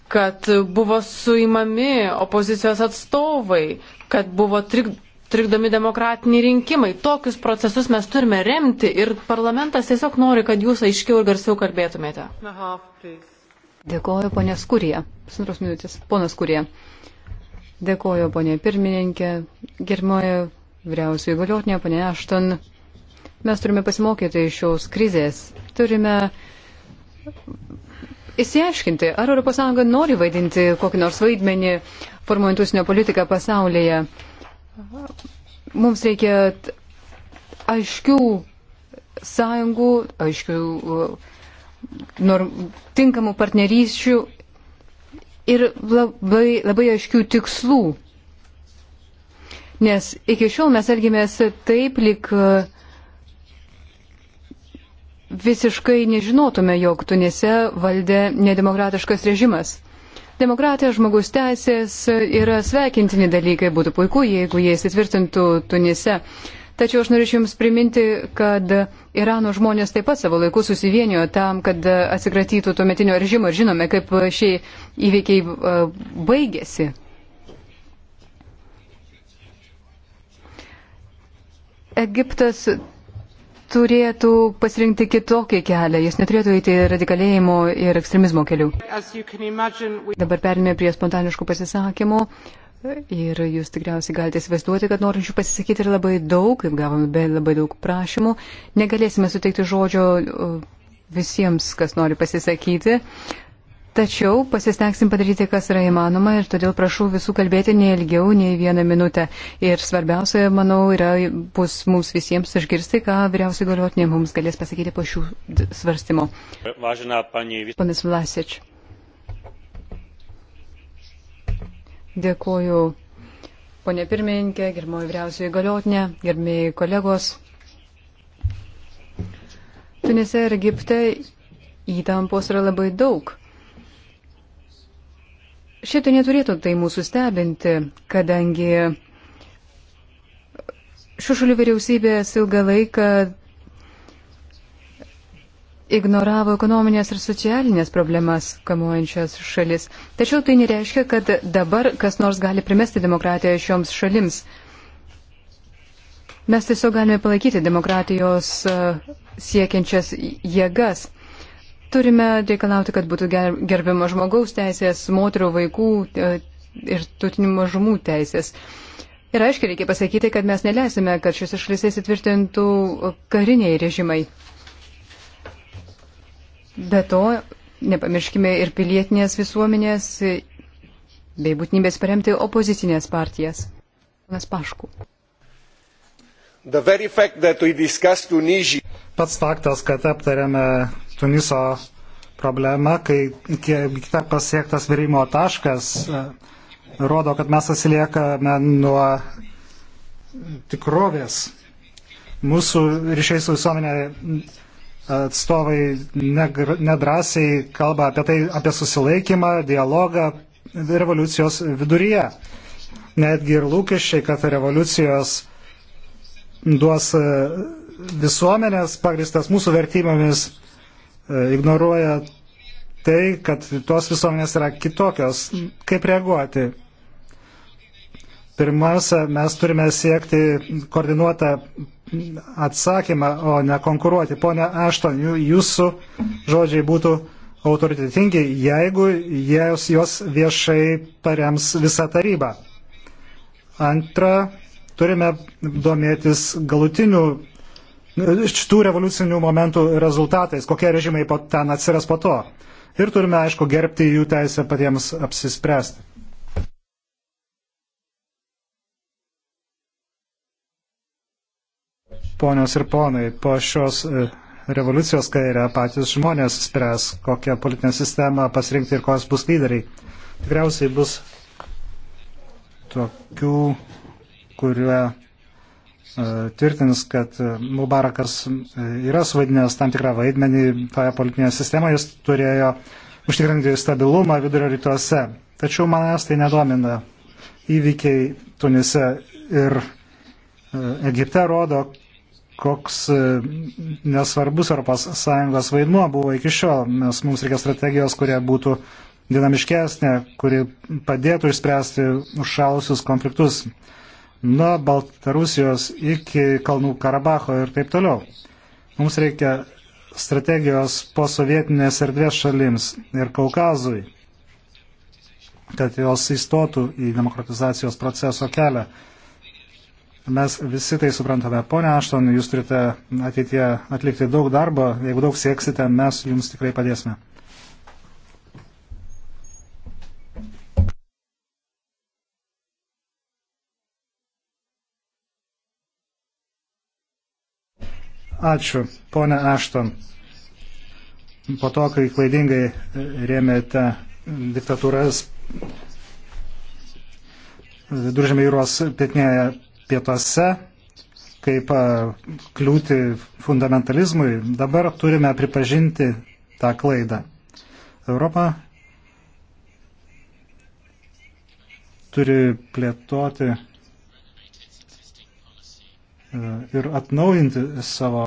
kad buvo suimami opozicijos atstovai, kad buvo trik, trikdomi demokratiniai rinkimai. Tokius procesus mes turime remti ir parlamentas tiesiog nori, kad jūs aiškiau ir garsiau kalbėtumėte. Dėkoju, ponė Skurija. Pusantros minutės. Ponas Skurija. Dėkoju, ponė pirmininkė. Germoju vyriausiųjų galiotinė, ponė Ašton. Mes turime pasimokyti iš šios krizės. Turime įsiaiškinti, ar ES nori vaidinti kokį nors vaidmenį formuojant užsienio politiką pasaulyje. Mums reikia aiškių sąjungų, aiškių uh, norm, tinkamų partnerysčių ir labai, labai aiškių tikslų. Nes iki šiol mes elgėmės taip, lyg uh, visiškai nežinotume, jog Tunise valdė nedemokratiškas režimas. Demokratija, žmogus teisės yra sveikintini dalykai, būtų puiku, jeigu jie įsitvirtintų Tunise. Tačiau aš norėčiau Jums priminti, kad Irano žmonės taip pat savo laiku susivienijo tam, kad atsikratytų tuometinio režimo ir žinome, kaip šie įveikiai e, baigėsi. Egiptas turėtų pasirinkti kitokį kelią, jis neturėtų eiti radikalėjimo ir ekstremizmo keliu. Dabar perėmė prie spontaniškų pasisakymų. Ir jūs tikriausiai galite įsivaizduoti, kad norinčių pasisakyti yra labai daug, kaip gavome be labai daug prašymų. Negalėsime suteikti žodžio uh, visiems, kas nori pasisakyti. Tačiau pasistengsim padaryti, kas yra įmanoma ir todėl prašau visų kalbėti ne ilgiau nei vieną minutę. Ir svarbiausia, manau, yra, bus mums visiems išgirsti, ką vyriausiai galiotinė mums galės pasakyti po šių svarstymų. Panas Vlasič. Dėkuoju, ponė pirmininkė, gerbimoji vyriausioji galiotinė, gerbimiai kolegos. Tunise ir Egipte įtampos yra labai daug. Šiaip tai neturėtų tai mūsų stebinti, kadangi šių šalių vyriausybės ilgą laiką ignoravo ekonominės ir socialinės problemas kamuojančias šalis. Tačiau tai nereiškia, kad dabar kas nors gali primesti demokratiją šioms šalims. Mes tiesiog galime palaikyti demokratijos e, siekiančias jėgas. Turime reikalauti, kad būtų gerbiama žmogaus teisės, moterų, vaikų e, ir tautinių mažumų teisės. Ir aiškiai reikia pasakyti, kad mes neleisime, kad šiuose šalyse įsitvirtintų kariniai režimai. Be to, nepamirškime ir pilietinės visuomenės bei būtinybės paremti opozicinės partijas. Ponas Paškų. Pats faktas, kad aptarėme Tuniso problema, kai kita pasiektas virimo taškas, e, rodo, kad mes atsiliekame nuo tikrovės. Mūsų ryšiai su visuomenė e, atstovai nedrasiai kalba apie tai, apie susilaikymą, dialogą revoliucijos viduryje. Netgi ir lūkesčiai, kad revoliucijos duos e, visuomenės pagristas mūsų vertybėmis E, ignoruoja tai, kad tos visuomenės yra kitokios. Kaip reaguoti? Pirmiausia, mes turime siekti koordinuotą atsakymą, o ne konkuruoti. Pone Ašton, jūsų žodžiai būtų autoritetingi, jeigu jos, jos viešai parems visą tarybą. Antra, turime domėtis galutinių šitų revoliucinių momentų rezultatais, kokie režimai ten atsiras po to. Ir turime, aišku, gerbti jų teisę patiems apsispręsti. Ponios ir ponai, po šios e, revoliucijos kairę patys žmonės spręs, kokią politinę sistemą pasirinkti ir kokios bus lyderiai. Tikriausiai bus tokių, kurie E, tvirtins, kad e, Mubarakas e, yra suvaidinęs tam tikrą vaidmenį toje politinėje sistemoje, jis turėjo užtikrinti stabilumą vidurio rytuose. Tačiau manęs tai nedomina. Įvykiai Tunise ir Egipte rodo, koks nesvarbus ES vaidmuo buvo iki šiol, nes mums reikia strategijos, kurie būtų dinamiškesnė, kuri padėtų išspręsti užšalusius konfliktus nuo Baltarusijos iki Kalnų Karabacho ir taip toliau. Mums reikia strategijos po sovietinės erdvės šalims ir Kaukazui, kad jos įstotų į demokratizacijos proceso kelią. Mes visi tai suprantame. Pone Ašton, jūs turite ateitie atlikti daug darbo. Jeigu daug sieksite, mes jums tikrai padėsime. Ačiū, ponė Ašton. Po to, kai klaidingai rėmėte diktatūras viduržėmė jūros pietinėje pietuose, kaip kliūti fundamentalizmui, dabar turime pripažinti tą klaidą. Europa turi plėtoti E, ir atnaujinti savo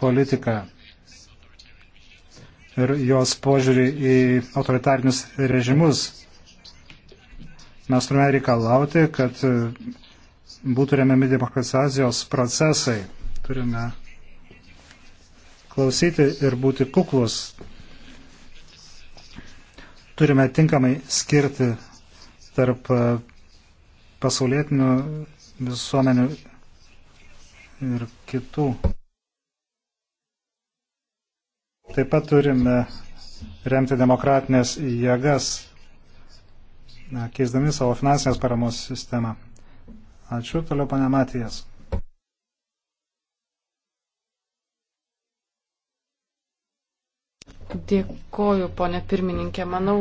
politiką ir jos požiūrį į autoritarinius režimus. Mes turime reikalauti, kad e, būtų remiami demokratizacijos procesai. Turime klausyti ir būti kuklus. Turime tinkamai skirti tarp e, pasaulietinių visuomenių ir kitų. Taip pat turime remti demokratinės jėgas, keisdami savo finansinės paramos sistemą. Ačiū, toliau pane Matijas. Dėkoju, ponė pirmininkė. Manau,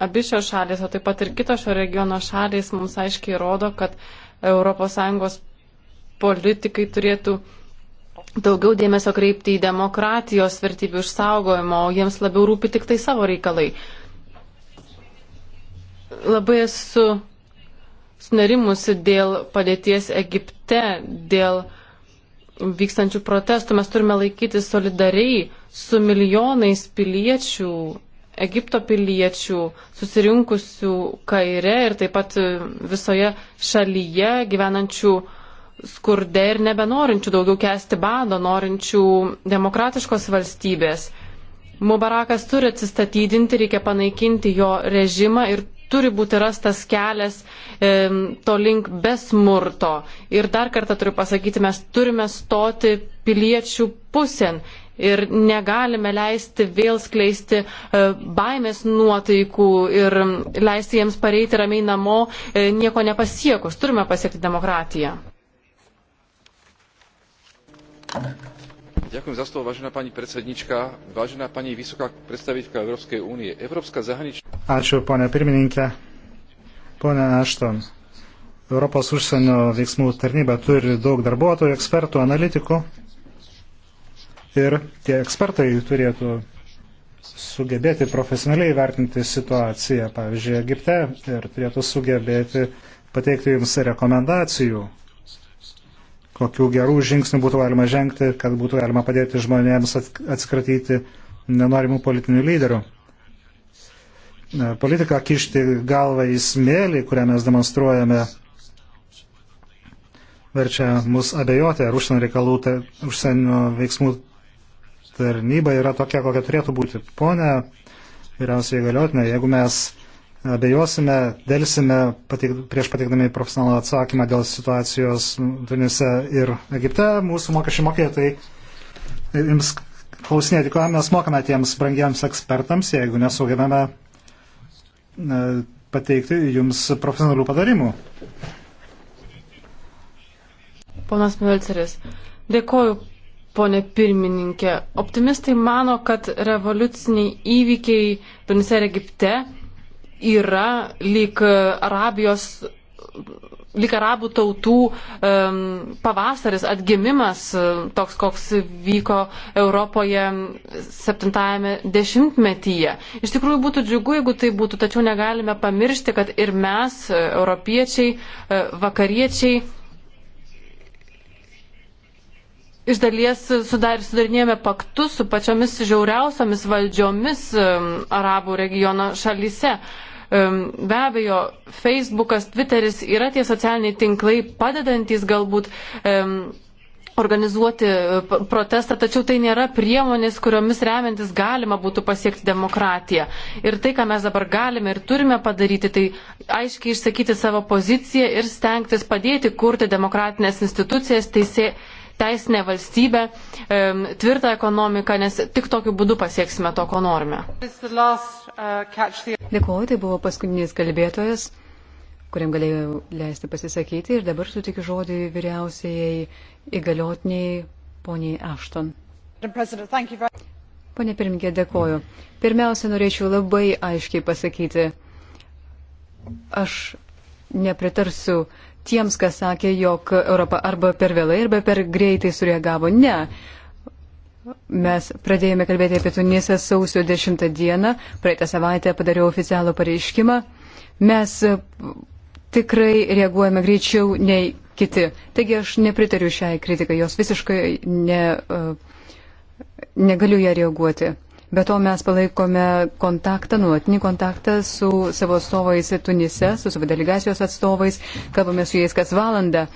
abi šios šalis, o taip pat ir kitos šio regiono šalis mums aiškiai rodo, kad ES politikai turėtų daugiau dėmesio kreipti į demokratijos vertybių išsaugojimą, o jiems labiau rūpi tik tai savo reikalai. Labai esu sunerimusi dėl padėties Egipte, dėl vykstančių protestų. Mes turime laikyti solidariai su milijonais piliečių, Egipto piliečių, susirinkusių kaire ir taip pat visoje šalyje gyvenančių uh, skurde ir nebenorinčių daugiau kesti bado, norinčių demokratiškos valstybės. Mubarakas turi atsistatydinti, reikia panaikinti jo režimą ir turi būti rastas kelias e, to link be smurto. Ir dar kartą turiu pasakyti, mes turime stoti piliečių pusėn ir negalime leisti vėl skleisti e, baimės nuotaikų ir leisti jiems pareiti ramiai namo, e, nieko nepasiekus. Turime pasiekti demokratiją. Ačiū, ponė pirmininkė. Pone Ašton, Europos užsienio veiksmų tarnyba turi daug darbuotojų, ekspertų, analitikų. Ir tie ekspertai turėtų sugebėti profesionaliai vertinti situaciją, pavyzdžiui, Egipte, ir turėtų sugebėti pateikti jums rekomendacijų kokių gerų žingsnių būtų galima žengti, kad būtų galima padėti žmonėms atsikratyti nenorimų politinių lyderių. Politika kišti galvą į smėlį, kurią mes demonstruojame, verčia mus abejoti, ar užsienio reikalų, ta, užsienio veiksmų tarnyba yra tokia, kokia turėtų būti. Pone, vyriausiai galiotinė, jeigu mes abejosime, dėlsime patik, prieš patikdami profesionalą atsakymą dėl situacijos Tunise ir Egipte. Mūsų mokesčių mokėtojai tai jums klausinėti, ką mes mokame tiems brangiems ekspertams, jeigu nesugebame e, pateikti jums profesionalių patarimų. Ponas Melceris, dėkoju, ponė pirmininkė. Optimistai mano, kad revoliuciniai įvykiai Tunise ir Egipte yra lyg Arabijos lyg arabų tautų um, pavasaris, atgimimas, e, toks koks vyko Europoje 70-ame dešimtmetyje. Iš tikrųjų būtų džiugu, jeigu tai būtų, tačiau negalime pamiršti, kad ir mes, e, europiečiai, e, vakariečiai, iš dalies sudar, sudarinėjome paktus su pačiomis žiauriausiamis valdžiomis arabų regiono šalyse. Uh, Be abejo, Facebookas, Twitteris yra tie socialiniai tinklai padedantis galbūt organizuoti e, protestą, tačiau tai nėra priemonės, kuriomis remiantis galima būtų pasiekti demokratiją. Ir tai, ką mes dabar galime ir turime padaryti, tai aiškiai išsakyti savo poziciją ir stengtis padėti kurti demokratinės institucijas, teisė, teisinę valstybę, tvirtą ekonomiką, nes tik tokiu būdu pasieksime to, ko norime. Dėkuoju, tai buvo paskutinis kalbėtojas, kuriam galėjau leisti pasisakyti ir dabar sutikiu žodį vyriausiai įgaliotiniai poniai Ašton. Pane pirmininkė, dėkoju. Pirmiausia, norėčiau labai aiškiai pasakyti, aš nepritarsiu tiems, kas sakė, jog Europa arba per vėlai, arba per greitai sureagavo. Ne. Mes pradėjome kalbėti apie Tunisę sausio 10 dieną, praeitą savaitę padariau oficialų pareiškimą. Mes tikrai reaguojame greičiau nei kiti. Taigi aš nepritariu šiai kritikai, jos visiškai ne, e, negaliu ją reaguoti. Be to mes palaikome kontaktą, nuolatinį kontaktą su savo atstovais Tunise, su savo delegacijos atstovais, kalbame su jais kas valandą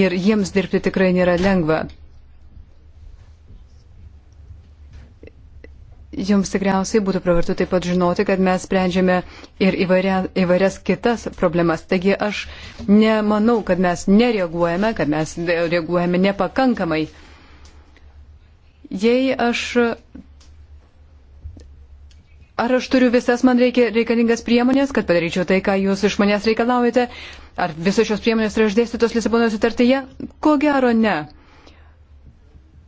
ir jiems dirbti tikrai nėra lengva. Jums tikriausiai būtų pravartu taip pat žinoti, kad mes sprendžiame ir įvairia, įvairias kitas problemas. Taigi aš nemanau, kad mes nereaguojame, kad mes reaguojame nepakankamai. Jei aš Ar aš turiu visas man reikia, reikalingas priemonės, kad padaryčiau tai, ką jūs iš manęs reikalaujate? Ar visos šios priemonės yra išdėstytos Lisabono sutartyje? Ko gero ne.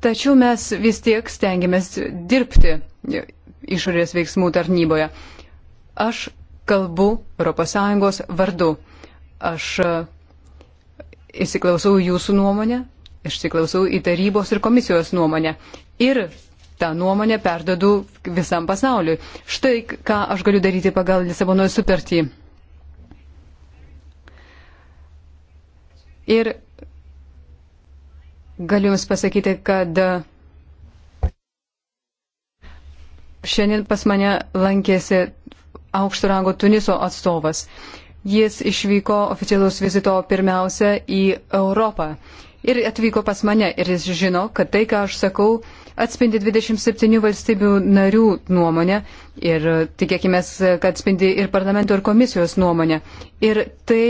Tačiau mes vis tiek stengiamės dirbti išorės veiksmų tarnyboje. Aš kalbu ES vardu. Aš e, įsiklausau jūsų nuomonę, išsiklausau į tarybos ir komisijos nuomonę. Ir tą nuomonę perdodu visam pasauliui. Štai ką aš galiu daryti pagal Lisabono sutartį. Ir galiu Jums pasakyti, kad šiandien pas mane lankėsi aukšto rango Tuniso atstovas. Jis išvyko oficialus vizito pirmiausia į Europą ir atvyko pas mane ir jis žino, kad tai, ką aš sakau, atspindi 27 valstybių narių nuomonę ir tikėkime, kad atspindi ir parlamento ir komisijos nuomonę. Ir tai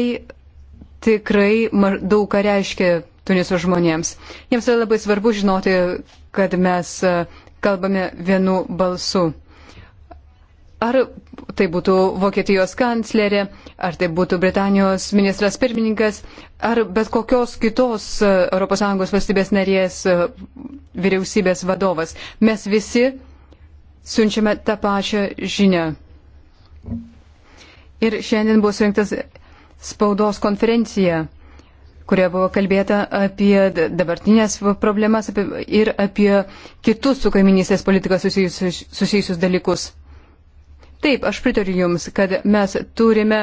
tikrai daug ką reiškia Tuniso žmonėms. Jiems yra labai svarbu žinoti, kad mes e, kalbame vienu balsu. Ar tai būtų Vokietijos kanclerė, ar tai būtų Britanijos ministras pirmininkas, ar bet kokios kitos ES valstybės narės e, vyriausybės vadovas. Mes visi siunčiame tą pačią žinią. Ir šiandien buvo surinktas spaudos konferencija, kurioje buvo kalbėta apie dabartinės problemas apie, ir apie kitus su kaiminysės politika susijusius, susijusius dalykus. Taip, aš pritariu Jums, kad mes turime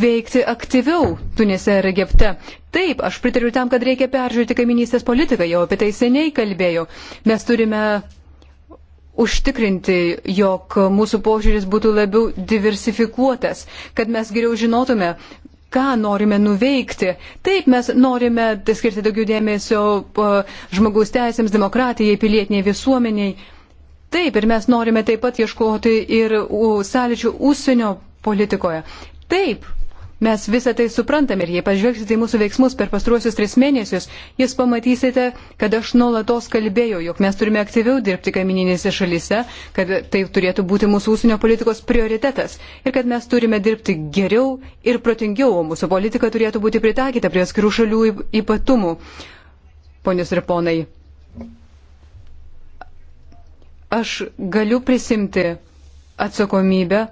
veikti aktyviau Tunise ir Egipte. Taip, aš pritariu tam, kad reikia peržiūrėti kaiminystės politiką, jau apie tai seniai kalbėjau. Mes turime užtikrinti, jog mūsų požiūris būtų labiau diversifikuotas, kad mes geriau žinotume, ką norime nuveikti. Taip, mes norime skirti daugiau dėmesio uh, žmogaus teisėms, demokratijai, pilietiniai visuomeniai. Taip, ir mes norime taip pat ieškoti ir sąlyčių užsienio politikoje. Taip, mes visą tai suprantame ir jei pažvelgsite į mūsų veiksmus per pastruosius tris mėnesius, jūs pamatysite, kad aš nuolatos kalbėjau, jog mes turime aktyviau dirbti kaimininėse šalyse, kad tai turėtų būti mūsų užsienio politikos prioritetas ir kad mes turime dirbti geriau ir protingiau, o mūsų politika turėtų būti pritaikyta prie skirų šalių ypatumų. Ponius ir ponai, aš galiu prisimti atsakomybę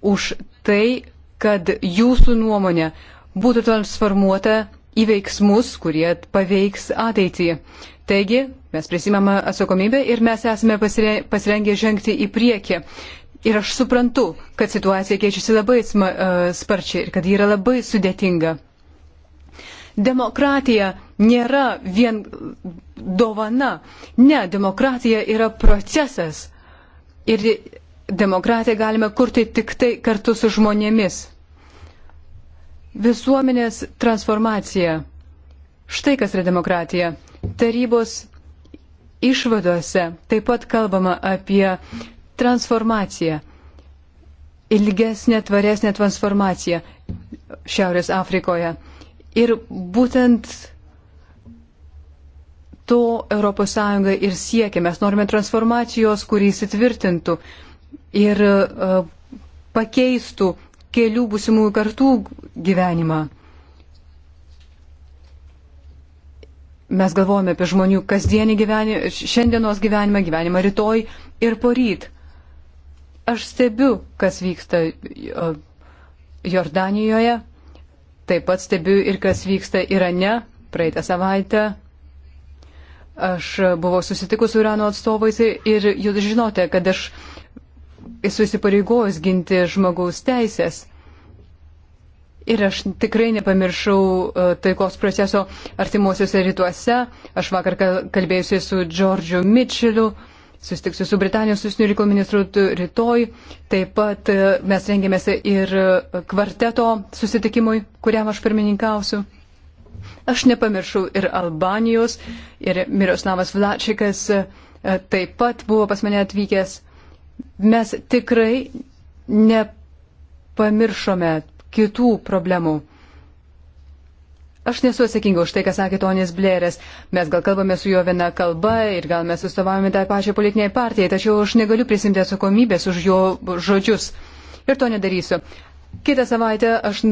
už tai, kad jūsų nuomonė būtų transformuota į veiksmus, kurie paveiks ateitį. Taigi, mes prisimame atsakomybę ir mes esame pasirengę žengti į priekį. Ir aš suprantu, kad situacija keičiasi labai e, sparčiai ir kad ji yra labai sudėtinga. Demokratija nėra vien dovana. Ne, demokratija yra procesas. Ir demokratiją galime kurti tik tai kartu su žmonėmis. Visuomenės transformacija. Štai kas yra demokratija. Tarybos išvadose taip pat kalbama apie transformaciją. Ilgesnė, tvaresnė transformacija Šiaurės Afrikoje. Ir būtent to ES ir siekia. Mes norime transformacijos, kurį įsitvirtintų ir e, pakeistų kelių būsimųjų kartų gyvenimą. Mes galvojame apie žmonių kasdienį gyvenimą, šiandienos gyvenimą, gyvenimą rytoj ir poryt. Aš stebiu, kas vyksta e, Jordanijoje, taip pat stebiu ir kas vyksta Irane. Praeitą savaitę Aš buvau susitikus su Irano atstovais ir jūs žinote, kad aš esu įsipareigojęs ginti žmogaus teisės. Ir aš tikrai nepamiršau e, taikos proceso artimuosiuose rytuose. Aš vakar kalbėjusi su Džordžiu Mitčeliu, sustiksiu su Britanijos užsienio reikalų ministru rytoj. Taip pat e, mes rengiamės ir e, kvarteto susitikimui, kuriam aš pirmininkausiu. Aš nepamiršau ir Albanijos, ir Miroslavas Vlačikas e, taip pat buvo pas mane atvykęs. Mes tikrai nepamiršome kitų problemų. Aš nesu atsakinga už tai, ką sakė Tonis Blėrės. Mes gal kalbame su juo viena kalba ir gal mes sustovavome tą pačią politinę partiją, tačiau aš negaliu prisimti atsakomybės už jo žodžius. Ir to nedarysiu. Kitą savaitę aš e,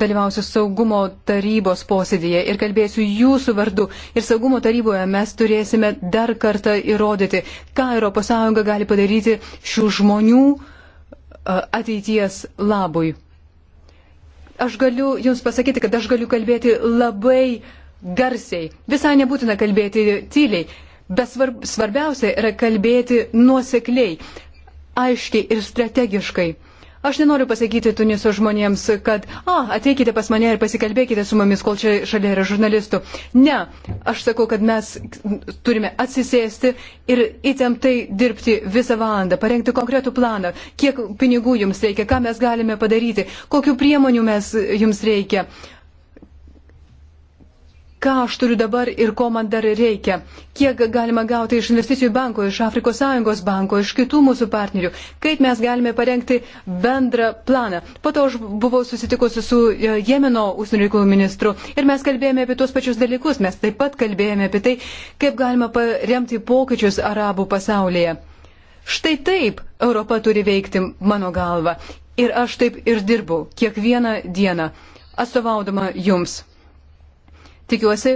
dalyvausiu saugumo tarybos posėdėje ir kalbėsiu jūsų vardu. Ir saugumo taryboje mes turėsime dar kartą įrodyti, ką ES gali padaryti šių žmonių e, ateities labui. Aš galiu jums pasakyti, kad aš galiu kalbėti labai garsiai. Visai nebūtina kalbėti tyliai. Bet svarb, svarbiausia yra kalbėti nuosekliai, aiškiai ir strategiškai. Aš nenoriu pasakyti Tuniso žmonėms, kad, a, ateikite pas mane ir pasikalbėkite su mumis, kol čia šalia yra žurnalistų. Ne, aš sakau, kad mes turime atsisėsti ir įtemptai dirbti visą valandą, parengti konkretų planą, kiek pinigų jums reikia, ką mes galime padaryti, kokiu priemonių mes jums reikia. Uh, ką aš turiu dabar ir ko man dar reikia, kiek galima gauti iš investicijų banko, iš Afrikos Sąjungos banko, iš kitų mūsų partnerių, kaip mes galime parengti bendrą planą. Po to aš buvau susitikusi su e, Jemeno užsienio reikalų ministru ir mes kalbėjome apie tuos pačius dalykus, mes taip pat kalbėjome apie tai, kaip galima paremti pokyčius arabų pasaulyje. Štai taip Europa turi veikti mano galva. Ir aš taip ir dirbau kiekvieną dieną, atstovaudama jums. Tikiuosi,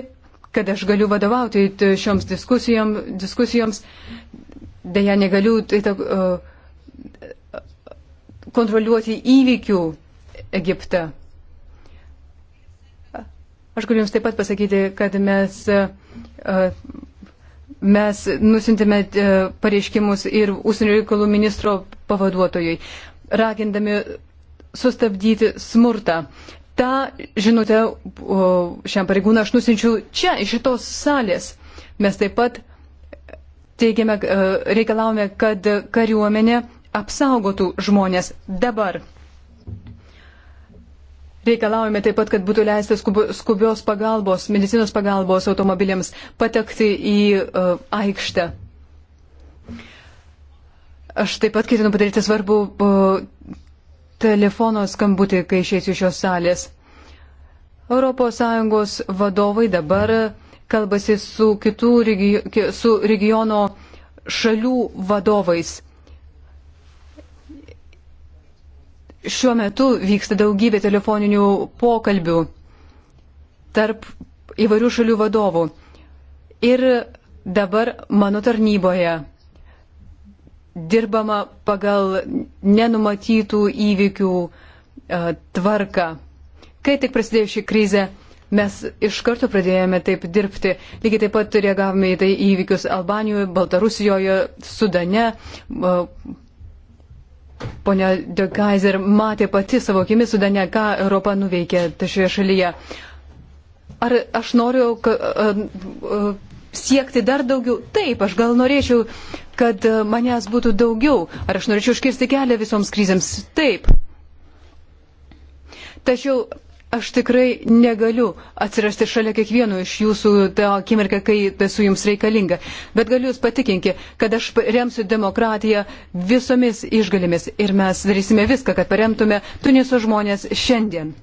kad aš galiu vadovauti šioms diskusijom, diskusijoms. Deja, negaliu tai, ta, uh, kontroliuoti įvykių Egipte. Aš galiu Jums taip pat pasakyti, kad mes, mes nusintėme e, pareiškimus ir užsienio reikalų ministro pavaduotojui, ragindami sustabdyti smurtą. Ta žinutė šiam pareigūną aš nusinčiu čia, iš šitos salės. Mes taip pat teigiame, e, reikalavome, kad kariuomenė apsaugotų žmonės dabar. Reikalaujame taip pat, kad būtų leistas skubios pagalbos, medicinos pagalbos automobiliams patekti į uh, aikštę. Aš taip pat ketinu padaryti svarbu uh, e, telefono skambutį, kai išėsiu šios salės. ES vadovai dabar kalbasi su, regio, su regiono šalių vadovais. Šiuo metu vyksta daugybė telefoninių pokalbių tarp įvairių šalių vadovų. Ir dabar mano tarnyboje dirbama pagal nenumatytų įvykių e, tvarką. Kai tik prasidėjo ši krizė, mes iš karto pradėjome taip dirbti. Lygiai taip pat reagavome į tai įvykius Albanijoje, Baltarusijoje, Sudane. E, Pone De Kaiser matė pati savo akimis Sudane, ką Europa nuveikė šioje šalyje. Ar aš noriu e, siekti dar daugiau. Taip, aš gal norėčiau, kad e, manęs būtų daugiau. Ar aš norėčiau užkirsti kelią visoms krizėms? Taip. Tačiau aš tikrai negaliu atsirasti šalia kiekvieno iš jūsų tą akimirką, kai esu jums reikalinga. Bet galiu jūs patikinti, kad aš remsiu demokratiją visomis išgalėmis ir mes darysime viską, kad paremtume Tuniso žmonės šiandien.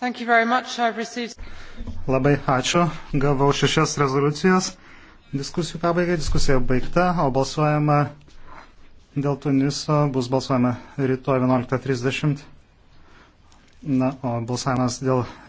Received... Labai ačiū. Gavau šešias rezoliucijas. Diskusijų pabaiga, diskusija baigta, o balsuojama dėl Tuniso bus balsuojama rytoj 11.30. Na, o balsavimas dėl